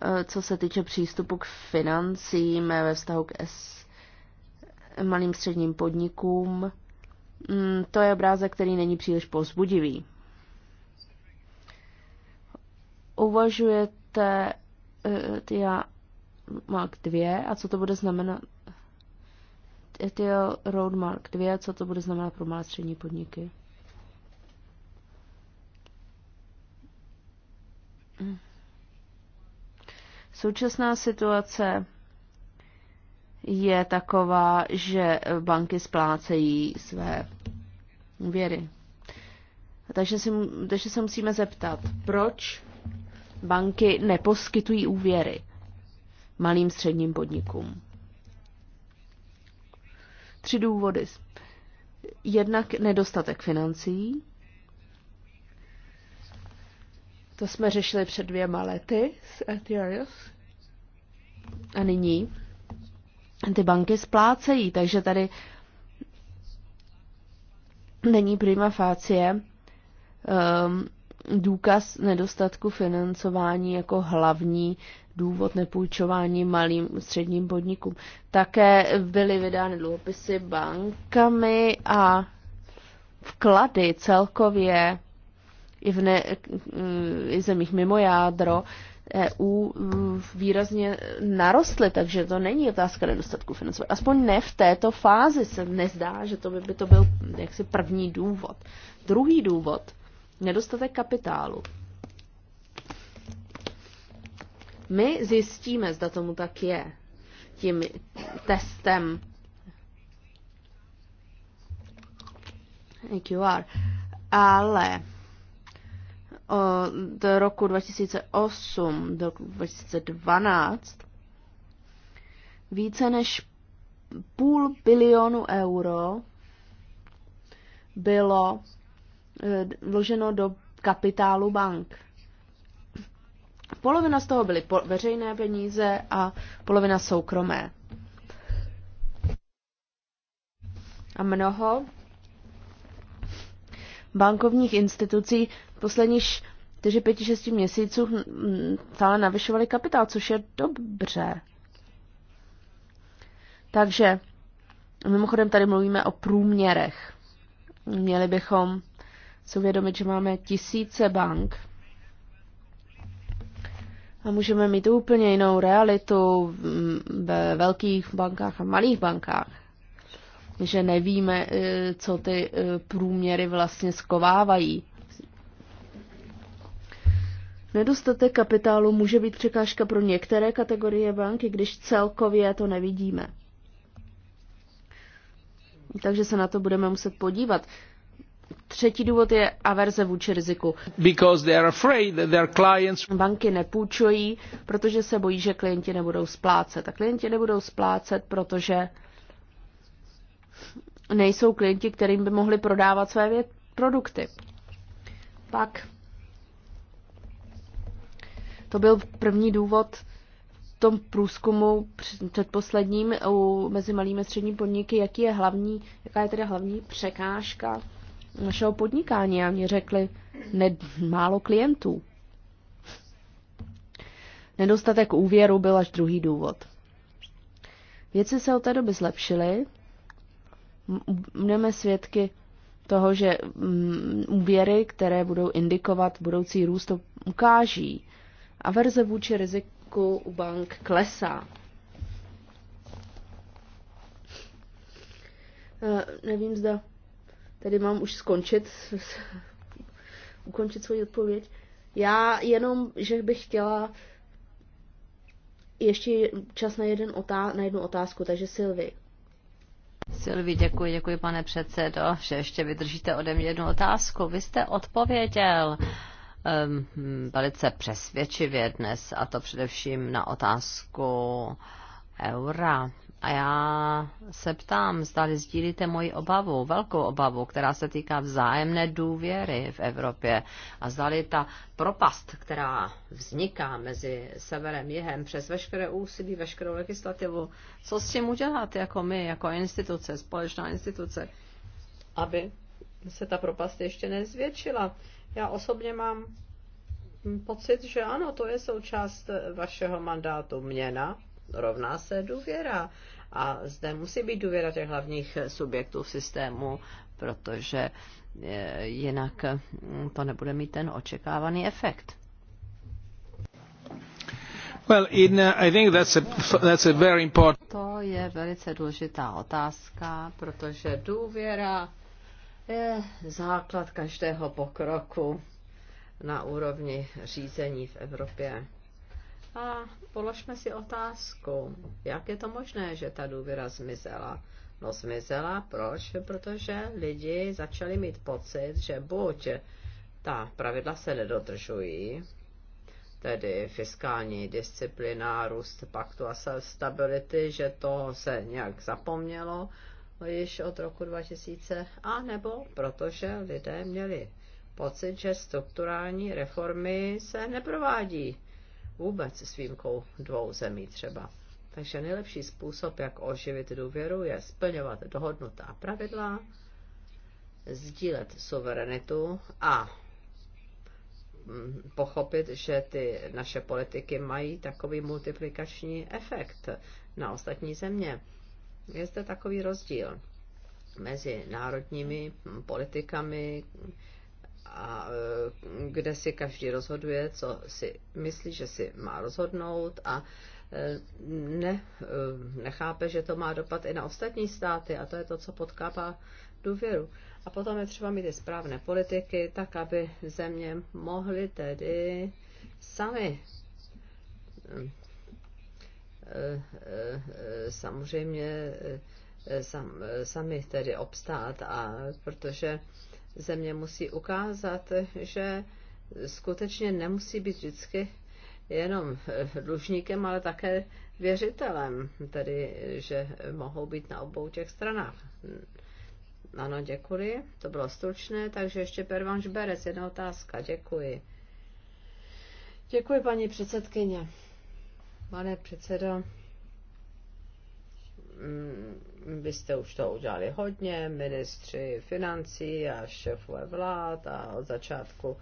eh, co se týče přístupu k financím eh, ve vztahu k S, malým středním podnikům, mm, to je obrázek, který není příliš pozbudivý. Uvažujete eh, já mám dvě a co to bude znamenat Etio Roadmark 2, co to bude znamenat pro malé střední podniky? Současná situace je taková, že banky splácejí své věry. Takže, si, takže se musíme zeptat, proč banky neposkytují úvěry malým středním podnikům tři důvody. Jednak nedostatek financí. To jsme řešili před dvěma lety s Ethereum. A nyní ty banky splácejí, takže tady není prima facie um, důkaz nedostatku financování jako hlavní důvod nepůjčování malým středním podnikům. Také byly vydány dluhopisy bankami a vklady celkově i v ne, i zemích mimo jádro EU výrazně narostly, takže to není otázka nedostatku financování. Aspoň ne v této fázi se nezdá, že to by, by to byl jaksi první důvod. Druhý důvod, nedostatek kapitálu. My zjistíme, zda tomu tak je, tím testem AQR. Ale od roku 2008 do 2012 více než půl bilionu euro bylo eh, vloženo do kapitálu bank. Polovina z toho byly po- veřejné peníze a polovina soukromé. A mnoho bankovních institucí posledních 4, 5, 6 měsíců hm, hm, stále navyšovaly kapitál, což je dobře. Takže mimochodem tady mluvíme o průměrech. Měli bychom si uvědomit, že máme tisíce bank, a můžeme mít úplně jinou realitu ve velkých bankách a malých bankách. Že nevíme, eh, co ty eh, průměry vlastně skovávají. Nedostatek kapitálu může být překážka pro některé kategorie banky, když celkově to nevidíme. Takže se na to budeme muset podívat. Třetí důvod je averze vůči riziku. Because they are afraid that their clients... Banky nepůjčují, protože se bojí, že klienti nebudou splácet. A klienti nebudou splácet, protože nejsou klienti, kterým by mohli prodávat své produkty. Pak to byl první důvod v tom průzkumu předposledním u, mezi malými a středními podniky, jaký je hlavní, jaká je tedy hlavní překážka našeho podnikání a mě řekli, ne, málo klientů. Nedostatek úvěru byl až druhý důvod. Věci se od té doby zlepšily. Budeme svědky toho, že mm, úvěry, které budou indikovat budoucí růst, to ukáží. A verze vůči riziku u bank klesá. Eh, nevím, zda Tady mám už skončit, ukončit svoji odpověď. Já jenom, že bych chtěla ještě čas na, jeden otá- na jednu otázku, takže Silvi. Silvi, děkuji, děkuji pane předsedo, že ještě vydržíte ode mě jednu otázku. Vy jste odpověděl um, velice přesvědčivě dnes, a to především na otázku eura a já se ptám, zda sdílíte moji obavu, velkou obavu, která se týká vzájemné důvěry v Evropě. A zda ta propast, která vzniká mezi severem a jihem přes veškeré úsilí, veškerou legislativu, co s tím udělat jako my, jako instituce, společná instituce, aby se ta propast ještě nezvětšila. Já osobně mám pocit, že ano, to je součást vašeho mandátu měna, rovná se důvěra. A zde musí být důvěra těch hlavních subjektů v systému, protože e, jinak mm, to nebude mít ten očekávaný efekt. Well, in, uh, I think that's a, that's a very important... To je velice důležitá otázka, protože důvěra je základ každého pokroku na úrovni řízení v Evropě. A položme si otázku, jak je to možné, že ta důvěra zmizela. No zmizela, proč? Protože lidi začali mít pocit, že buď ta pravidla se nedodržují, tedy fiskální disciplina, růst paktu a stability, že to se nějak zapomnělo již od roku 2000, a nebo protože lidé měli pocit, že strukturální reformy se neprovádí vůbec s výjimkou dvou zemí třeba. Takže nejlepší způsob, jak oživit důvěru, je splňovat dohodnutá pravidla, sdílet suverenitu a mm, pochopit, že ty naše politiky mají takový multiplikační efekt na ostatní země. Je zde takový rozdíl mezi národními mm, politikami, a e, kde si každý rozhoduje, co si myslí, že si má rozhodnout a e, ne, e, nechápe, že to má dopad i na ostatní státy a to je to, co podkápá důvěru. A potom je třeba mít i správné politiky, tak aby země mohly tedy sami samozřejmě sami tedy obstát a protože země musí ukázat, že skutečně nemusí být vždycky jenom dlužníkem, ale také věřitelem, tedy že mohou být na obou těch stranách. Ano, děkuji. To bylo stručné, takže ještě Pervanš Berec, jedna otázka. Děkuji. Děkuji, paní předsedkyně. Pane předsedo, mm, vy jste už to udělali hodně, ministři financí a šéfové vlád a od začátku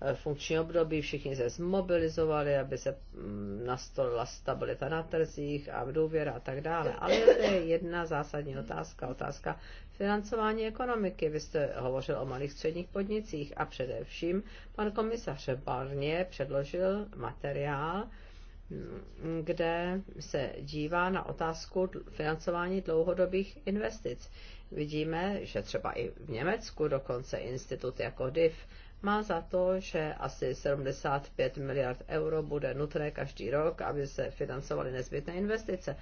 eh, funkční období všichni se zmobilizovali, aby se mm, nastolila stabilita na trzích a důvěra a tak dále. Ale je to jedna zásadní otázka, otázka financování ekonomiky. Vy jste hovořil o malých středních podnicích a především pan komisař Barně předložil materiál, kde se dívá na otázku financování dlouhodobých investic. Vidíme, že třeba i v Německu dokonce institut jako DIF má za to, že asi 75 miliard euro bude nutné každý rok, aby se financovaly nezbytné investice.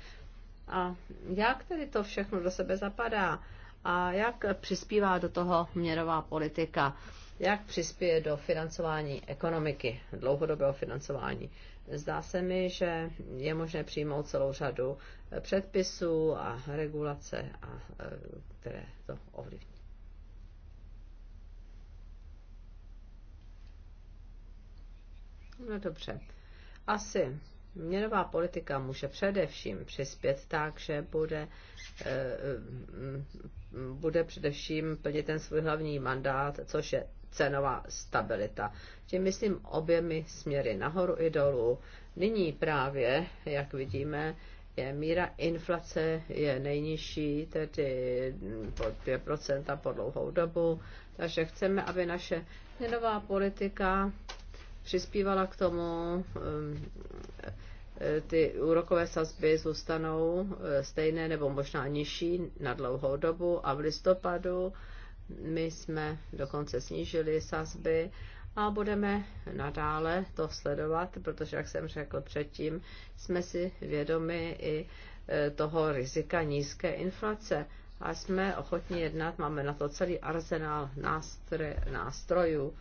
A jak tedy to všechno do sebe zapadá? A jak přispívá do toho měrová politika? Jak přispěje do financování ekonomiky, dlouhodobého financování? Zdá se mi, že je možné přijmout celou řadu eh, předpisů a regulace, a, eh, které to ovlivní. No dobře. Asi měnová politika může především přispět tak, že bude, eh, bude především plnit ten svůj hlavní mandát, což je cenová stabilita. Tím myslím oběmi směry nahoru i dolů. Nyní právě, jak vidíme, je míra inflace je nejnižší, tedy pod 2% po dlouhou dobu, takže chceme, aby naše měnová politika přispívala k tomu, um, ty úrokové sazby zůstanou eh, stejné nebo možná nižší na dlouhou dobu a v listopadu my jsme dokonce snížili sazby a budeme nadále to sledovat, protože, jak jsem řekl předtím, jsme si vědomi i e, toho rizika nízké inflace a jsme ochotni jednat, máme na to celý arzenál nástrojů,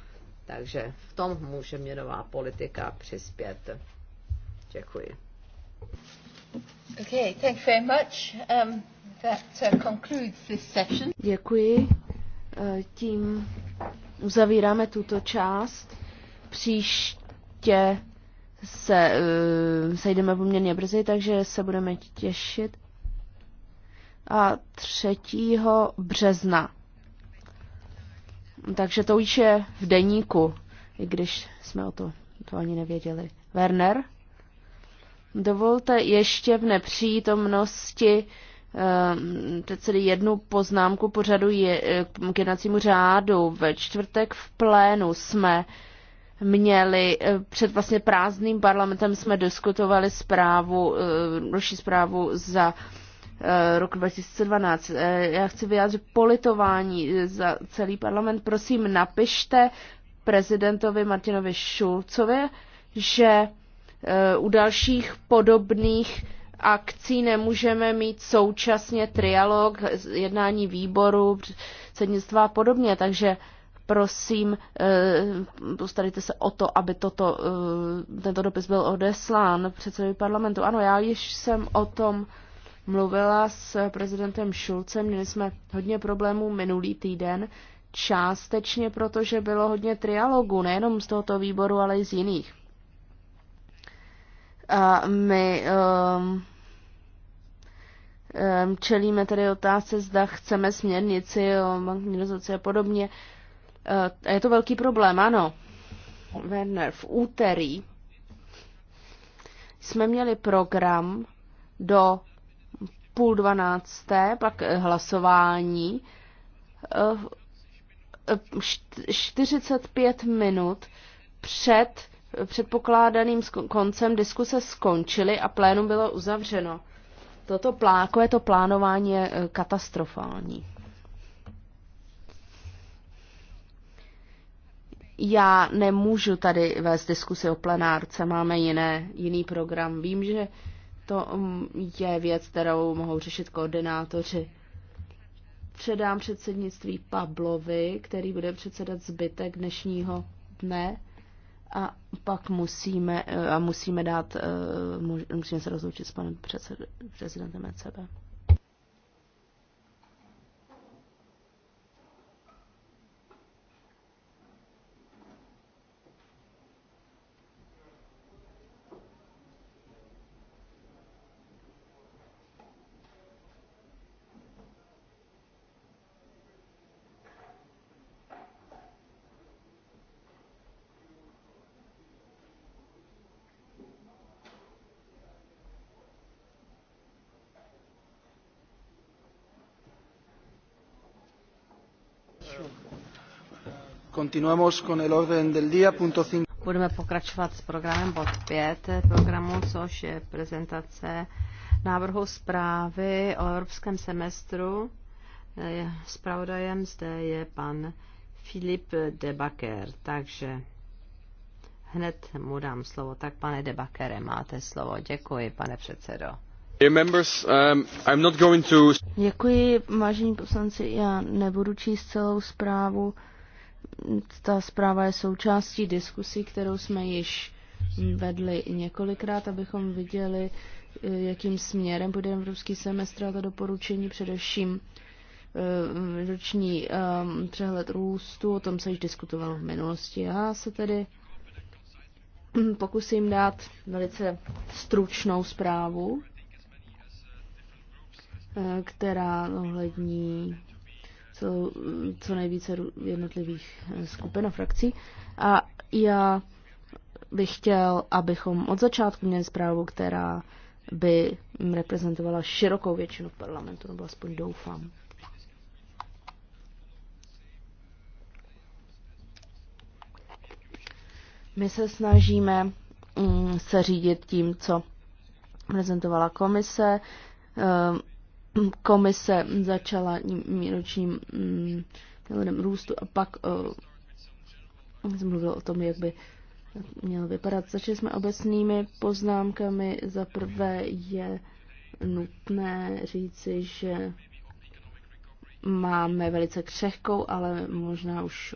takže v tom může měnová politika přispět. Děkuji. Okay, thank you very much. Um, that uh, concludes this session. Děkuji. Eh, tím uzavíráme tuto část. Příště se eh, sejdeme poměrně brzy, takže se budeme těšit. A 3. března. Takže to už je v deníku, i když jsme o to, to ani nevěděli. Werner? Dovolte ještě v nepřítomnosti Ehm, tedy jednu poznámku pořadu je, eh, k jednacímu řádu. Ve čtvrtek v plénu jsme měli eh, před vlastně prázdným parlamentem jsme diskutovali zprávu, roční eh, zprávu za rok 2012. Já chci vyjádřit politování za celý parlament. Prosím, napište prezidentovi Martinovi Šulcovi, že u dalších podobných akcí nemůžeme mít současně trialog, jednání výboru, předsednictva a podobně, takže prosím, eh, postarejte se o to, aby toto, eh, tento dopis byl odeslán předsedovi parlamentu. Ano, já již jsem o tom mluvila s prezidentem Šulcem, měli jsme hodně problémů minulý týden, částečně protože bylo hodně trialogů, nejenom z tohoto výboru, ale i z jiných. A my um, um, čelíme tedy otázce, zda chceme směrnici o bankní a podobně. Uh, je to velký problém, ano. Werner, v úterý jsme měli program do půl dvanácté, pak eh, hlasování. 45 eh, eh, minut před předpokládaným koncem diskuse skončily a plénum bylo uzavřeno. Toto je to plánování je eh, katastrofální. Já nemůžu tady vést diskusi o plenárce, máme jiné, jiný program. Vím, že to mm, je věc, kterou mohou řešit koordinátoři. Předám předsednictví Pablovi, který bude předsedat zbytek dnešního dne a pak musíme, eh, a musíme dát, eh, musíme se rozloučit s panem prezidentem ECB. Continuamos con el orden del día, punto 5. Budeme pokračovat s programem bod 5 programu, což je prezentace návrhu zprávy o evropském semestru. Zpravodajem zde je pan Filip Debaker, takže hned mu dám slovo. Tak pane Debakere, máte slovo. Děkuji, pane předsedo. Um, Děkuji, vážení poslanci, já nebudu číst celou zprávu ta zpráva je součástí diskusí, kterou jsme již vedli několikrát, abychom viděli, jakým směrem bude evropský semestr a ta doporučení především eh, roční ehm, přehled růstu, o tom se již diskutovalo v minulosti. Já se tedy pokusím dát velice stručnou zprávu, eh, která ohlední co, co nejvíce jednotlivých eh, skupin a frakcí. A já bych chtěl, abychom od začátku měli zprávu, která by reprezentovala širokou většinu v parlamentu, nebo aspoň doufám. My se snažíme mm, se řídit tím, co prezentovala komise, eh, komise začala ročním milionem mm, růstu a pak uh, jsem mluvil o tom, jak by měl vypadat. Začali jsme obecnými poznámkami. Za prvé je nutné říci, že máme velice křehkou, ale možná už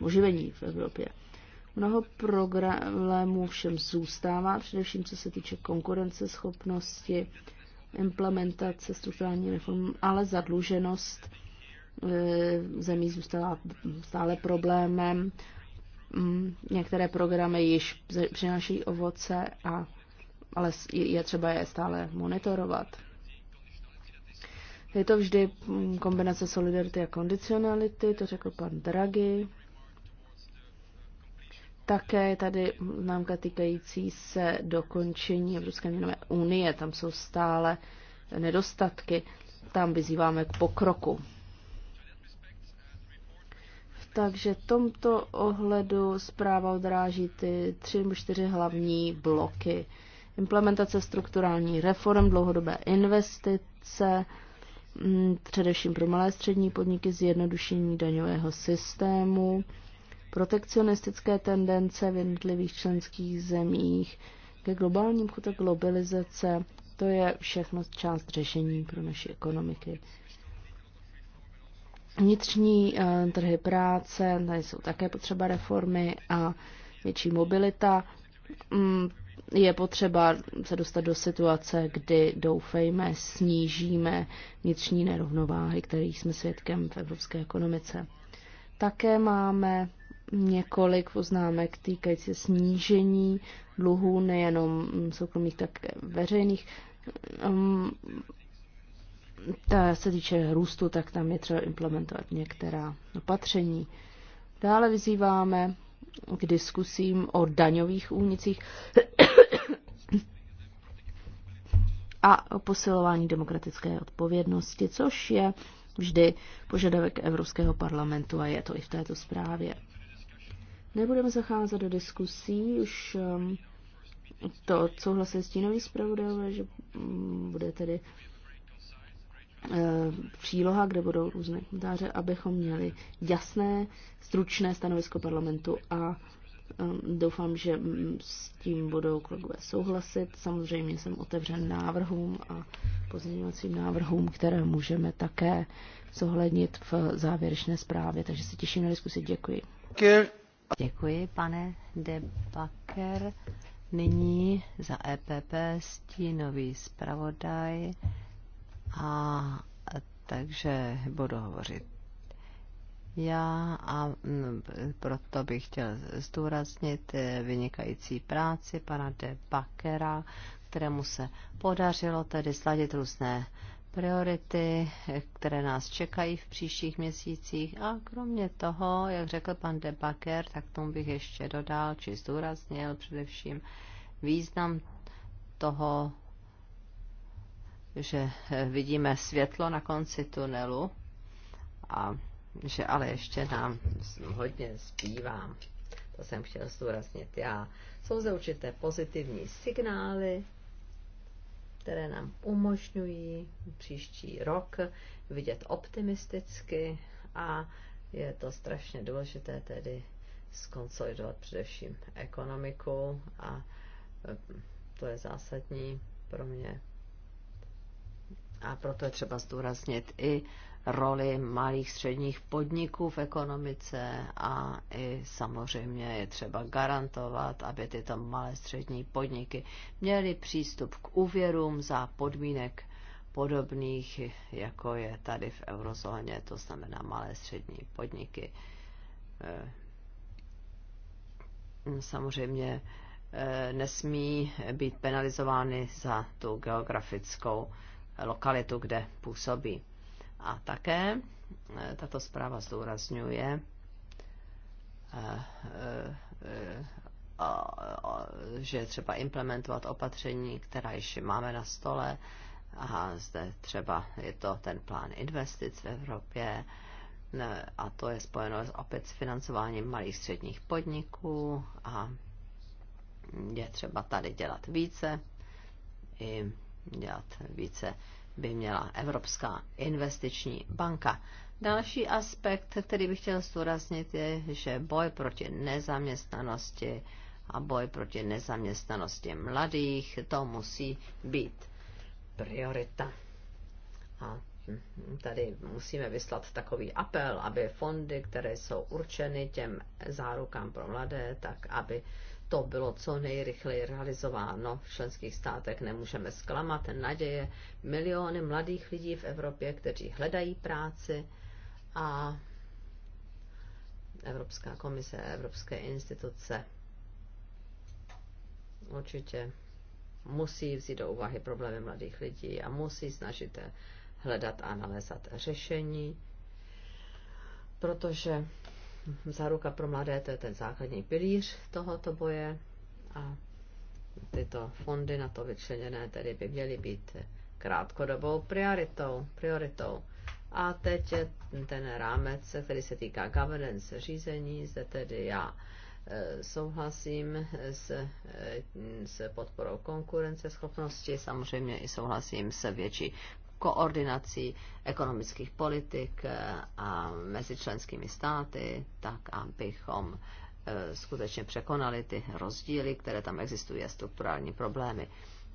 oživení v Evropě. Mnoho problémů všem zůstává, především co se týče konkurenceschopnosti, schopnosti implementace strukturální reform, ale zadluženost eh, zemí zůstala stále problémem. Mm, některé programy již přináší ovoce, a, ale je třeba je stále monitorovat. Je to vždy mm, kombinace solidarity a kondicionality, to řekl pan Draghi. Také je tady známka týkající se dokončení Evropské měnové unie. Tam jsou stále nedostatky. Tam vyzýváme k pokroku. Takže v tomto ohledu zpráva odráží ty tři nebo čtyři hlavní bloky. Implementace strukturální reform, dlouhodobé investice, mm, především pro malé střední podniky, zjednodušení daňového systému, protekcionistické tendence v jednotlivých členských zemích, ke globálním chutek globalizace, to je všechno část řešení pro naši ekonomiky. Vnitřní eh, trhy práce, tady jsou také potřeba reformy a větší mobilita. Mm, je potřeba se dostat do situace, kdy doufejme, snížíme vnitřní nerovnováhy, kterých jsme svědkem v evropské ekonomice. Také máme několik poznámek týkající se snížení dluhů nejenom soukromých, tak veřejných. Um, ta se týče růstu, tak tam je třeba implementovat některá opatření. Dále vyzýváme k diskusím o daňových únicích a o posilování demokratické odpovědnosti, což je vždy požadavek Evropského parlamentu a je to i v této zprávě. Nebudeme zacházet do diskusí, už um, to odsouhlasil stínový zpravodajové, že mm, bude tedy eh, příloha, kde budou různé komentáře, abychom měli jasné, stručné stanovisko parlamentu a um, doufám, že mm, s tím budou kolegové souhlasit. Samozřejmě jsem otevřen návrhům a pozměňovacím návrhům, které můžeme také zohlednit v závěrečné zprávě, takže se těším na diskusi. Děkuji. Děkuji. Děkuji, pane Debaker. Nyní za EPP stínový zpravodaj a takže budu hovořit já a mm, proto bych chtěl zdůraznit eh, vynikající práci pana de Bakera, kterému se podařilo tedy sladit různé priority, které nás čekají v příštích měsících. A kromě toho, jak řekl pan Debaker, tak tomu bych ještě dodal, či zdůraznil především význam toho, že vidíme světlo na konci tunelu a že ale ještě nám hodně zbývá. To jsem chtěl zdůraznit já. Jsou zde určité pozitivní signály, které nám umožňují příští rok vidět optimisticky a je to strašně důležité tedy skonsolidovat především ekonomiku a e, to je zásadní pro mě. A proto je třeba zdůraznit i roli malých středních podniků v ekonomice a i samozřejmě je třeba garantovat, aby tyto malé střední podniky měly přístup k úvěrům za podmínek podobných, jako je tady v eurozóně, to znamená malé střední podniky. Eh, samozřejmě eh, nesmí být penalizovány za tu geografickou lokalitu, kde působí. A také eh, tato zpráva zdůrazňuje eh, eh, že je třeba implementovat opatření, která již máme na stole. A zde třeba je to ten plán investic v Evropě a to je spojeno opět s financováním malých středních podniků a je třeba tady dělat více i dělat více by měla Evropská investiční banka. Další aspekt, který bych chtěl zdůraznit, je, že boj proti nezaměstnanosti a boj proti nezaměstnanosti mladých, to musí být priorita. A tady musíme vyslat takový apel, aby fondy, které jsou určeny těm zárukám pro mladé, tak aby to bylo co nejrychleji realizováno v členských státech. Nemůžeme zklamat naděje miliony mladých lidí v Evropě, kteří hledají práci a Evropská komise, Evropské instituce určitě musí vzít do úvahy problémy mladých lidí a musí snažit hledat a nalézat řešení, protože záruka pro mladé, to je ten základní pilíř tohoto boje a tyto fondy na to vyčleněné tedy by měly být krátkodobou prioritou. prioritou. A teď je ten rámec, který se týká governance řízení, zde tedy já e, souhlasím s, e, s podporou konkurenceschopnosti, samozřejmě i souhlasím s větší koordinací ekonomických politik eh, a mezi členskými státy, tak abychom eh, skutečně překonali ty rozdíly, které tam existují a strukturální problémy.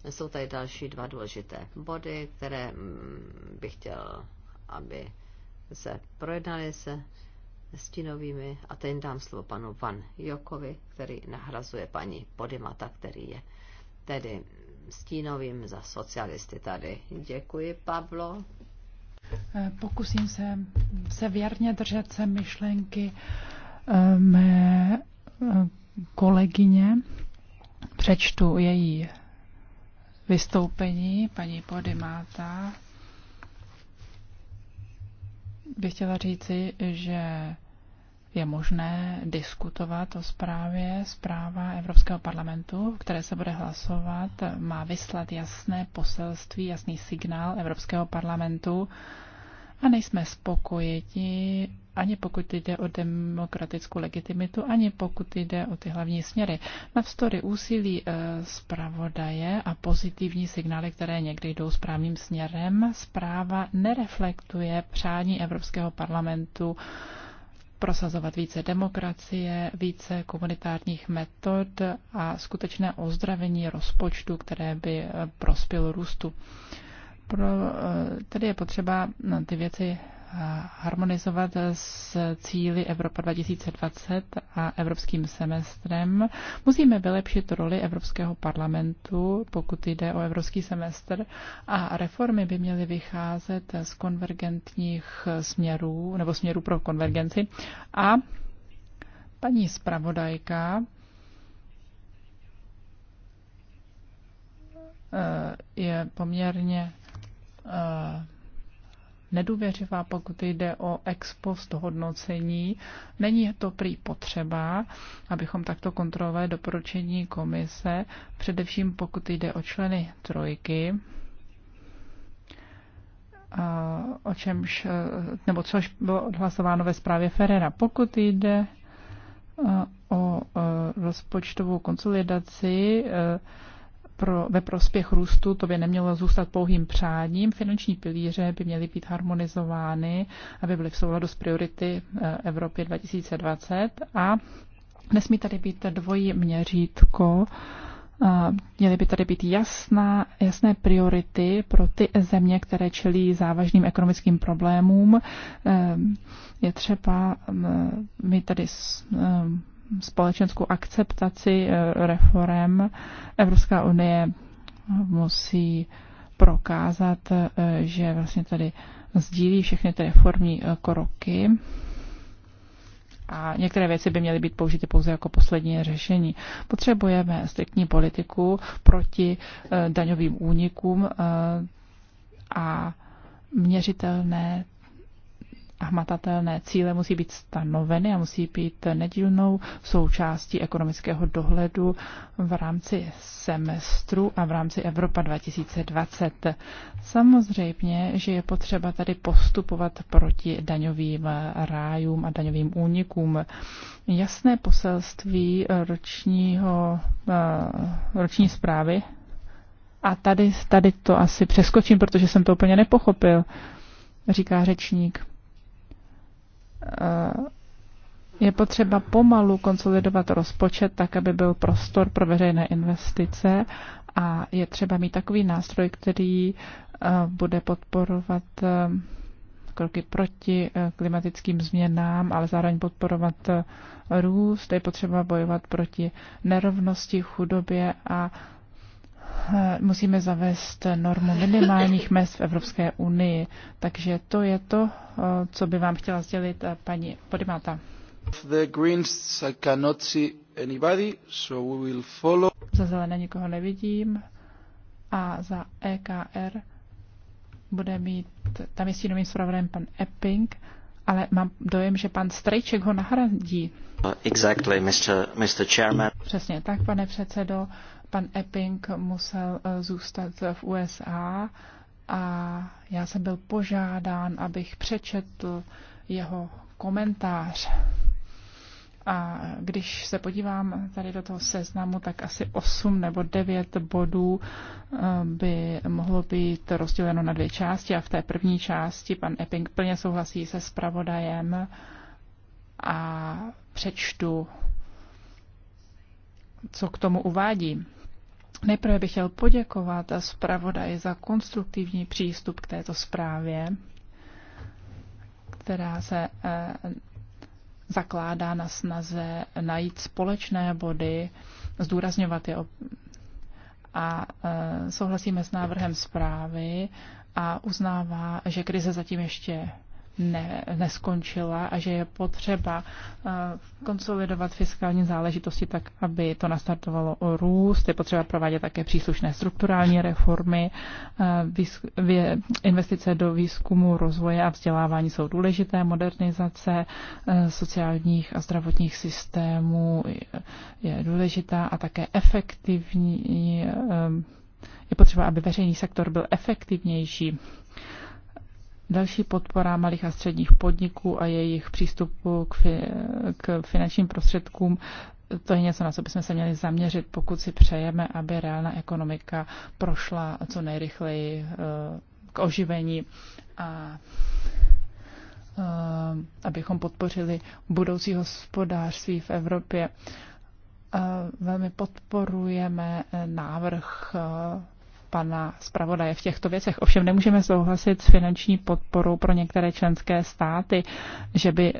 Jsou tady další dva důležité body, které mm, bych chtěl, aby se projednali se stínovými a ten dám slovo panu Van Jokovi, který nahrazuje paní Podimata, který je tedy stínovým za socialisty tady. Děkuji, Pavlo. Eh, pokusím se, se věrně držet se myšlenky eh, mé eh, kolegyně. Přečtu její vystoupení, paní Podimáta. Bych chtěla říci, že je možné diskutovat o zprávě. Zpráva Evropského parlamentu, v které se bude hlasovat, má vyslat jasné poselství, jasný signál Evropského parlamentu a nejsme spokojeni ani pokud jde o demokratickou legitimitu, ani pokud jde o ty hlavní směry. Navzdory úsilí eh, zpravodaje a pozitivní signály, které někdy jdou správným směrem, zpráva nereflektuje přání Evropského parlamentu prosazovat více demokracie, více komunitárních metod a skutečné ozdravení rozpočtu, které by eh, prospělo růstu. Pro, eh, tedy je potřeba eh, ty věci harmonizovat s cíly Evropa 2020 a evropským semestrem. Musíme vylepšit roli Evropského parlamentu, pokud jde o evropský semestr, a reformy by měly vycházet z konvergentních směrů nebo směrů pro konvergenci. A paní zpravodajka eh, je poměrně eh, nedůvěřivá, pokud jde o ex post hodnocení. Není to prý potřeba, abychom takto kontrolovali doporučení komise, především pokud jde o členy trojky, o čemž, e, nebo což bylo odhlasováno ve zprávě Ferrera. Pokud jde e, o e, rozpočtovou konsolidaci, pro, ve prospěch růstu, to by nemělo zůstat pouhým přáním. Finanční pilíře by měly být harmonizovány, aby byly v souladu s priority eh, Evropy 2020 a nesmí tady být dvojí měřítko, eh, měly by tady být jasná, jasné priority pro ty země, které čelí závažným ekonomickým problémům. Eh, je třeba mm, mít tady společenskou akceptaci eh, reform Evropská unie musí prokázat, eh, že vlastně tady sdílí všechny ty reformní eh, kroky a některé věci by měly být použity pouze jako poslední řešení. Potřebujeme striktní politiku proti daňovým únikům a měřitelné hmatatelné cíle musí být stanoveny a musí být nedílnou součástí ekonomického dohledu v rámci semestru a v rámci Evropa 2020. Samozřejmě, že je potřeba tady postupovat proti daňovým rájům a daňovým únikům. Jasné poselství ročního, eh, roční zprávy a tady, tady to asi přeskočím, protože jsem to úplně nepochopil, říká řečník. Eh, je potřeba pomalu konsolidovat rozpočet tak, aby byl prostor pro veřejné investice a je třeba mít takový nástroj, který eh, bude podporovat eh, kroky proti klimatickým změnám, ale zároveň podporovat růst. Je potřeba bojovat proti nerovnosti, chudobě a Eh, musíme zavést normu minimálních mest v Evropské unii. Takže to je to, eh, co by vám chtěla sdělit eh, paní Podimata. Za zelené nikoho nevidím a za EKR bude mít, tam je stínovým zpravodajem pan Epping, ale mám dojem, že pan Strejček ho nahradí. Exactly, Mr. Mr. Chairman. Přesně tak, pane předsedo pan Epping musel eh, zůstat v USA a já jsem byl požádán, abych přečetl jeho komentář. A když se podívám tady do toho seznamu, tak asi 8 nebo 9 bodů eh, by mohlo být rozděleno na dvě části. A v té první části pan Epping plně souhlasí se spravodajem a přečtu, co k tomu uvádí. Nejprve bych chtěl poděkovat zpravodaji za konstruktivní přístup k této zprávě, která se eh, zakládá na snaze najít společné body, zdůrazňovat je a eh, souhlasíme s návrhem zprávy a uznává, že krize zatím ještě ne, neskončila a že je potřeba eh, konsolidovat fiskální záležitosti tak, aby to nastartovalo o růst. Je potřeba provádět také příslušné strukturální reformy. Eh, vě, investice do výzkumu, rozvoje a vzdělávání jsou důležité. Modernizace eh, sociálních a zdravotních systémů je důležitá a také efektivní. Je potřeba, aby veřejný sektor byl efektivnější. Další podpora malých a středních podniků a jejich přístupu k, fi, k finančním prostředkům, to je něco, na co bychom se měli zaměřit, pokud si přejeme, aby reálná ekonomika prošla co nejrychleji eh, k oživení a eh, abychom podpořili budoucí hospodářství v Evropě. Eh, velmi podporujeme návrh pana zpravodaje v těchto věcech. Ovšem nemůžeme souhlasit s finanční podporou pro některé členské státy, že by eh,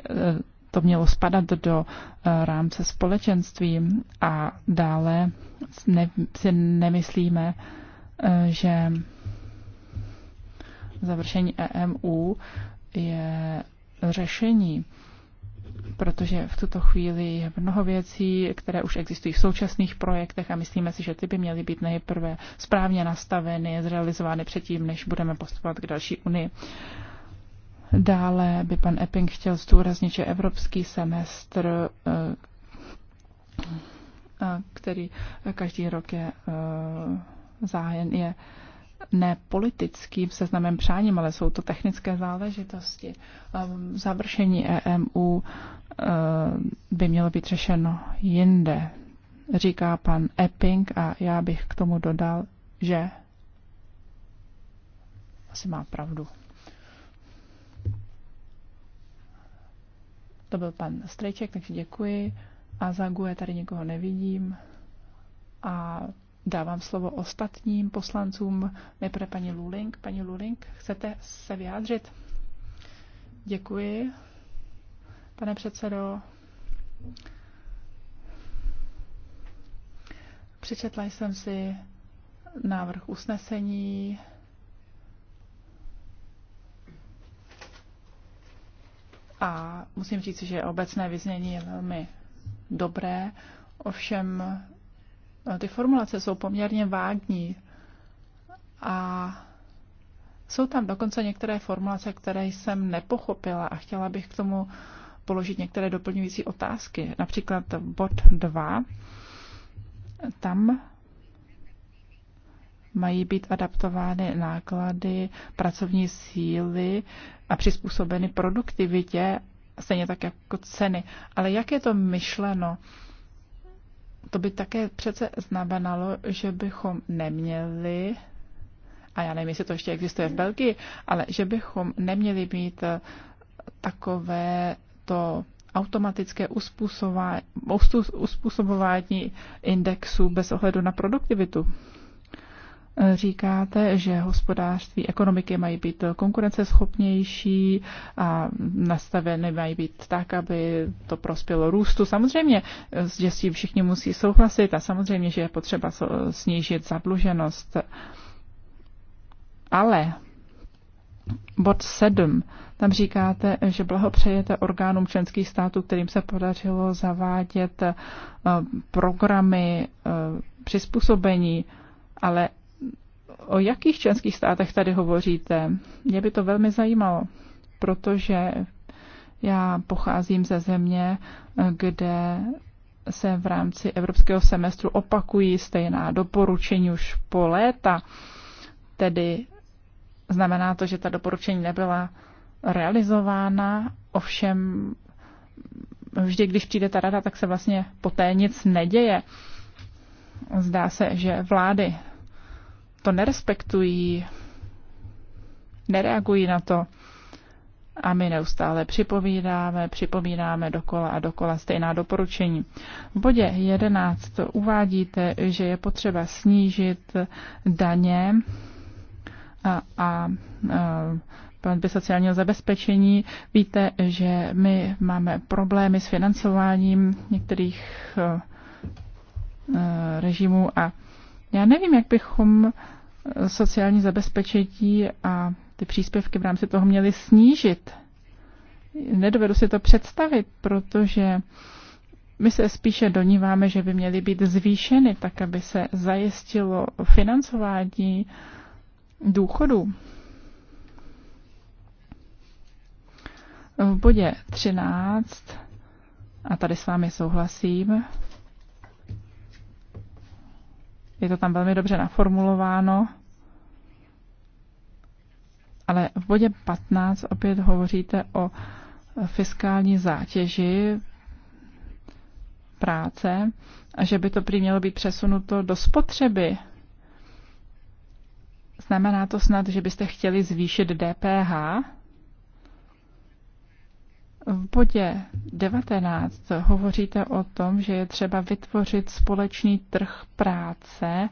to mělo spadat do eh, rámce společenství a dále si nemyslíme, eh, že završení EMU je řešení protože v tuto chvíli je mnoho věcí, které už existují v současných projektech a myslíme si, že ty by měly být nejprve správně nastaveny, zrealizovány předtím, než budeme postupovat k další unii. Dále by pan Epping chtěl zdůraznit, že evropský semestr, eh, který každý rok je eh, zájen, je ne politickým seznamem přáním, ale jsou to technické záležitosti. Završení EMU e, by mělo být řešeno jinde, říká pan Epping a já bych k tomu dodal, že asi má pravdu. To byl pan Strejček, takže děkuji. A za GUE tady nikoho nevidím. A Dávám slovo ostatním poslancům, nejprve paní Luling. Paní Luling, chcete se vyjádřit? Děkuji, pane předsedo. Přečetla jsem si návrh usnesení. A musím říct, že obecné vyznění je velmi dobré, ovšem ty formulace jsou poměrně vágní a jsou tam dokonce některé formulace, které jsem nepochopila a chtěla bych k tomu položit některé doplňující otázky. Například bod 2. Tam mají být adaptovány náklady pracovní síly a přizpůsobeny produktivitě, stejně tak jako ceny. Ale jak je to myšleno? to by také přece znamenalo, že bychom neměli a já nevím, jestli to ještě existuje v Belgii, ale že bychom neměli mít eh, takové to automatické uspůsobování indexu bez ohledu na produktivitu. Říkáte, že hospodářství, ekonomiky mají být konkurenceschopnější a nastaveny mají být tak, aby to prospělo růstu. Samozřejmě, že s tím všichni musí souhlasit a samozřejmě, že je potřeba snížit zadluženost. Ale bod 7. Tam říkáte, že blahopřejete orgánům členských států, kterým se podařilo zavádět eh, programy eh, přizpůsobení, ale o jakých členských státech tady hovoříte? Mě by to velmi zajímalo, protože já pocházím ze země, kde se v rámci evropského semestru opakují stejná doporučení už po léta. Tedy znamená to, že ta doporučení nebyla realizována, ovšem vždy, když přijde ta rada, tak se vlastně poté nic neděje. Zdá se, že vlády to nerespektují, nereagují na to. A my neustále připomínáme, připomínáme dokola a dokola stejná doporučení. V bodě 11 uvádíte, že je potřeba snížit daně a, a, a platby sociálního zabezpečení. Víte, že my máme problémy s financováním některých eh, eh, režimů a já nevím, jak bychom sociální zabezpečení a ty příspěvky v rámci toho měly snížit. Nedovedu si to představit, protože my se spíše doníváme, že by měly být zvýšeny, tak aby se zajistilo financování důchodů. V bodě 13, a tady s vámi souhlasím, je to tam velmi dobře naformulováno, ale v bodě 15 opět hovoříte o fiskální zátěži práce a že by to prý mělo být přesunuto do spotřeby. Znamená to snad, že byste chtěli zvýšit DPH? V bodě 19 hovoříte o tom, že je třeba vytvořit společný trh práce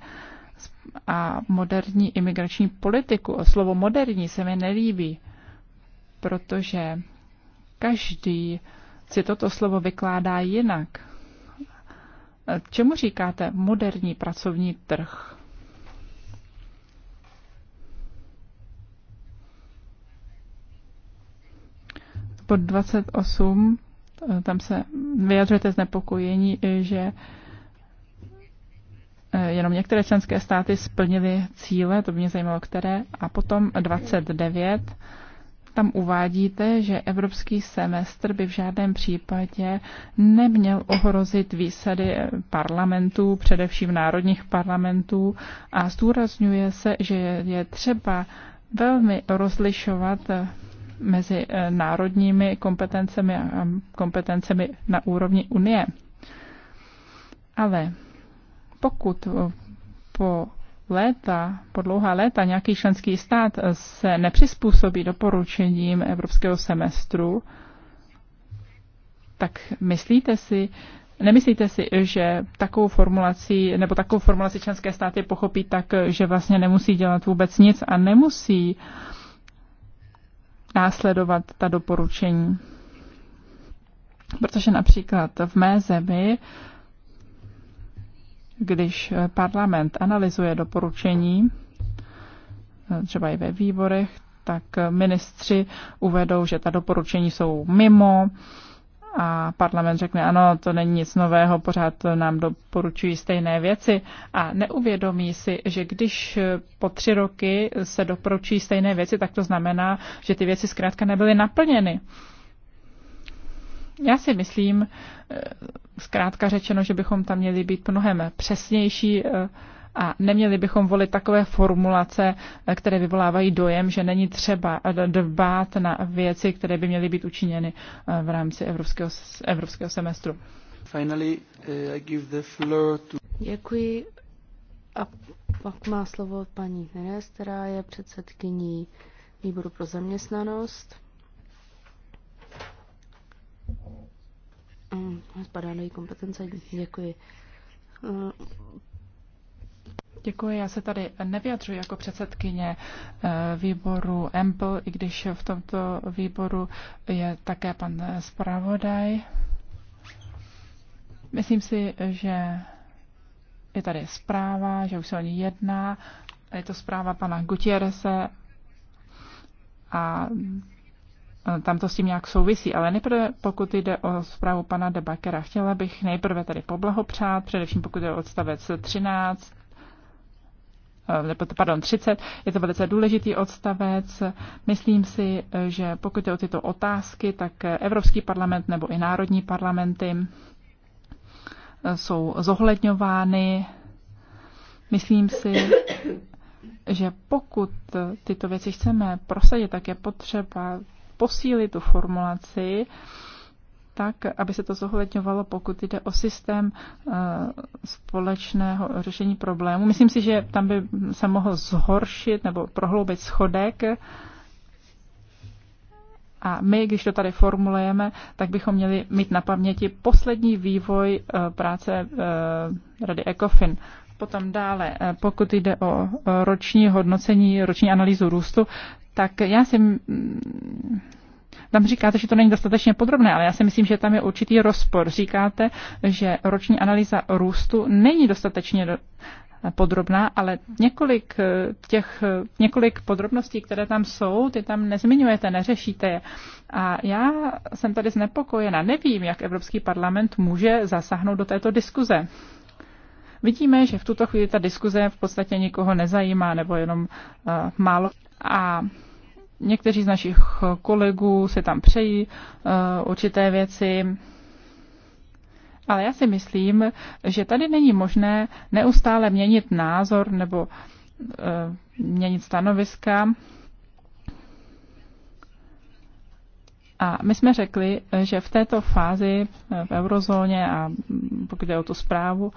a moderní imigrační politiku. O slovo moderní se mi nelíbí, protože každý si toto slovo vykládá jinak. Čemu říkáte moderní pracovní trh? Pod 28 eh, tam se vyjadřujete znepokojení, eh, že Eh, jenom některé členské státy splnily cíle, to by mě zajímalo, které, a potom 29. Tam uvádíte, že evropský semestr by v žádném případě neměl ohrozit výsady eh, parlamentů, především národních parlamentů, a zdůrazňuje se, že je třeba velmi rozlišovat eh, mezi národními kompetencemi a kompetencemi na úrovni Unie. Ale pokud eh, po léta, po dlouhá léta nějaký členský stát eh, se nepřizpůsobí doporučením evropského semestru, tak myslíte si, Nemyslíte si, že takovou formulaci, nebo takovou formulaci členské státy pochopí tak, že vlastně nemusí dělat vůbec nic a nemusí následovat ta doporučení? Protože například v mé zemi když eh, parlament analyzuje doporučení, eh, třeba i ve výborech, tak eh, ministři uvedou, že ta doporučení jsou mimo a parlament řekne, ano, to není nic nového, pořád nám doporučují stejné věci a neuvědomí si, že když po tři roky se doporučují stejné věci, tak to znamená, že ty věci zkrátka nebyly naplněny. Já si myslím, zkrátka řečeno, že bychom tam měli být mnohem přesnější eh, a neměli bychom volit takové formulace, eh, které vyvolávají dojem, že není třeba dbát na věci, které by měly být učiněny eh, v rámci evropského, evropského semestru. Finally, I give the floor to... Děkuji. A pak má slovo paní Neres, která je předsedkyní výboru pro zaměstnanost. Spadá do její kompetence. Děkuji. Děkuji, já se tady nevyjadřuji jako předsedkyně eh, výboru EMPL, i když v tomto výboru je také pan zpravodaj. Myslím si, že je tady zpráva, že už se o ní jedná. Je to zpráva pana Gutierese a Eh, tam to s tím nějak souvisí, ale nejprve pokud jde o zprávu pana Debakera, chtěla bych nejprve tady poblahopřát, především pokud jde o odstavec 13, eh, nebo pardon, 30. Je to velice důležitý odstavec. Myslím si, eh, že pokud je o tyto otázky, tak Evropský parlament nebo i národní parlamenty jsou zohledňovány. Myslím si, že pokud tyto věci chceme prosadit, tak je potřeba posílit tu formulaci tak, aby se to zohledňovalo, pokud jde o systém eh, společného řešení problému. Myslím si, že tam by se mohl zhoršit nebo prohloubit schodek. A my, když to tady formulujeme, tak bychom měli mít na paměti poslední vývoj eh, práce eh, Rady ECOFIN. Potom dále, pokud jde o roční hodnocení, roční analýzu růstu, tak já si tam říkáte, že to není dostatečně podrobné, ale já si myslím, že tam je určitý rozpor. Říkáte, že roční analýza růstu není dostatečně podrobná, ale několik eh, těch, eh, několik podrobností, které tam jsou, ty tam nezmiňujete, neřešíte je. A já jsem tady znepokojena. Nevím, jak Evropský parlament může zasáhnout do této diskuze. Vidíme, že v tuto chvíli ta diskuze v podstatě nikoho nezajímá, nebo jenom uh, málo a někteří z našich kolegů se tam přejí eh, určité věci. Ale já si myslím, že tady není možné neustále měnit názor nebo eh, měnit stanoviska. A my jsme řekli, že v této fázi eh, v eurozóně a pokud jde o tu zprávu,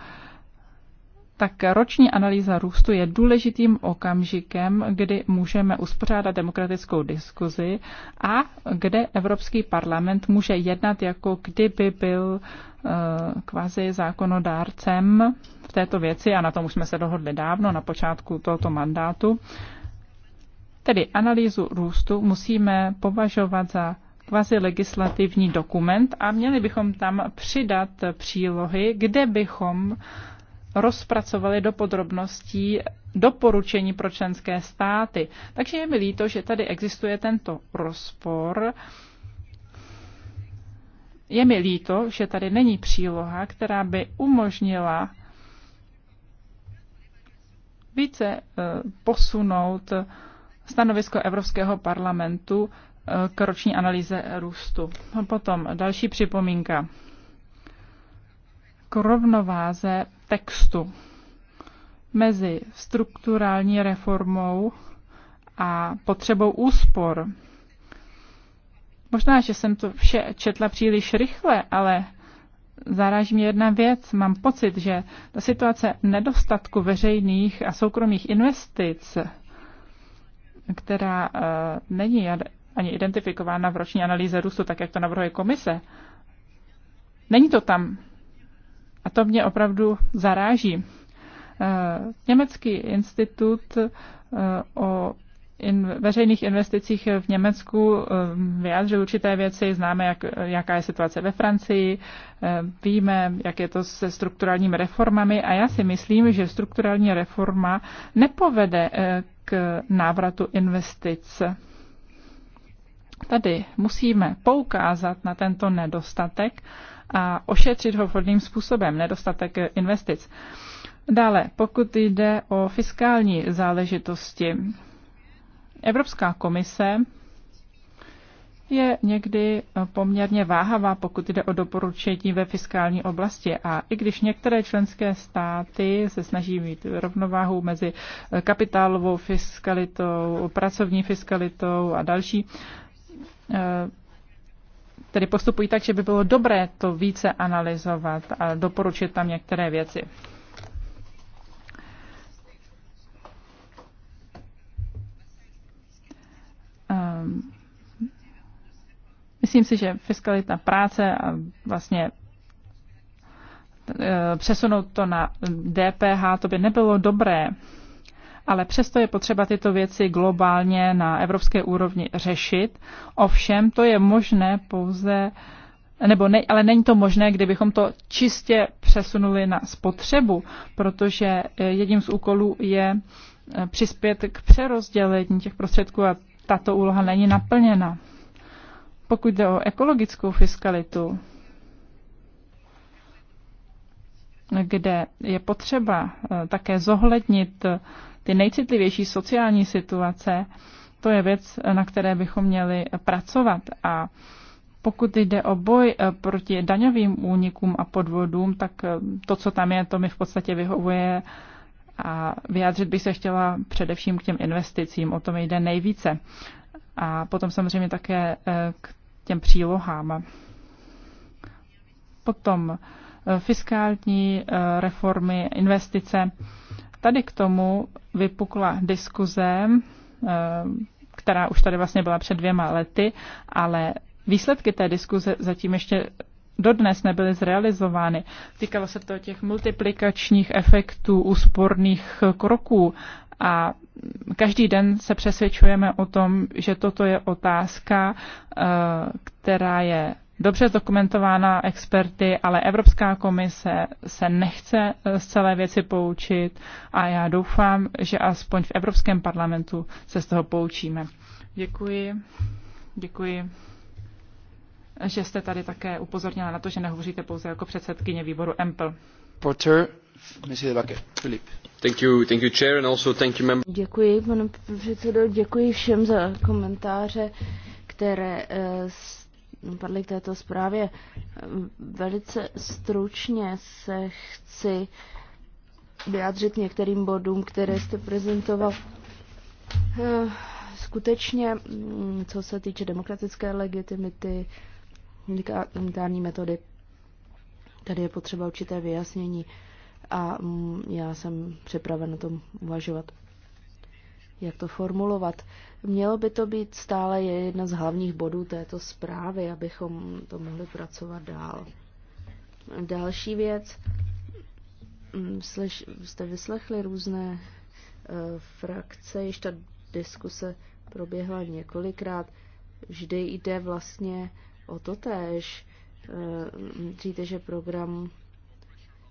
tak roční analýza růstu je důležitým okamžikem, kdy můžeme uspořádat demokratickou diskuzi a kde Evropský parlament může jednat jako kdyby byl eh, kvazi zákonodárcem v této věci a na tom už jsme se dohodli dávno na počátku tohoto mandátu. Tedy analýzu růstu musíme považovat za kvazi legislativní dokument a měli bychom tam přidat přílohy, kde bychom rozpracovali do podrobností doporučení pro členské státy. Takže je mi líto, že tady existuje tento rozpor. Je mi líto, že tady není příloha, která by umožnila více e, posunout stanovisko Evropského parlamentu e, k roční analýze růstu. Potom další připomínka k rovnováze textu mezi strukturální reformou a potřebou úspor. Možná, že jsem to vše četla příliš rychle, ale zaráží mě jedna věc. Mám pocit, že ta situace nedostatku veřejných a soukromých investic, která uh, není ani identifikována v roční analýze růstu, tak jak to navrhuje komise, není to tam a to mě opravdu zaráží. Eh, Německý institut eh, o in, veřejných investicích v Německu eh, vyjádřil určité věci. Známe, jak, jaká je situace ve Francii, víme, jak je to se strukturálními reformami a já si myslím, že strukturální reforma nepovede k návratu investic. Tady musíme poukázat na tento nedostatek a ošetřit ho vhodným způsobem, nedostatek investic. Dále, pokud jde o fiskální záležitosti, Evropská komise je někdy poměrně váhavá, pokud jde o doporučení ve fiskální oblasti. A i když některé členské státy se snaží mít rovnováhu mezi kapitálovou fiskalitou, pracovní fiskalitou a další, eh, tedy postupují tak, že by bylo dobré to více analyzovat a doporučit tam některé věci. Ehm, myslím si, že fiskalita práce a vlastně eh, přesunout to na DPH, to by nebylo dobré ale přesto je potřeba tyto věci globálně na evropské úrovni řešit. Ovšem, to je možné pouze, nebo ne, ale není to možné, kdybychom to čistě přesunuli na spotřebu, protože eh, jedním z úkolů je eh, přispět k přerozdělení těch prostředků a tato úloha není naplněna. Pokud jde o ekologickou fiskalitu, kde je potřeba eh, také zohlednit ty nejcitlivější sociální situace, to je věc, na které bychom měli pracovat. A pokud jde o boj eh, proti daňovým únikům a podvodům, tak eh, to, co tam je, to mi v podstatě vyhovuje. A vyjádřit bych se chtěla především k těm investicím, o tom jde nejvíce. A potom samozřejmě také eh, k těm přílohám. Potom fiskální reformy, investice. Tady k tomu vypukla diskuze, eh, která už tady vlastně byla před dvěma lety, ale výsledky té diskuze zatím ještě dodnes nebyly zrealizovány. Týkalo se to těch multiplikačních efektů, úsporných kroků a každý den se přesvědčujeme o tom, že toto je otázka, eh, která je dobře zdokumentována experty, ale Evropská komise se nechce eh, z celé věci poučit a já doufám, že aspoň v Evropském parlamentu se z toho poučíme. Děkuji. Děkuji že jste tady také upozornila na to, že nehovoříte pouze jako předsedkyně výboru EMPL. Porter, Monsieur Bakke, Filip. Thank you, thank you, chair, and also thank you, member. Děkuji, pane předsedo, děkuji všem za komentáře, které eh, padly k této zprávě. Velice stručně se chci vyjádřit některým bodům, které jste prezentoval. Eh, skutečně, mm, co se týče demokratické legitimity, unitární metody, tady je potřeba určité vyjasnění a mm, já jsem připraven na tom uvažovat jak to formulovat. Mělo by to být stále jedna z hlavních bodů této zprávy, abychom to mohli pracovat dál. Další věc, mm, Slyš, jste vyslechli různé uh, frakce, již ta diskuse proběhla několikrát, vždy jde vlastně o to též. Uh, eh, říte, že program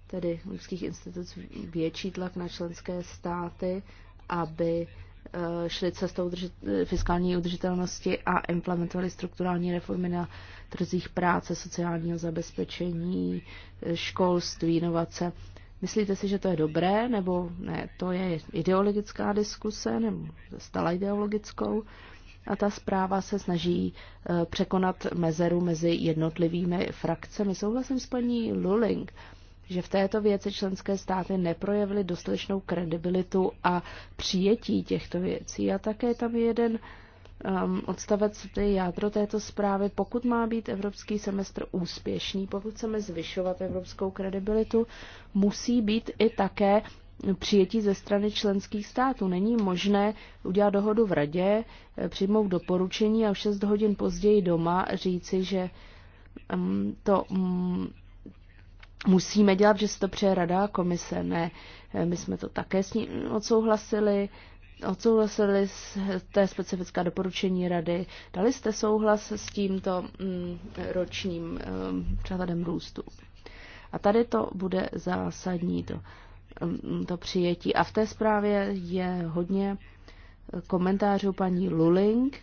tedy lidských institucí větší tlak na členské státy, aby Eh, šli cestou fiskální udržitelnosti a implementovali strukturální reformy na trzích práce, sociálního zabezpečení, eh, školství, inovace. Myslíte si, že to je dobré, nebo ne, to je ideologická diskuse, nebo stala ideologickou? A ta zpráva se snaží eh, překonat mezeru mezi jednotlivými frakcemi. Souhlasím s paní Luling že v této věci členské státy neprojevily dostatečnou kredibilitu a přijetí těchto věcí. A také tam je jeden um, odstavec, to je jádro této zprávy. Pokud má být evropský semestr úspěšný, pokud chceme zvyšovat evropskou kredibilitu, musí být i také přijetí ze strany členských států. Není možné udělat dohodu v radě, eh, přijmout doporučení a 6 hodin později doma říci, že mm, to mm, musíme dělat, že se to přeje rada a komise. Ne, eh, my jsme to také s ním odsouhlasili, odsouhlasili té specifická doporučení rady. Dali jste souhlas s tímto mm, ročním eh, přehledem růstu. A tady to bude zásadní, to, mm, to přijetí. A v té zprávě je hodně komentářů paní Luling,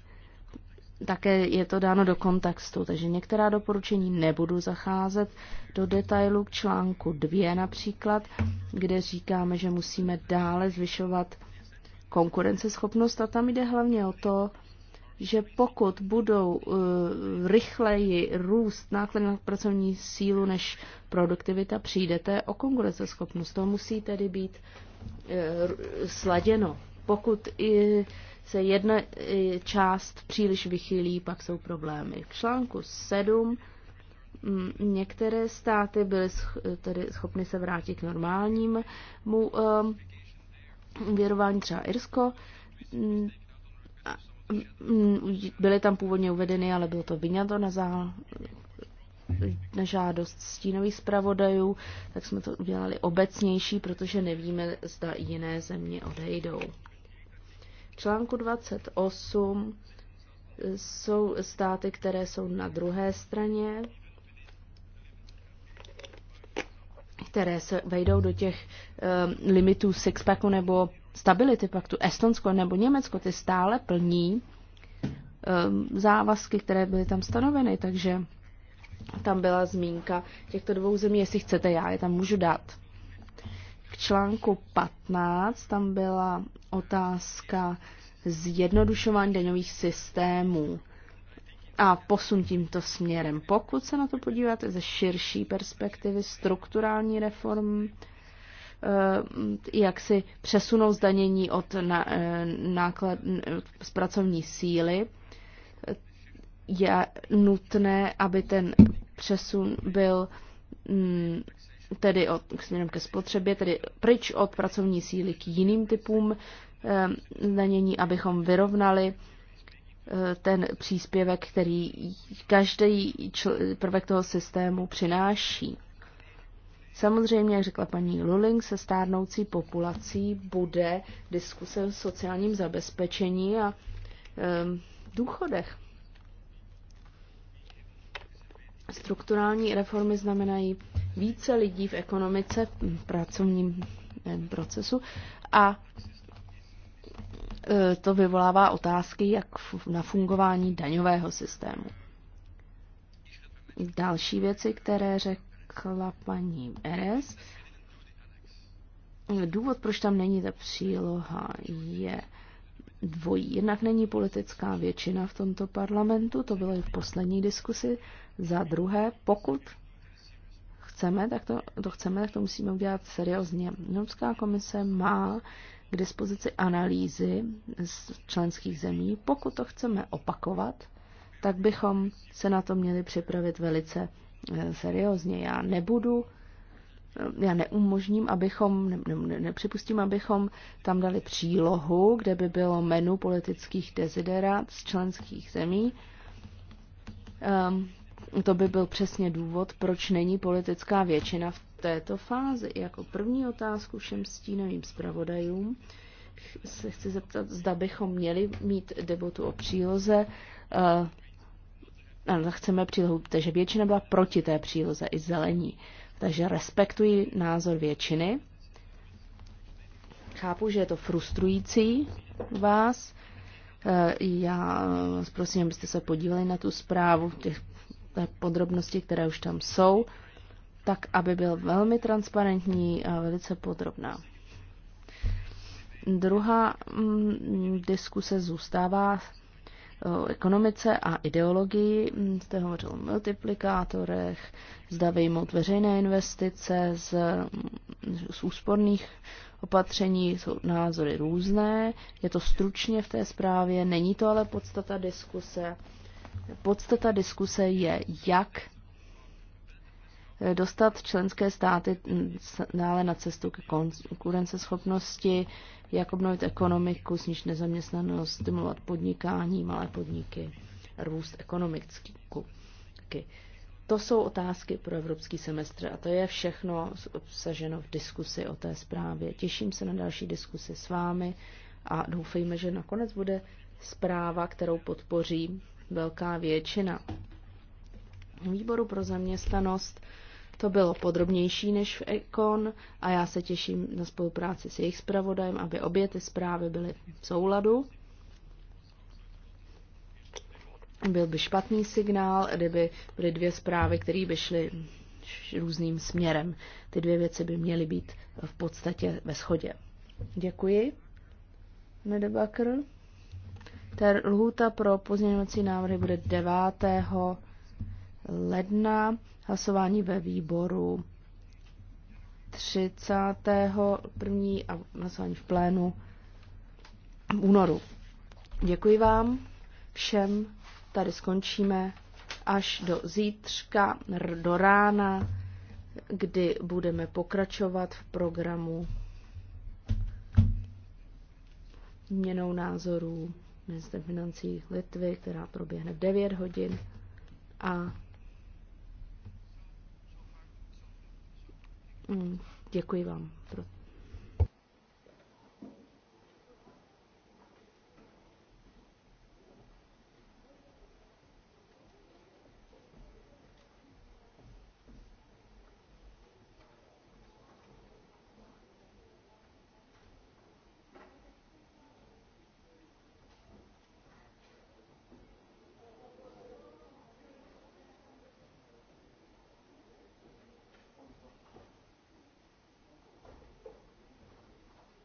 také je to dáno do kontextu, takže některá doporučení nebudu zacházet do detailu k článku 2 například, kde říkáme, že musíme dále zvyšovat konkurenceschopnost a tam jde hlavně o to, že pokud budou uh, rychleji růst náklady na pracovní sílu než produktivita, přijdete o konkurenceschopnost. To musí tedy být uh, sladěno. Pokud i uh, se jedna eh, část příliš vychylí, pak jsou problémy. V článku 7 mm, některé státy byly eh, tedy schopny se vrátit k normálnímu eh, věrování, třeba Irsko. Mm, mm, byly tam původně uvedeny, ale bylo to vyňato na, zá, na žádost stínových zpravodajů, tak jsme to udělali obecnější, protože nevíme, zda jiné země odejdou článku 28 jsou státy, které jsou na druhé straně, které se vejdou do těch um, limitů Sixpacku nebo Stability Paktu, Estonsko nebo Německo, ty stále plní um, závazky, které byly tam stanoveny, takže tam byla zmínka těchto dvou zemí, jestli chcete, já je tam můžu dát. K článku 15 tam byla otázka zjednodušování daňových systémů a posun tímto směrem. Pokud se na to podíváte ze širší perspektivy strukturální reform, eh, jak si přesunou zdanění od eh, náklad, z pracovní síly, je nutné, aby ten přesun byl mm, tedy od, k směrem ke spotřebě, tedy pryč od pracovní síly k jiným typům eh, zdanění, abychom vyrovnali eh, ten příspěvek, který každý čl- prvek toho systému přináší. Samozřejmě, jak řekla paní Luling, se stárnoucí populací bude diskuse o sociálním zabezpečení a e, důchodech. Strukturální reformy znamenají více lidí v ekonomice, v pracovním eh, procesu a eh, to vyvolává otázky jak na fungování daňového systému. Další věci, které řekla paní Beres, důvod, proč tam není ta příloha, je dvojí. Jednak není politická většina v tomto parlamentu, to bylo i v poslední diskusi. Za druhé, pokud chceme, tak to, to chceme, tak to musíme udělat seriózně. Evropská komise má k dispozici analýzy z členských zemí. Pokud to chceme opakovat, tak bychom se na to měli připravit velice eh, seriózně. Já nebudu, eh, já neumožním, abychom, ne, ne, nepřipustím, abychom tam dali přílohu, kde by bylo menu politických desiderát z členských zemí. Um, to by byl přesně důvod, proč není politická většina v této fázi. Jako první otázku všem stínovým zpravodajům se chci zeptat, zda bychom měli mít debatu o příloze. Eh, ano, chceme přílohu, takže většina byla proti té příloze i zelení. Takže respektuji názor většiny. Chápu, že je to frustrující vás. Eh, já vás prosím, abyste se podívali na tu zprávu. Těch podrobnosti, které už tam jsou, tak aby byl velmi transparentní a velice podrobná. Druhá mm, diskuse zůstává o ekonomice a ideologii. Jste hovořil o multiplikátorech, zda vyjmout veřejné investice z, z úsporných opatření, jsou názory různé, je to stručně v té zprávě, není to ale podstata diskuse podstata diskuse je, jak dostat členské státy dále na cestu ke konkurenceschopnosti, jak obnovit ekonomiku, snížit nezaměstnanost, stimulovat podnikání, malé podniky, růst ekonomický. To jsou otázky pro evropský semestr a to je všechno obsaženo v diskusi o té zprávě. Těším se na další diskusi s vámi a doufejme, že nakonec bude zpráva, kterou podpořím velká většina. Výboru pro zaměstnanost to bylo podrobnější než v Ekon a já se těším na spolupráci s jejich zpravodajem, aby obě ty zprávy byly v souladu. Byl by špatný signál, kdyby byly dvě zprávy, které by šly různým směrem. Ty dvě věci by měly být v podstatě ve shodě. Děkuji. Nedebakr. Ta lhůta pro pozměňovací návrhy bude 9. ledna, hlasování ve výboru 30. první a hlasování v plénu v únoru. Děkuji vám všem, tady skončíme až do zítřka, do rána, kdy budeme pokračovat v programu měnou názorů minister financí Litvy, která proběhne v 9 hodin. A mm, děkuji vám pro